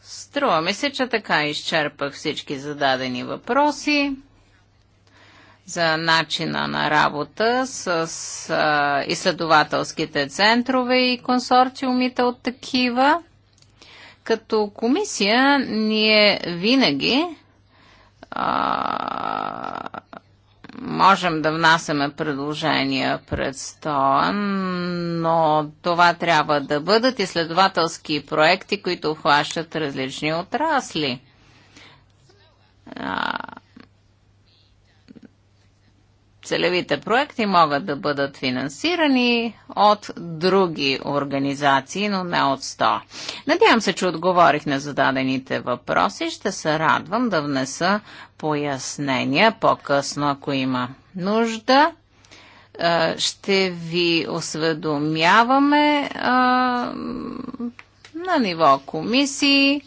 Струва ми се, че така изчерпах всички зададени въпроси за начина на работа с а, изследователските центрове и консорциумите от такива. Като комисия ние винаги а, можем да внасяме предложения пред стола, но това трябва да бъдат изследователски проекти, които обхващат различни отрасли. Целевите проекти могат да бъдат финансирани от други организации, но не от 100. Надявам се, че отговорих на зададените въпроси. Ще се радвам да внеса пояснения по-късно, ако има нужда ще ви осведомяваме на ниво комисии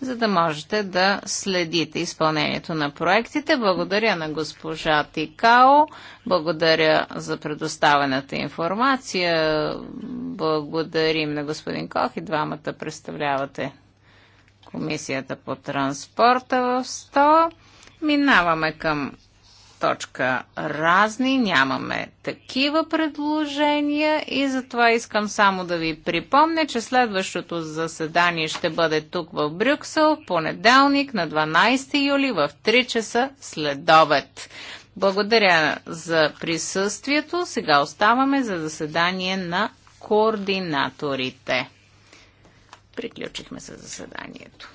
за да можете да следите изпълнението на проектите. Благодаря на госпожа Тикао, благодаря за предоставената информация, благодарим на господин Кох и двамата представлявате Комисията по транспорта в СТО. Минаваме към точка разни, нямаме такива предложения и затова искам само да ви припомня, че следващото заседание ще бъде тук в Брюксел, понеделник на 12 юли в 3 часа след обед. Благодаря за присъствието. Сега оставаме за заседание на координаторите. Приключихме с заседанието.